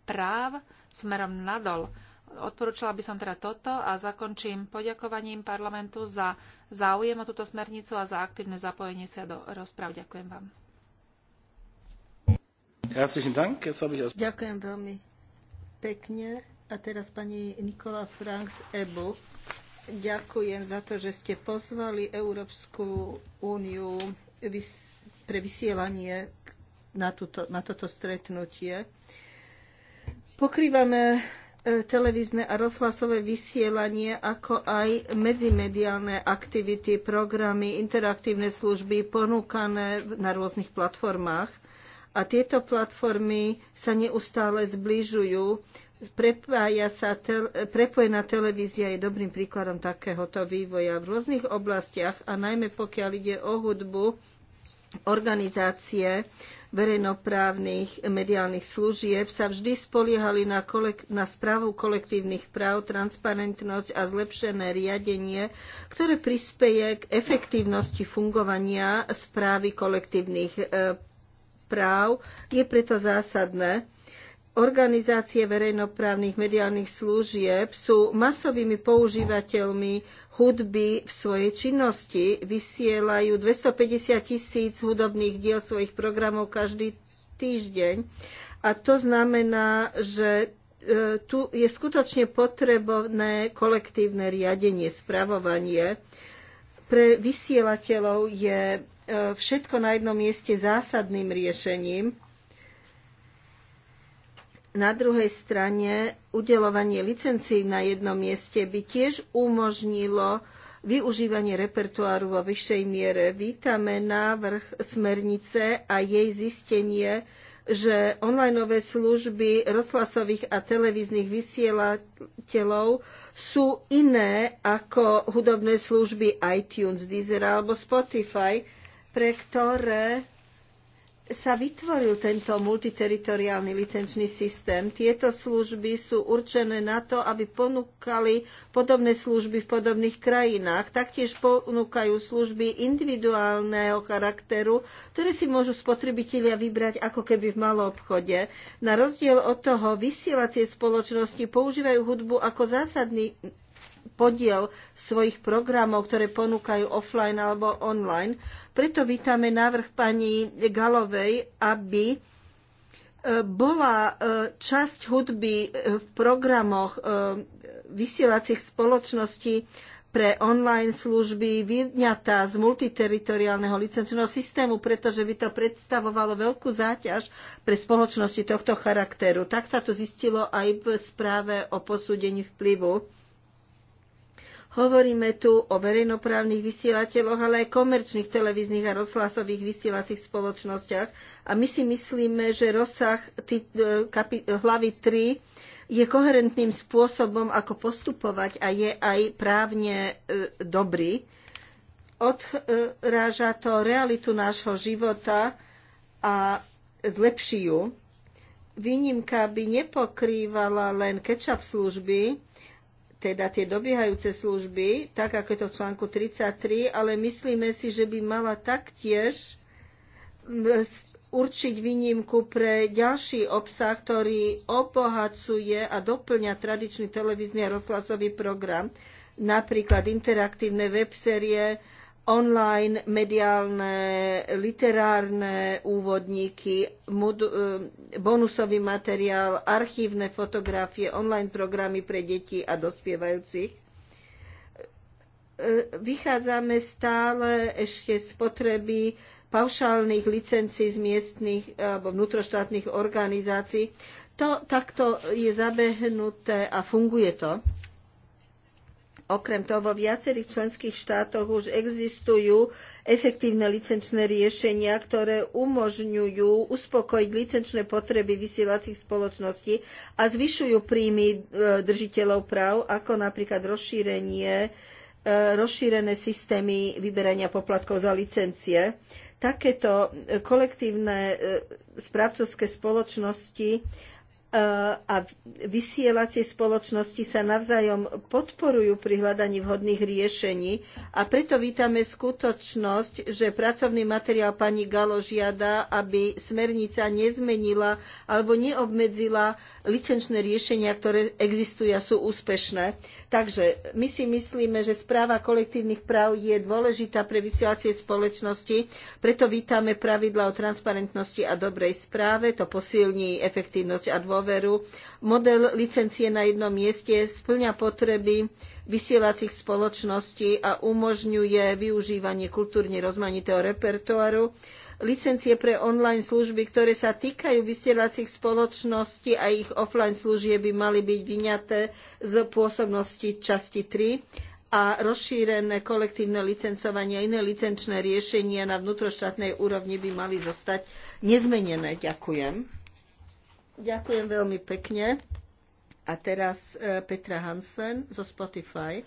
práv smerom nadol. Odporúčala by som teda toto a zakončím poďakovaním parlamentu za záujem o túto smernicu a za aktívne zapojenie sa do rozpráv. Ďakujem vám. Ďakujem veľmi pekne. A teraz pani Nikola Frank z EBU. Ďakujem za to, že ste pozvali Európsku úniu pre vysielanie na, tuto, na toto stretnutie. Pokrývame e, televízne a rozhlasové vysielanie, ako aj medzimediálne aktivity, programy, interaktívne služby ponúkané na rôznych platformách. A tieto platformy sa neustále zbližujú. Prepája sa tel, prepojená televízia je dobrým príkladom takéhoto vývoja v rôznych oblastiach a najmä pokiaľ ide o hudbu, organizácie verejnoprávnych mediálnych služieb sa vždy spoliehali na, kolek- na správu kolektívnych práv, transparentnosť a zlepšené riadenie, ktoré prispeje k efektívnosti fungovania správy kolektívnych e, práv je preto zásadné. Organizácie verejnoprávnych mediálnych služieb sú masovými používateľmi hudby v svojej činnosti. Vysielajú 250 tisíc hudobných diel svojich programov každý týždeň. A to znamená, že e, tu je skutočne potrebné kolektívne riadenie, spravovanie. Pre vysielateľov je E, všetko na jednom mieste zásadným riešením. Na druhej strane udelovanie licencií na jednom mieste by tiež umožnilo využívanie repertoáru vo vyššej miere. Vítame návrh smernice a jej zistenie, že onlineové služby rozhlasových a televíznych vysielateľov sú iné ako hudobné služby iTunes, Deezer alebo Spotify pre ktoré sa vytvoril tento multiteritoriálny licenčný systém. Tieto služby sú určené na to, aby ponúkali podobné služby v podobných krajinách. Taktiež ponúkajú služby individuálneho charakteru, ktoré si môžu spotrebitelia vybrať ako keby v malom obchode. Na rozdiel od toho vysielacie spoločnosti používajú hudbu ako zásadný podiel svojich programov, ktoré ponúkajú offline alebo online. Preto vítame návrh pani Galovej, aby e, bola e, časť hudby e, v programoch vysielacích spoločností pre online služby vyňatá z multiteritoriálneho licenčného systému, pretože by to predstavovalo veľkú záťaž pre spoločnosti tohto charakteru. Tak sa to zistilo aj v správe o posúdení vplyvu Hovoríme tu o verejnoprávnych vysielateľoch, ale aj komerčných televíznych a rozhlasových vysielacích spoločnostiach. A my si myslíme, že rozsah tý, e, kapi, e, hlavy 3 je koherentným spôsobom, ako postupovať a je aj právne e, dobrý. Odráža to realitu nášho života a zlepší ju. Výnimka by nepokrývala len kečap služby, teda tie dobiehajúce služby, tak ako je to v článku 33, ale myslíme si, že by mala taktiež určiť výnimku pre ďalší obsah, ktorý obohacuje a doplňa tradičný televízny a rozhlasový program, napríklad interaktívne webserie online mediálne, literárne úvodníky, e, bonusový materiál, archívne fotografie, online programy pre deti a dospievajúcich e, vychádzame stále ešte z potreby paušálnych licencií z miestnych alebo vnútroštátnych organizácií. To takto je zabehnuté a funguje to. Okrem toho, vo viacerých členských štátoch už existujú efektívne licenčné riešenia, ktoré umožňujú uspokojiť licenčné potreby vysielacích spoločností a zvyšujú príjmy e, držiteľov práv, ako napríklad rozšírenie, e, rozšírené systémy vyberania poplatkov za licencie. Takéto e, kolektívne správcovské spoločnosti a vysielacie spoločnosti sa navzájom podporujú pri hľadaní vhodných riešení a preto vítame skutočnosť, že pracovný materiál pani Galo žiada, aby smernica nezmenila alebo neobmedzila licenčné riešenia, ktoré existujú a sú úspešné. Takže my si myslíme, že správa kolektívnych práv je dôležitá pre vysielacie spoločnosti, preto vítame pravidla o transparentnosti a dobrej správe, to posilní efektívnosť a dôležitosť dôveru. Model licencie na jednom mieste splňa potreby vysielacích spoločností a umožňuje využívanie kultúrne rozmanitého repertoáru. Licencie pre online služby, ktoré sa týkajú vysielacích spoločností a ich offline služie by mali byť vyňaté z pôsobnosti časti 3 a rozšírené kolektívne licencovanie a iné licenčné riešenia na vnútroštátnej úrovni by mali zostať nezmenené. Ďakujem. Ďakujem veľmi pekne. A teraz e, Petra Hansen zo Spotify.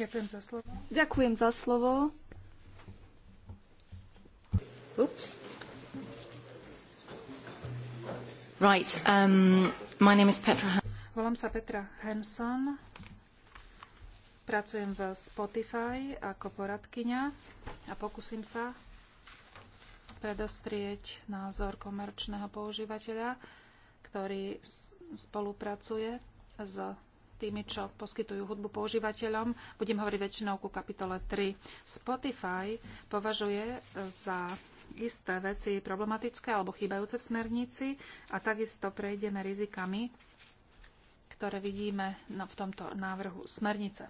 Ďakujem za slovo. Ďakujem za slovo. Ups. Right, um, my name is Petra Hansen. Volám sa Petra Hanson. Pracujem v Spotify ako poradkyňa a pokúsim sa predostrieť názor komerčného používateľa, ktorý spolupracuje s tými, čo poskytujú hudbu používateľom. Budem hovoriť väčšinou ku kapitole 3. Spotify považuje za isté veci problematické alebo chýbajúce v smernici a takisto prejdeme rizikami, ktoré vidíme v tomto návrhu smernice.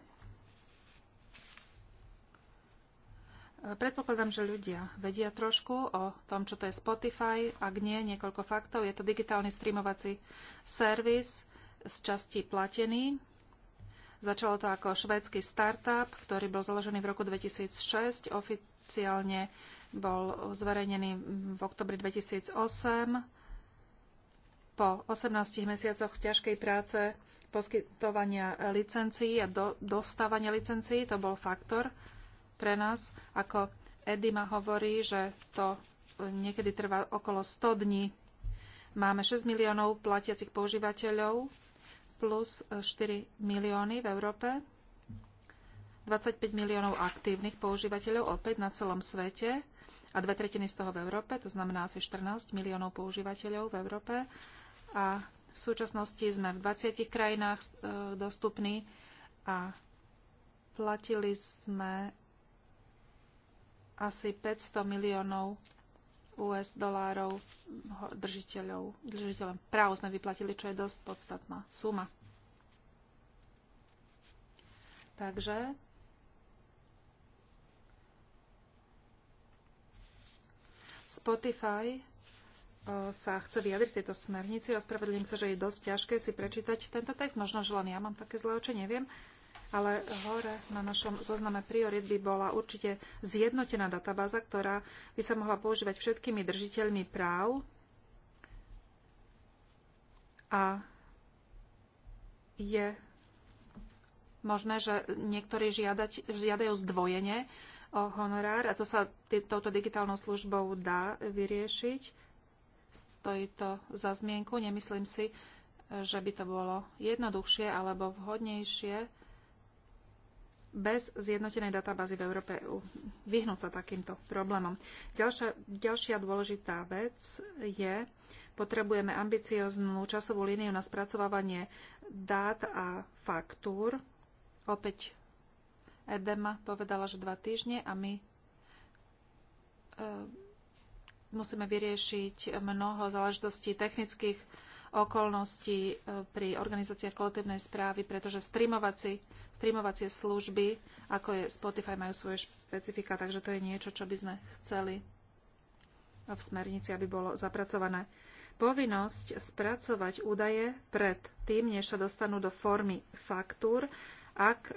Predpokladám, že ľudia vedia trošku o tom, čo to je Spotify. Ak nie, niekoľko faktov. Je to digitálny streamovací servis z časti platený. Začalo to ako švédsky startup, ktorý bol založený v roku 2006. Oficiálne bol zverejnený v oktobri 2008. Po 18 mesiacoch ťažkej práce poskytovania licencií a do, dostávania licencií, to bol faktor, pre nás, ako Edima hovorí, že to e, niekedy trvá okolo 100 dní. Máme 6 miliónov platiacich používateľov plus 4 e, milióny v Európe, 25 miliónov aktívnych používateľov opäť na celom svete a dve tretiny z toho v Európe, to znamená asi 14 miliónov používateľov v Európe. A v súčasnosti sme v 20 krajinách e, dostupní a platili sme asi 500 miliónov US dolárov držiteľov, držiteľom práv sme vyplatili, čo je dosť podstatná suma. Takže Spotify e, sa chce vyjadriť tejto smernici. Ospravedlím sa, že je dosť ťažké si prečítať tento text. Možno, že len ja mám také zlé oči, neviem ale hore na našom zozname priorit by bola určite zjednotená databáza, ktorá by sa mohla používať všetkými držiteľmi práv a je možné, že niektorí žiadať, žiadajú zdvojenie o honorár a to sa touto digitálnou službou dá vyriešiť. Stojí to za zmienku. Nemyslím si, že by to bolo jednoduchšie alebo vhodnejšie bez zjednotenej databázy v Európe vyhnúť sa takýmto problémom. Ďalšia, ďalšia dôležitá vec je, potrebujeme ambicioznú časovú líniu na spracovávanie dát a faktúr. Opäť Edema povedala, že dva týždne a my e, musíme vyriešiť mnoho záležitostí technických okolností e, pri organizáciách kolektívnej správy, pretože streamovací, streamovacie služby, ako je Spotify, majú svoje špecifika, takže to je niečo, čo by sme chceli v smernici, aby bolo zapracované. Povinnosť spracovať údaje pred tým, než sa dostanú do formy faktúr, ak e,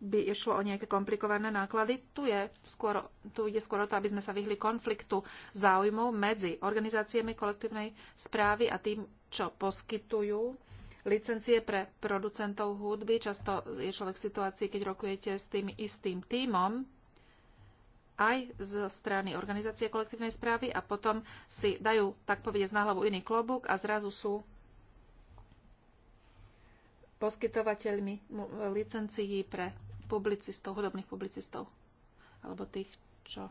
by išlo o nejaké komplikované náklady. Tu, je skôr, tu ide skôr o to, aby sme sa vyhli konfliktu záujmov medzi organizáciami kolektívnej správy a tým, čo poskytujú licencie pre producentov hudby. Často je človek v situácii, keď rokujete s tým istým tímom, aj z strany organizácie kolektívnej správy a potom si dajú, tak povedať, na hlavu iný klobúk a zrazu sú poskytovateľmi licencií pre publicistov, hudobných publicistov. Alebo tých, čo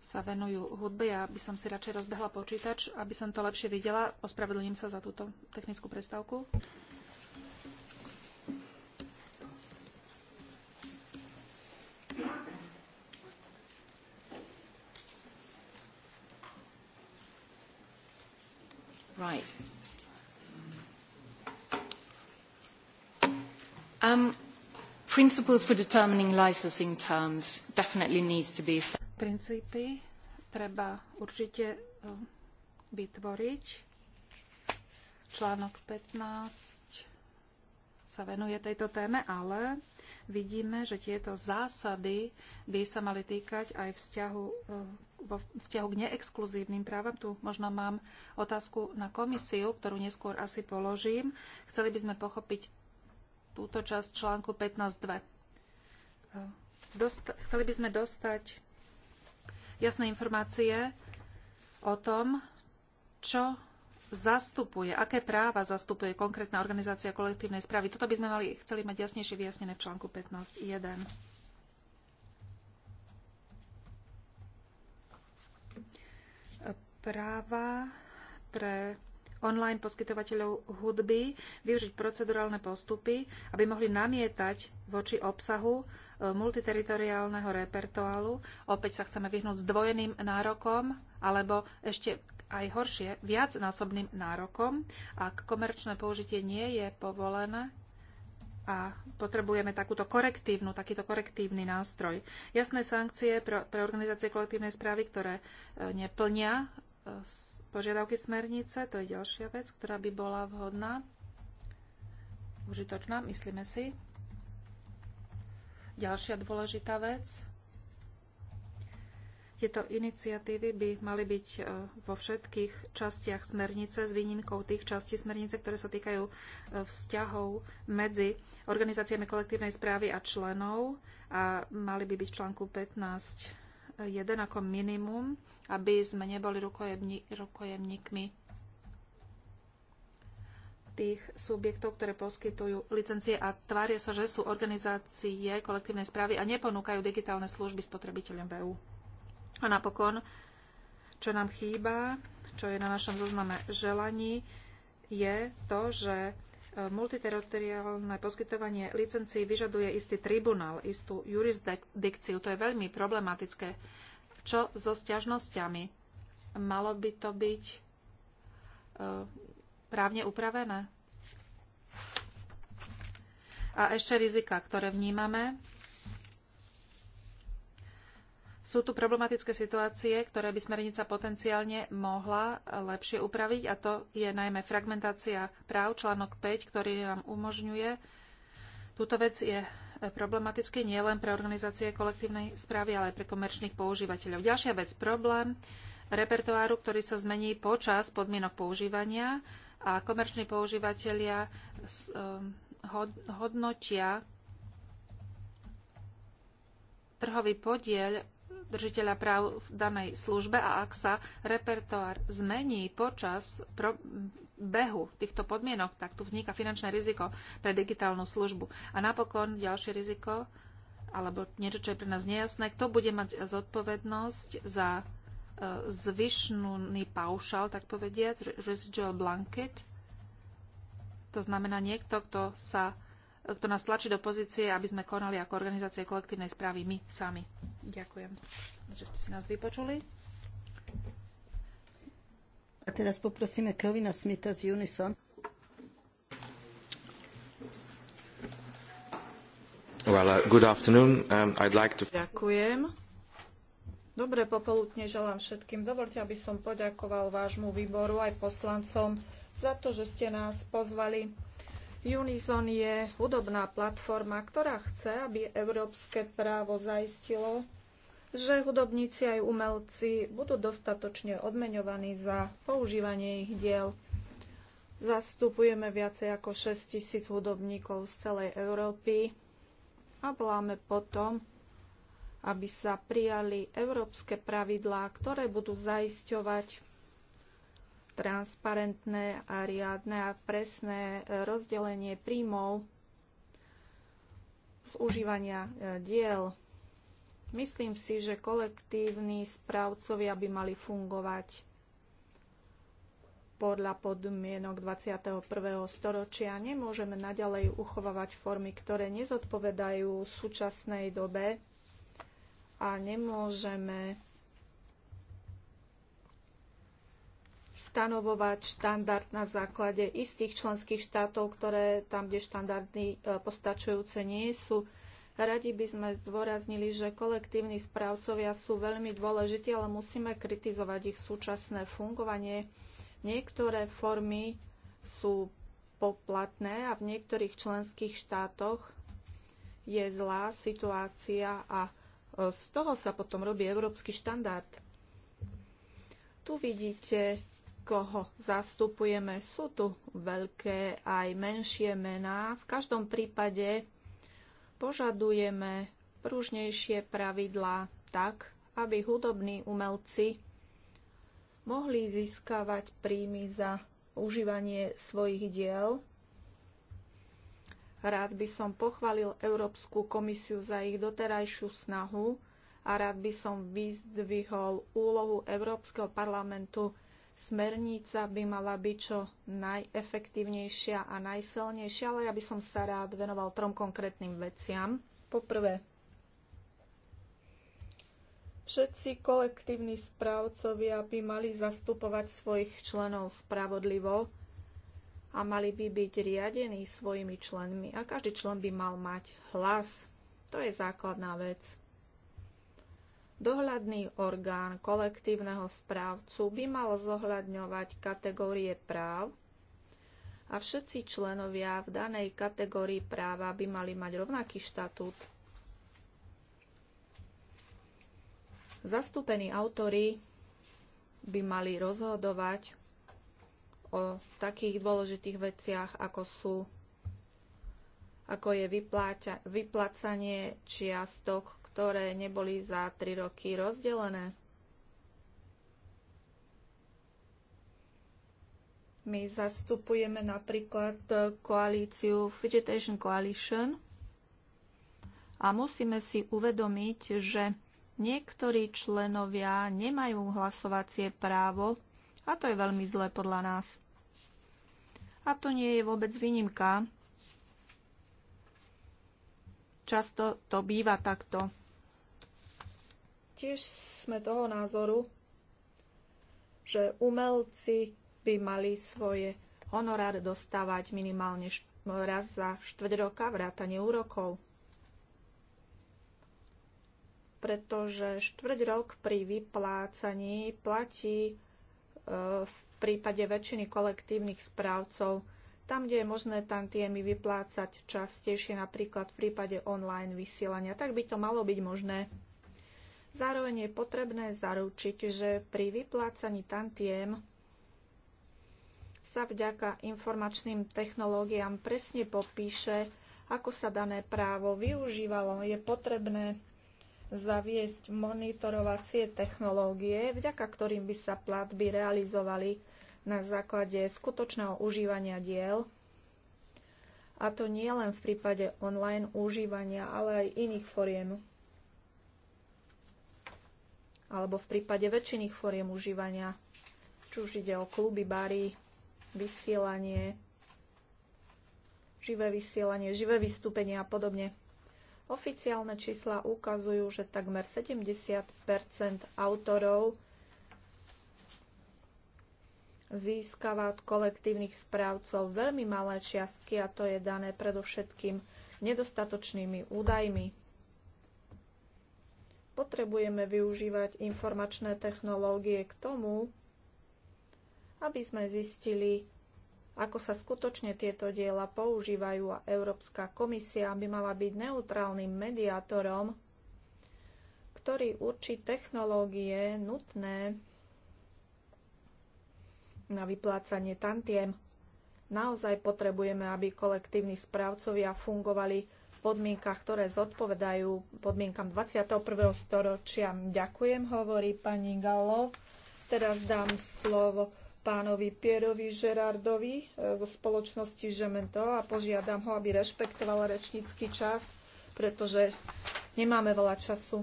sa venujú hudbe. Ja by som si radšej rozbehla počítač, aby som to lepšie videla. Ospravedlním sa za túto technickú prestávku. principles for determining licensing terms definitely needs to be Princípy treba určite eh, vytvoriť. Článok 15 sa venuje tejto téme, ale vidíme, že tieto zásady by sa mali týkať aj vzťahu, eh, vo vzťahu k neexkluzívnym právam. Tu možno mám otázku na komisiu, ktorú neskôr asi položím. Chceli by sme pochopiť túto časť článku 15.2. Dosta- chceli by sme dostať jasné informácie o tom, čo zastupuje, aké práva zastupuje konkrétna organizácia kolektívnej správy. Toto by sme mali, chceli mať jasnejšie vyjasnené v článku 15.1. Práva pre online poskytovateľov hudby využiť procedurálne postupy, aby mohli namietať voči obsahu e, multiteritoriálneho repertoálu. Opäť sa chceme vyhnúť zdvojeným nárokom alebo ešte aj horšie, viacnásobným nárokom, ak komerčné použitie nie je povolené a potrebujeme takúto korektívnu, takýto korektívny nástroj. Jasné sankcie pre, pre organizácie kolektívnej správy, ktoré e, neplnia e, požiadavky smernice, to je ďalšia vec, ktorá by bola vhodná, užitočná, myslíme si. Ďalšia dôležitá vec. Tieto iniciatívy by mali byť e, vo všetkých častiach smernice s výnimkou tých častí smernice, ktoré sa týkajú e, vzťahov medzi organizáciami kolektívnej správy a členov a mali by byť v článku 15 jeden ako minimum, aby sme neboli rukojemníkmi tých subjektov, ktoré poskytujú licencie a tvária sa, že sú organizácie kolektívnej správy a neponúkajú digitálne služby spotrebiteľom BU. E a napokon, čo nám chýba, čo je na našom zozname želaní, je to, že E, multiteritoriálne poskytovanie licencií vyžaduje istý tribunál, istú jurisdikciu. To je veľmi problematické. Čo so stiažnosťami? Malo by to byť e, právne upravené? A ešte rizika, ktoré vnímame sú tu problematické situácie, ktoré by smernica potenciálne mohla lepšie upraviť a to je najmä fragmentácia práv, článok 5, ktorý nám umožňuje. Túto vec je problematický nielen pre organizácie kolektívnej správy, ale aj pre komerčných používateľov. Ďalšia vec, problém repertoáru, ktorý sa zmení počas podmienok používania a komerční používateľia um, hodnotia trhový podiel držiteľa práv v danej službe a ak sa repertoár zmení počas behu týchto podmienok, tak tu vzniká finančné riziko pre digitálnu službu. A napokon ďalšie riziko, alebo niečo, čo je pre nás nejasné, kto bude mať zodpovednosť za e, zvyšný paušal, tak povediať, residual blanket. To znamená niekto, kto sa to nás tlačí do pozície, aby sme konali ako organizácie kolektívnej správy my sami. Ďakujem, že ste si nás vypočuli. A teraz poprosíme Kelvina Smitha z Unison. Well, uh, good afternoon. Um, I'd like to... Ďakujem. Dobré popoludne želám všetkým. Dovolte, aby som poďakoval vášmu výboru aj poslancom za to, že ste nás pozvali Unison je hudobná platforma, ktorá chce, aby európske právo zaistilo, že hudobníci aj umelci budú dostatočne odmeňovaní za používanie ich diel. Zastupujeme viacej ako 6 tisíc hudobníkov z celej Európy a voláme potom, aby sa prijali európske pravidlá, ktoré budú zaisťovať transparentné a riadne a presné e, rozdelenie príjmov z užívania e, diel. Myslím si, že kolektívni správcovia by mali fungovať podľa podmienok 21. storočia. Nemôžeme naďalej uchovávať formy, ktoré nezodpovedajú súčasnej dobe a nemôžeme stanovovať štandard na základe istých členských štátov, ktoré tam, kde štandardy e, postačujúce nie sú. Radi by sme zdôraznili, že kolektívni správcovia sú veľmi dôležití, ale musíme kritizovať ich súčasné fungovanie. Niektoré formy sú poplatné a v niektorých členských štátoch je zlá situácia a e, z toho sa potom robí európsky štandard. Tu vidíte koho zastupujeme. Sú tu veľké aj menšie mená. V každom prípade požadujeme pružnejšie pravidlá tak, aby hudobní umelci mohli získavať príjmy za užívanie svojich diel. Rád by som pochvalil Európsku komisiu za ich doterajšiu snahu a rád by som vyzdvihol úlohu Európskeho parlamentu Smernica by mala byť čo najefektívnejšia a najsilnejšia, ale ja by som sa rád venoval trom konkrétnym veciam. Poprvé, všetci kolektívni správcovia by mali zastupovať svojich členov spravodlivo a mali by byť riadení svojimi členmi a každý člen by mal mať hlas. To je základná vec. Dohľadný orgán kolektívneho správcu by mal zohľadňovať kategórie práv a všetci členovia v danej kategórii práva by mali mať rovnaký štatút. Zastúpení autory by mali rozhodovať o takých dôležitých veciach, ako sú ako je vypláťa, vyplácanie čiastok ktoré neboli za 3 roky rozdelené. My zastupujeme napríklad koalíciu Vegetation Coalition a musíme si uvedomiť, že niektorí členovia nemajú hlasovacie právo a to je veľmi zlé podľa nás. A to nie je vôbec výnimka. Často to býva takto. Tiež sme toho názoru, že umelci by mali svoje honoráre dostávať minimálne raz za štvrť roka vrátanie úrokov. Pretože štvrť rok pri vyplácaní platí e, v prípade väčšiny kolektívnych správcov. Tam, kde je možné tantiemy vyplácať častejšie, napríklad v prípade online vysielania, tak by to malo byť možné Zároveň je potrebné zaručiť, že pri vyplácaní tantiem sa vďaka informačným technológiám presne popíše, ako sa dané právo využívalo. Je potrebné zaviesť monitorovacie technológie, vďaka ktorým by sa platby realizovali na základe skutočného užívania diel. A to nie len v prípade online užívania, ale aj iných foriem alebo v prípade väčšiných foriem užívania, či už ide o kluby, bary, vysielanie, živé vysielanie, živé vystúpenie a podobne. Oficiálne čísla ukazujú, že takmer 70 autorov získava od kolektívnych správcov veľmi malé čiastky a to je dané predovšetkým nedostatočnými údajmi potrebujeme využívať informačné technológie k tomu, aby sme zistili, ako sa skutočne tieto diela používajú a Európska komisia by mala byť neutrálnym mediátorom, ktorý určí technológie nutné na vyplácanie tantiem. Naozaj potrebujeme, aby kolektívni správcovia fungovali podmienkach, ktoré zodpovedajú podmienkam 21. storočia. Ďakujem, hovorí pani Galo. Teraz dám slovo pánovi Pierovi Žerardovi e, zo spoločnosti Žemento a požiadam ho, aby rešpektoval rečnícky čas, pretože nemáme veľa času.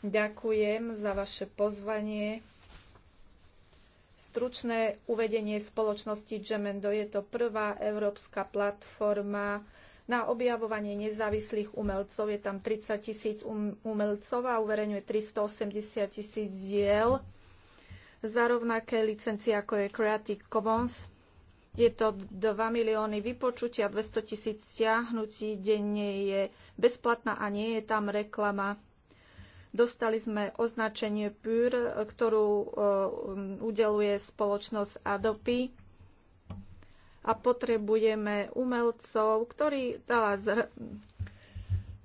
Ďakujem za vaše pozvanie. Stručné uvedenie spoločnosti Gemendo je to prvá európska platforma na objavovanie nezávislých umelcov je tam 30 tisíc um, umelcov a uverejňuje 380 tisíc diel za rovnaké licencie ako je Creative Commons. Je to 2 milióny vypočutia, 200 tisíc stiahnutí denne je bezplatná a nie je tam reklama. Dostali sme označenie PUR, ktorú e, um, udeluje spoločnosť Adopi a potrebujeme umelcov, ktorí, tá, zr...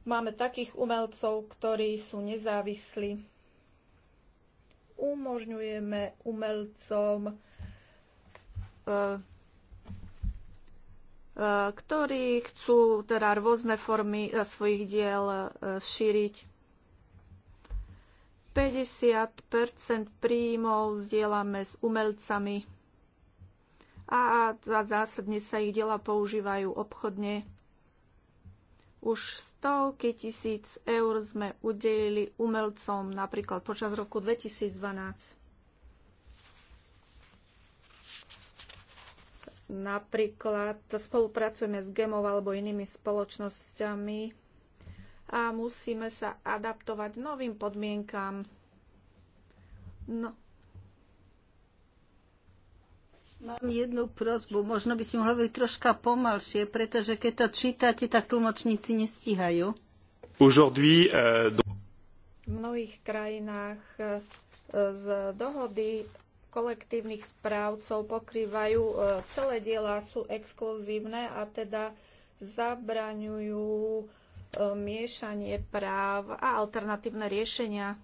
máme takých umelcov, ktorí sú nezávislí. Umožňujeme umelcom e, e, ktorí chcú teda rôzne formy e, svojich diel šíriť. 50 príjmov zdieľame s umelcami a zásadne sa ich diela používajú obchodne. Už stovky tisíc eur sme udelili umelcom napríklad počas roku 2012. Napríklad spolupracujeme s GEMov alebo inými spoločnosťami a musíme sa adaptovať novým podmienkam. No, Mám jednu prozbu, možno by si mohla byť troška pomalšie, pretože keď to čítate, tak tlmočníci nestíhajú. Aujourd'hui, euh, v mnohých krajinách eh, z dohody kolektívnych správcov pokrývajú eh, celé diela, sú exkluzívne a teda zabraňujú eh, miešanie práv a alternatívne riešenia.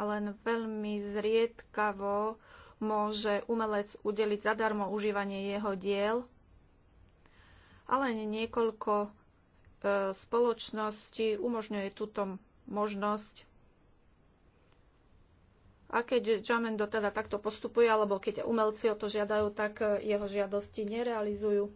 Ale len veľmi zriedkavo môže umelec udeliť zadarmo užívanie jeho diel, ale niekoľko e, spoločností umožňuje túto možnosť. A keď Jamendo teda takto postupuje, alebo keď umelci o to žiadajú, tak e, jeho žiadosti nerealizujú.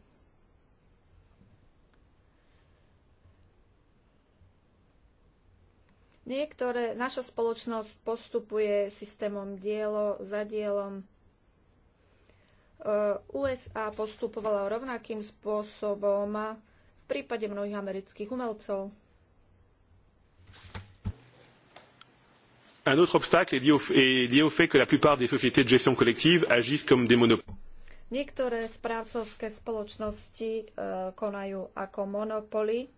Niektoré, naša spoločnosť postupuje systémom dielo za dielom. E, USA postupovala rovnakým spôsobom v prípade mnohých amerických umelcov. Un autre obstacle est lié, au, est lié au fait que la plupart des sociétés de gestion collective agissent comme des monopoles. Niektoré správcovské spoločnosti e, konajú ako monopoly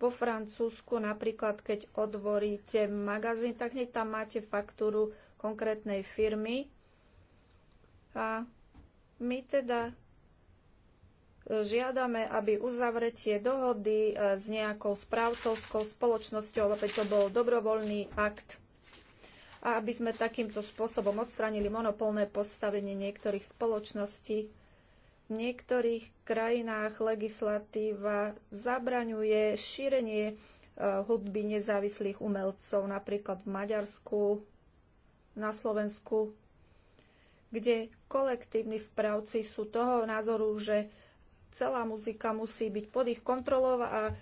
vo Francúzsku napríklad, keď odvoríte magazín, tak hneď tam máte faktúru konkrétnej firmy. A my teda žiadame, aby uzavretie dohody e, s nejakou správcovskou spoločnosťou, aby to bol dobrovoľný akt a aby sme takýmto spôsobom odstránili monopolné postavenie niektorých spoločností v niektorých krajinách legislatíva zabraňuje šírenie e, hudby nezávislých umelcov, napríklad v Maďarsku, na Slovensku, kde kolektívni správci sú toho názoru, že celá muzika musí byť pod ich kontrolou a e,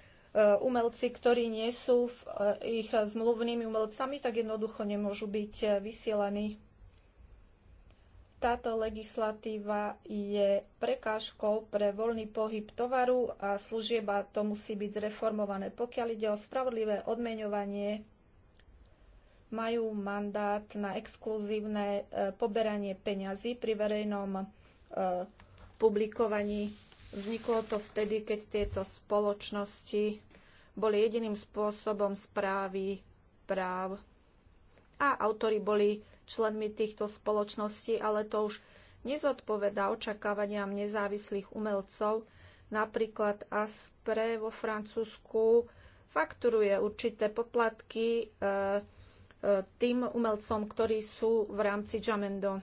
umelci, ktorí nie sú e, ich zmluvnými umelcami, tak jednoducho nemôžu byť vysielaní. Táto legislatíva je prekážkou pre voľný pohyb tovaru a služieba to musí byť zreformované. Pokiaľ ide o spravodlivé odmeňovanie, majú mandát na exkluzívne e, poberanie peňazí pri verejnom e, publikovaní. Vzniklo to vtedy, keď tieto spoločnosti boli jediným spôsobom správy práv a autory boli členmi týchto spoločností, ale to už nezodpovedá očakávaniam nezávislých umelcov. Napríklad Aspre vo Francúzsku fakturuje určité poplatky eh, eh, tým umelcom, ktorí sú v rámci Jamendo.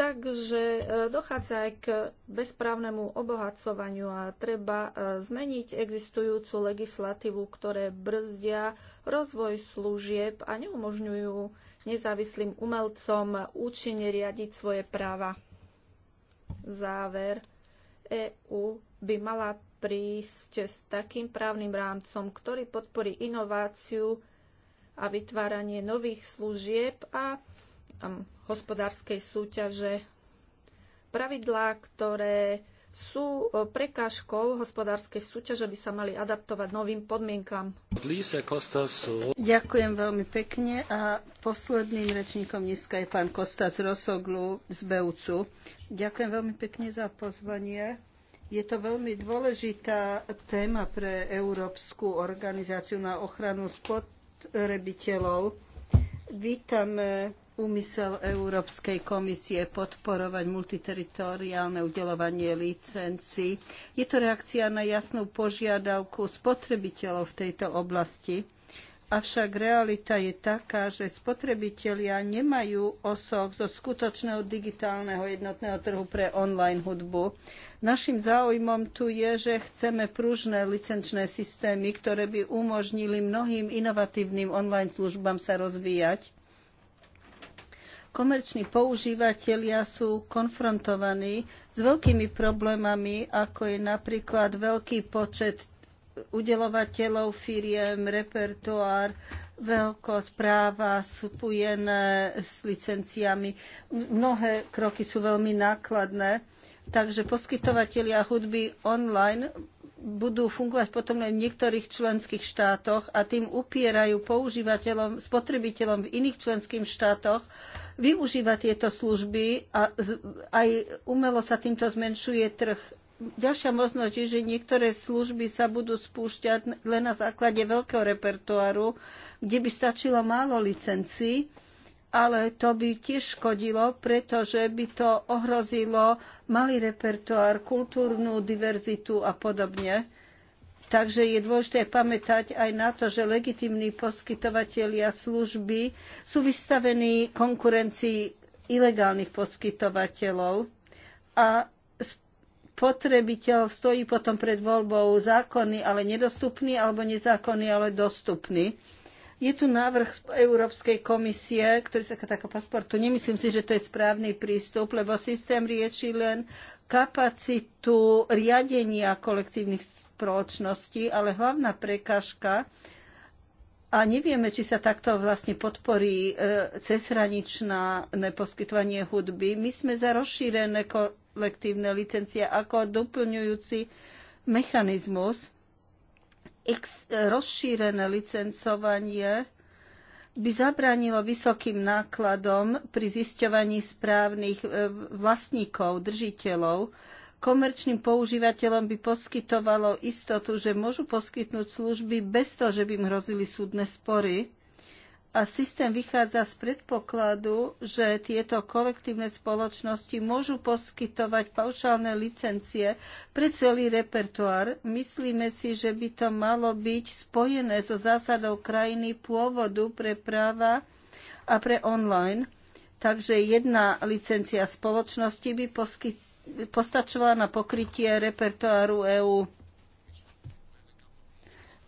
Takže e, dochádza aj k bezprávnemu obohacovaniu a treba e, zmeniť existujúcu legislatívu, ktoré brzdia rozvoj služieb a neumožňujú nezávislým umelcom účinne riadiť svoje práva. Záver. EÚ by mala prísť s takým právnym rámcom, ktorý podporí inováciu a vytváranie nových služieb a hospodárskej súťaže. Pravidlá, ktoré sú eh, prekážkou hospodárskej súťaže, by sa mali adaptovať novým podmienkam. Ďakujem veľmi pekne a posledným rečníkom dneska je pán Kostas Rosoglu z Beucu. Ďakujem veľmi pekne za pozvanie. Je to veľmi dôležitá téma pre Európsku organizáciu na ochranu spotrebiteľov. Vítame úmysel Európskej komisie podporovať multiteritoriálne udelovanie licencií. Je to reakcia na jasnú požiadavku spotrebiteľov v tejto oblasti. Avšak realita je taká, že spotrebitelia nemajú osoch zo skutočného digitálneho jednotného trhu pre online hudbu. Naším záujmom tu je, že chceme pružné licenčné systémy, ktoré by umožnili mnohým inovatívnym online službám sa rozvíjať. Komerční používatelia sú konfrontovaní s veľkými problémami, ako je napríklad veľký počet udelovateľov firiem, repertoár, veľkosť práva spojené s licenciami. Mnohé kroky sú veľmi nákladné, takže poskytovatelia hudby online budú fungovať potom len v niektorých členských štátoch a tým upierajú používateľom, spotrebiteľom v iných členských štátoch využívať tieto služby a aj umelo sa týmto zmenšuje trh. Ďalšia možnosť je, že niektoré služby sa budú spúšťať len na základe veľkého repertoáru, kde by stačilo málo licencií ale to by tiež škodilo, pretože by to ohrozilo malý repertoár, kultúrnu diverzitu a podobne. Takže je dôležité pamätať aj na to, že legitimní poskytovatelia služby sú vystavení konkurencii ilegálnych poskytovateľov a spotrebiteľ stojí potom pred voľbou zákonný, ale nedostupný, alebo nezákonný, ale dostupný. Je tu návrh Európskej komisie, ktorý sa taká pasportu. Nemyslím si, že to je správny prístup, lebo systém rieši len kapacitu riadenia kolektívnych spoločností, ale hlavná prekážka, a nevieme, či sa takto vlastne podporí e, cezhraničné poskytovanie hudby. My sme za rozšírené kolektívne licencie ako doplňujúci mechanizmus ex, rozšírené licencovanie by zabránilo vysokým nákladom pri zisťovaní správnych e, vlastníkov, držiteľov. Komerčným používateľom by poskytovalo istotu, že môžu poskytnúť služby bez toho, že by im hrozili súdne spory a systém vychádza z predpokladu, že tieto kolektívne spoločnosti môžu poskytovať paušálne licencie pre celý repertoár. Myslíme si, že by to malo byť spojené so zásadou krajiny pôvodu pre práva a pre online. Takže jedna licencia spoločnosti by postačovala na pokrytie repertoáru EÚ.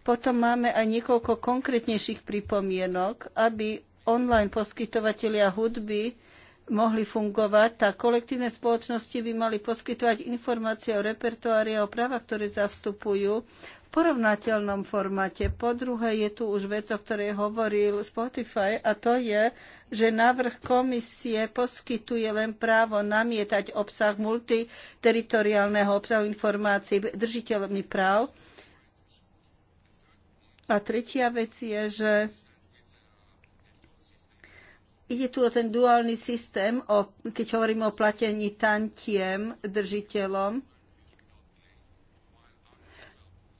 Potom máme aj niekoľko konkrétnejších pripomienok, aby online poskytovatelia hudby mohli fungovať, tak kolektívne spoločnosti by mali poskytovať informácie o repertoári a o právach, ktoré zastupujú v porovnateľnom formáte. Po druhé je tu už vec, o ktorej hovoril Spotify a to je, že návrh komisie poskytuje len právo namietať obsah multiteritoriálneho obsahu informácií držiteľmi práv a tretia vec je, že ide tu o ten duálny systém, o, keď hovoríme o platení tantiem držiteľom.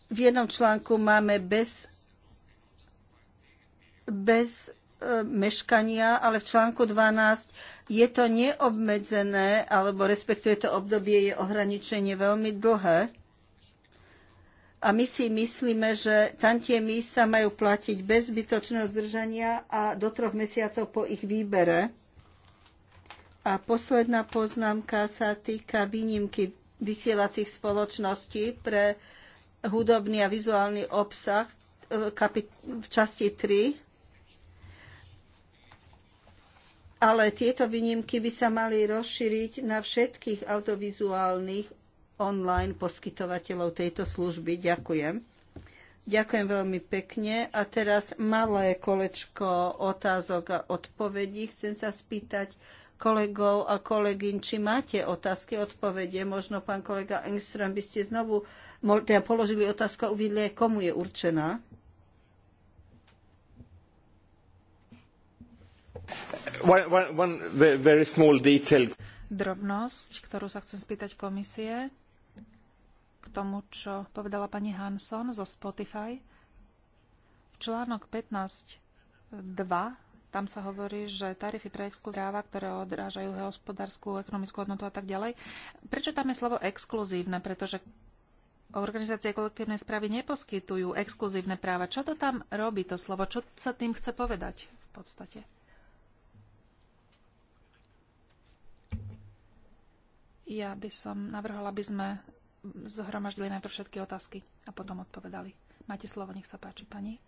V jednom článku máme bez, bez e, meškania, ale v článku 12 je to neobmedzené, alebo respektuje to obdobie je ohraničenie veľmi dlhé. A my si myslíme, že tantiemy sa majú platiť bez zbytočného zdržania a do troch mesiacov po ich výbere. A posledná poznámka sa týka výnimky vysielacích spoločností pre hudobný a vizuálny obsah e, v časti 3. Ale tieto výnimky by sa mali rozšíriť na všetkých audiovizuálnych online poskytovateľov tejto služby. Ďakujem. Ďakujem veľmi pekne. A teraz malé kolečko otázok a odpovedí. Chcem sa spýtať kolegov a kolegyň, či máte otázky, odpovede. Možno pán kolega Engström by ste znovu teda položili otázku a uvidli, komu je určená. One, one, one very small detail. Drobnosť, ktorú sa chcem spýtať komisie k tomu, čo povedala pani Hanson zo Spotify. Článok 15.2 tam sa hovorí, že tarify pre exkluzíva, práva, ktoré odrážajú hospodárskú, ekonomickú hodnotu a tak ďalej. Prečo tam je slovo exkluzívne? Pretože organizácie kolektívnej správy neposkytujú exkluzívne práva. Čo to tam robí, to slovo? Čo sa tým chce povedať v podstate? Ja by som navrhla, aby sme zhromaždili najprv všetky otázky a potom odpovedali. Máte slovo, nech sa páči, pani.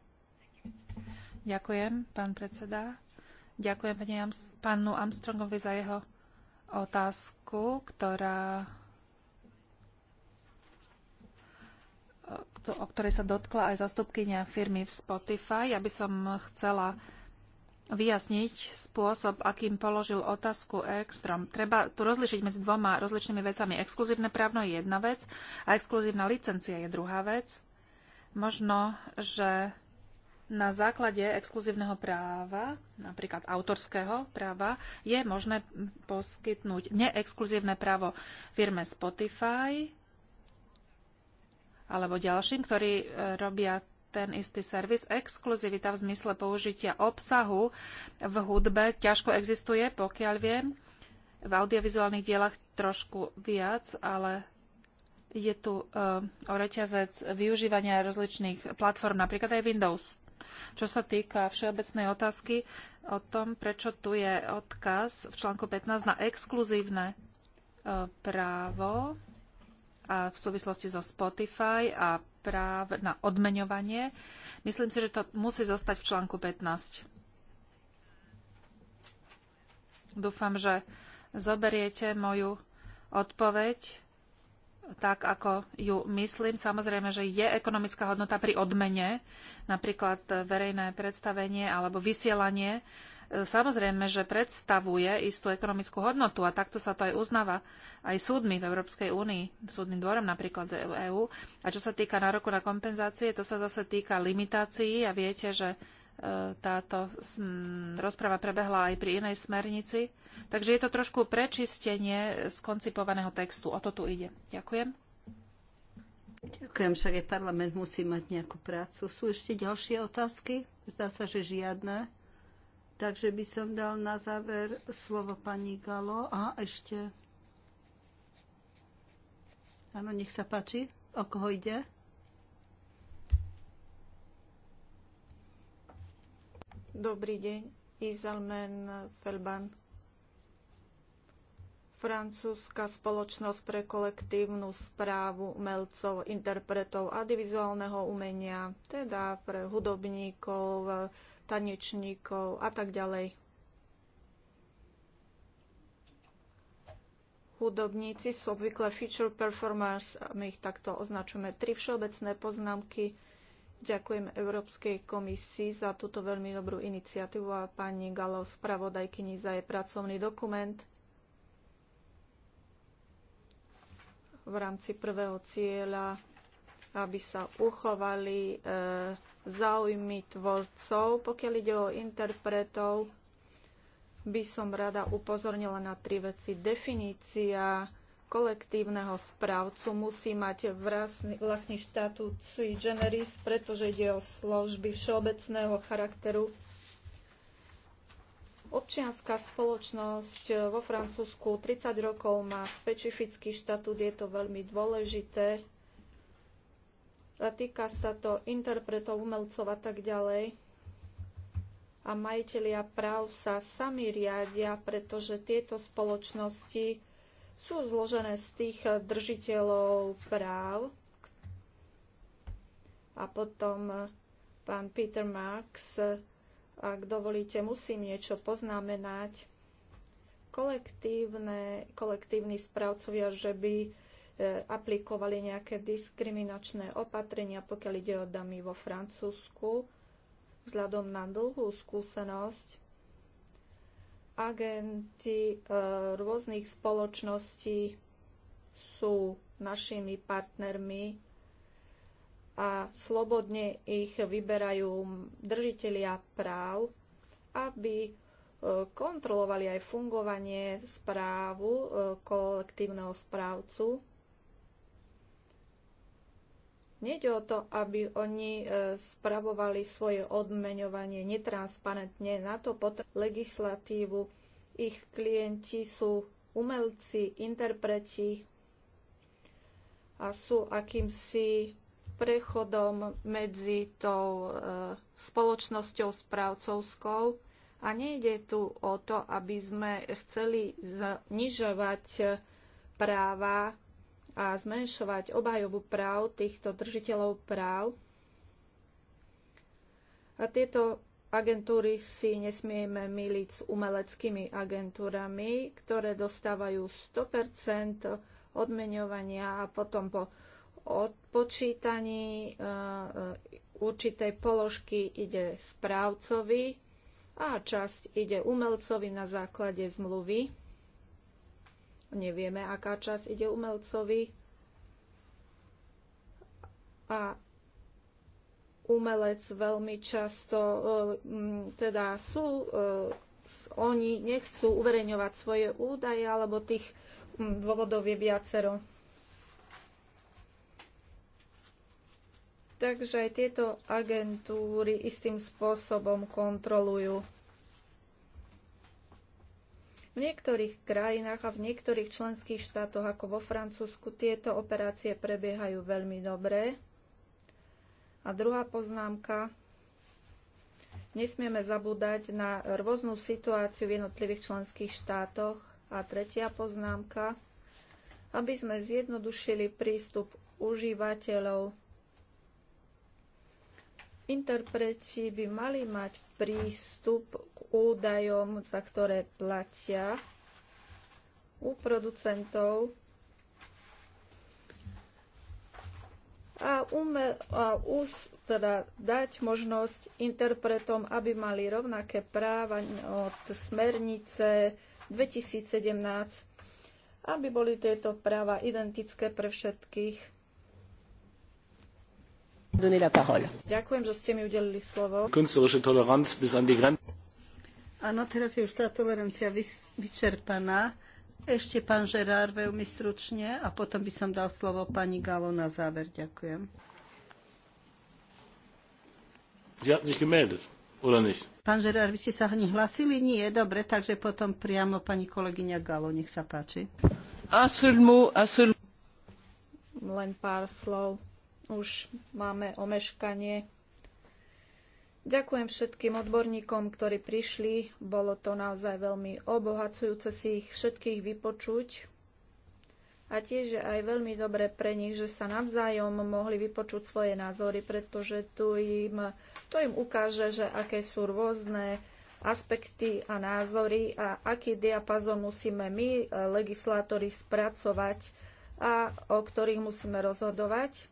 Ďakujem, pán predseda. Ďakujem pani pánu Armstrongovi za jeho otázku, ktorá o ktorej sa dotkla aj zastupkynia firmy v Spotify. Ja by som chcela vyjasniť spôsob, akým položil otázku Ekstrom. Treba tu rozlišiť medzi dvoma rozličnými vecami. Exkluzívne právno je jedna vec a exkluzívna licencia je druhá vec. Možno, že na základe exkluzívneho práva, napríklad autorského práva, je možné poskytnúť neexkluzívne právo firme Spotify alebo ďalším, ktorí eh, robia ten istý servis. Exkluzivita v zmysle použitia obsahu v hudbe ťažko existuje, pokiaľ viem. V audiovizuálnych dielach trošku viac, ale je tu uh, o reťazec využívania rozličných platform, napríklad aj Windows. Čo sa týka všeobecnej otázky o tom, prečo tu je odkaz v článku 15 na exkluzívne uh, právo a v súvislosti so Spotify a práv na odmeňovanie. Myslím si, že to musí zostať v článku 15. Dúfam, že zoberiete moju odpoveď tak, ako ju myslím. Samozrejme, že je ekonomická hodnota pri odmene, napríklad verejné predstavenie alebo vysielanie samozrejme, že predstavuje istú ekonomickú hodnotu a takto sa to aj uznáva aj súdmi v Európskej únii, súdnym dvorom napríklad EÚ. A čo sa týka nároku na kompenzácie, to sa zase týka limitácií a viete, že e, táto mm, rozprava prebehla aj pri inej smernici. Takže je to trošku prečistenie skoncipovaného textu. O to tu ide. Ďakujem. Ďakujem, však aj parlament musí mať nejakú prácu. Sú ešte ďalšie otázky? Zdá sa, že žiadne. Takže by som dal na záver slovo pani Galo. A ešte... Áno, nech sa páči. O koho ide? Dobrý deň. Izelmen Felban. Francúzska spoločnosť pre kolektívnu správu umelcov, interpretov a divizuálneho umenia, teda pre hudobníkov, tanečníkov a tak ďalej. Hudobníci sú obvykle feature performers, my ich takto označujeme. Tri všeobecné poznámky. Ďakujem Európskej komisii za túto veľmi dobrú iniciatívu a pani Galo spravodajkyni za jej pracovný dokument. V rámci prvého cieľa, aby sa uchovali e, záujmy tvorcov. Pokiaľ ide o interpretov, by som rada upozornila na tri veci. Definícia kolektívneho správcu musí mať vlastný, vlastný štatút sui generis, pretože ide o služby všeobecného charakteru. Občianská spoločnosť vo Francúzsku 30 rokov má špecifický štatút, je to veľmi dôležité a týka sa to interpretov, umelcov a tak ďalej. A majiteľia práv sa sami riadia, pretože tieto spoločnosti sú zložené z tých držiteľov práv. A potom eh, pán Peter Marx, eh, ak dovolíte, musím niečo poznamenať. Kolektívne, kolektívni správcovia, že by E, aplikovali nejaké diskriminačné opatrenia, pokiaľ ide o damy vo Francúzsku, vzhľadom na dlhú skúsenosť. Agenti e, rôznych spoločností sú našimi partnermi a slobodne ich vyberajú držitelia práv, aby e, kontrolovali aj fungovanie správu kolektívneho správcu Nejde o to, aby oni e, spravovali svoje odmeňovanie netransparentne. Na to pod legislatívu ich klienti sú umelci, interpreti a sú akýmsi prechodom medzi tou e, spoločnosťou správcovskou a nejde tu o to, aby sme chceli znižovať e, práva a zmenšovať obhajobu práv týchto držiteľov práv. A tieto agentúry si nesmieme myliť s umeleckými agentúrami, ktoré dostávajú 100 odmeňovania a potom po odpočítaní e, e, určitej položky ide správcovi a časť ide umelcovi na základe zmluvy nevieme, aká časť ide umelcovi a umelec veľmi často, e, teda sú, e, oni nechcú uverejňovať svoje údaje, alebo tých dôvodov je viacero. Takže aj tieto agentúry istým spôsobom kontrolujú v niektorých krajinách a v niektorých členských štátoch, ako vo Francúzsku, tieto operácie prebiehajú veľmi dobre. A druhá poznámka. Nesmieme zabúdať na rôznu situáciu v jednotlivých členských štátoch. A tretia poznámka. Aby sme zjednodušili prístup užívateľov Interpreti by mali mať prístup k údajom, za ktoré platia u producentov a, a us, teda dať možnosť interpretom, aby mali rovnaké práva od smernice 2017, aby boli tieto práva identické pre všetkých. Ďakujem, že ste mi udelili slovo. Künstlerische Toleranz bis an die Grenzen. Áno, teraz je už tá tolerancia vyčerpaná. Ešte pán Žerár veľmi stručne a potom by som dal slovo pani Galo na záver. Ďakujem. Sie hatten sich gemeldet, oder nicht? Pán Žerár, vy ste sa hneď hlasili? Nie, dobre, takže potom priamo pani kolegyňa Galo, nech sa páči. Len pár slov už máme omeškanie. Ďakujem všetkým odborníkom, ktorí prišli. Bolo to naozaj veľmi obohacujúce si ich všetkých vypočuť. A tiež je aj veľmi dobre pre nich, že sa navzájom mohli vypočuť svoje názory, pretože tu im, to im ukáže, že aké sú rôzne aspekty a názory a aký diapazon musíme my, eh, legislátori, spracovať a o ktorých musíme rozhodovať.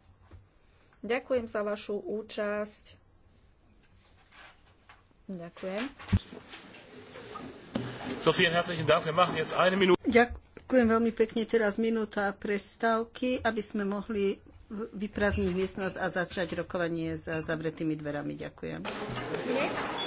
Ďakujem za vašu účasť. Ďakujem. Sofie, herzlichen Dank. Wir machen jetzt eine Minute. Ďakujem veľmi pekne. Teraz minúta prestávky, aby sme mohli vyprázdniť miestnosť a začať rokovanie za zavretými dverami. Ďakujem. Nie?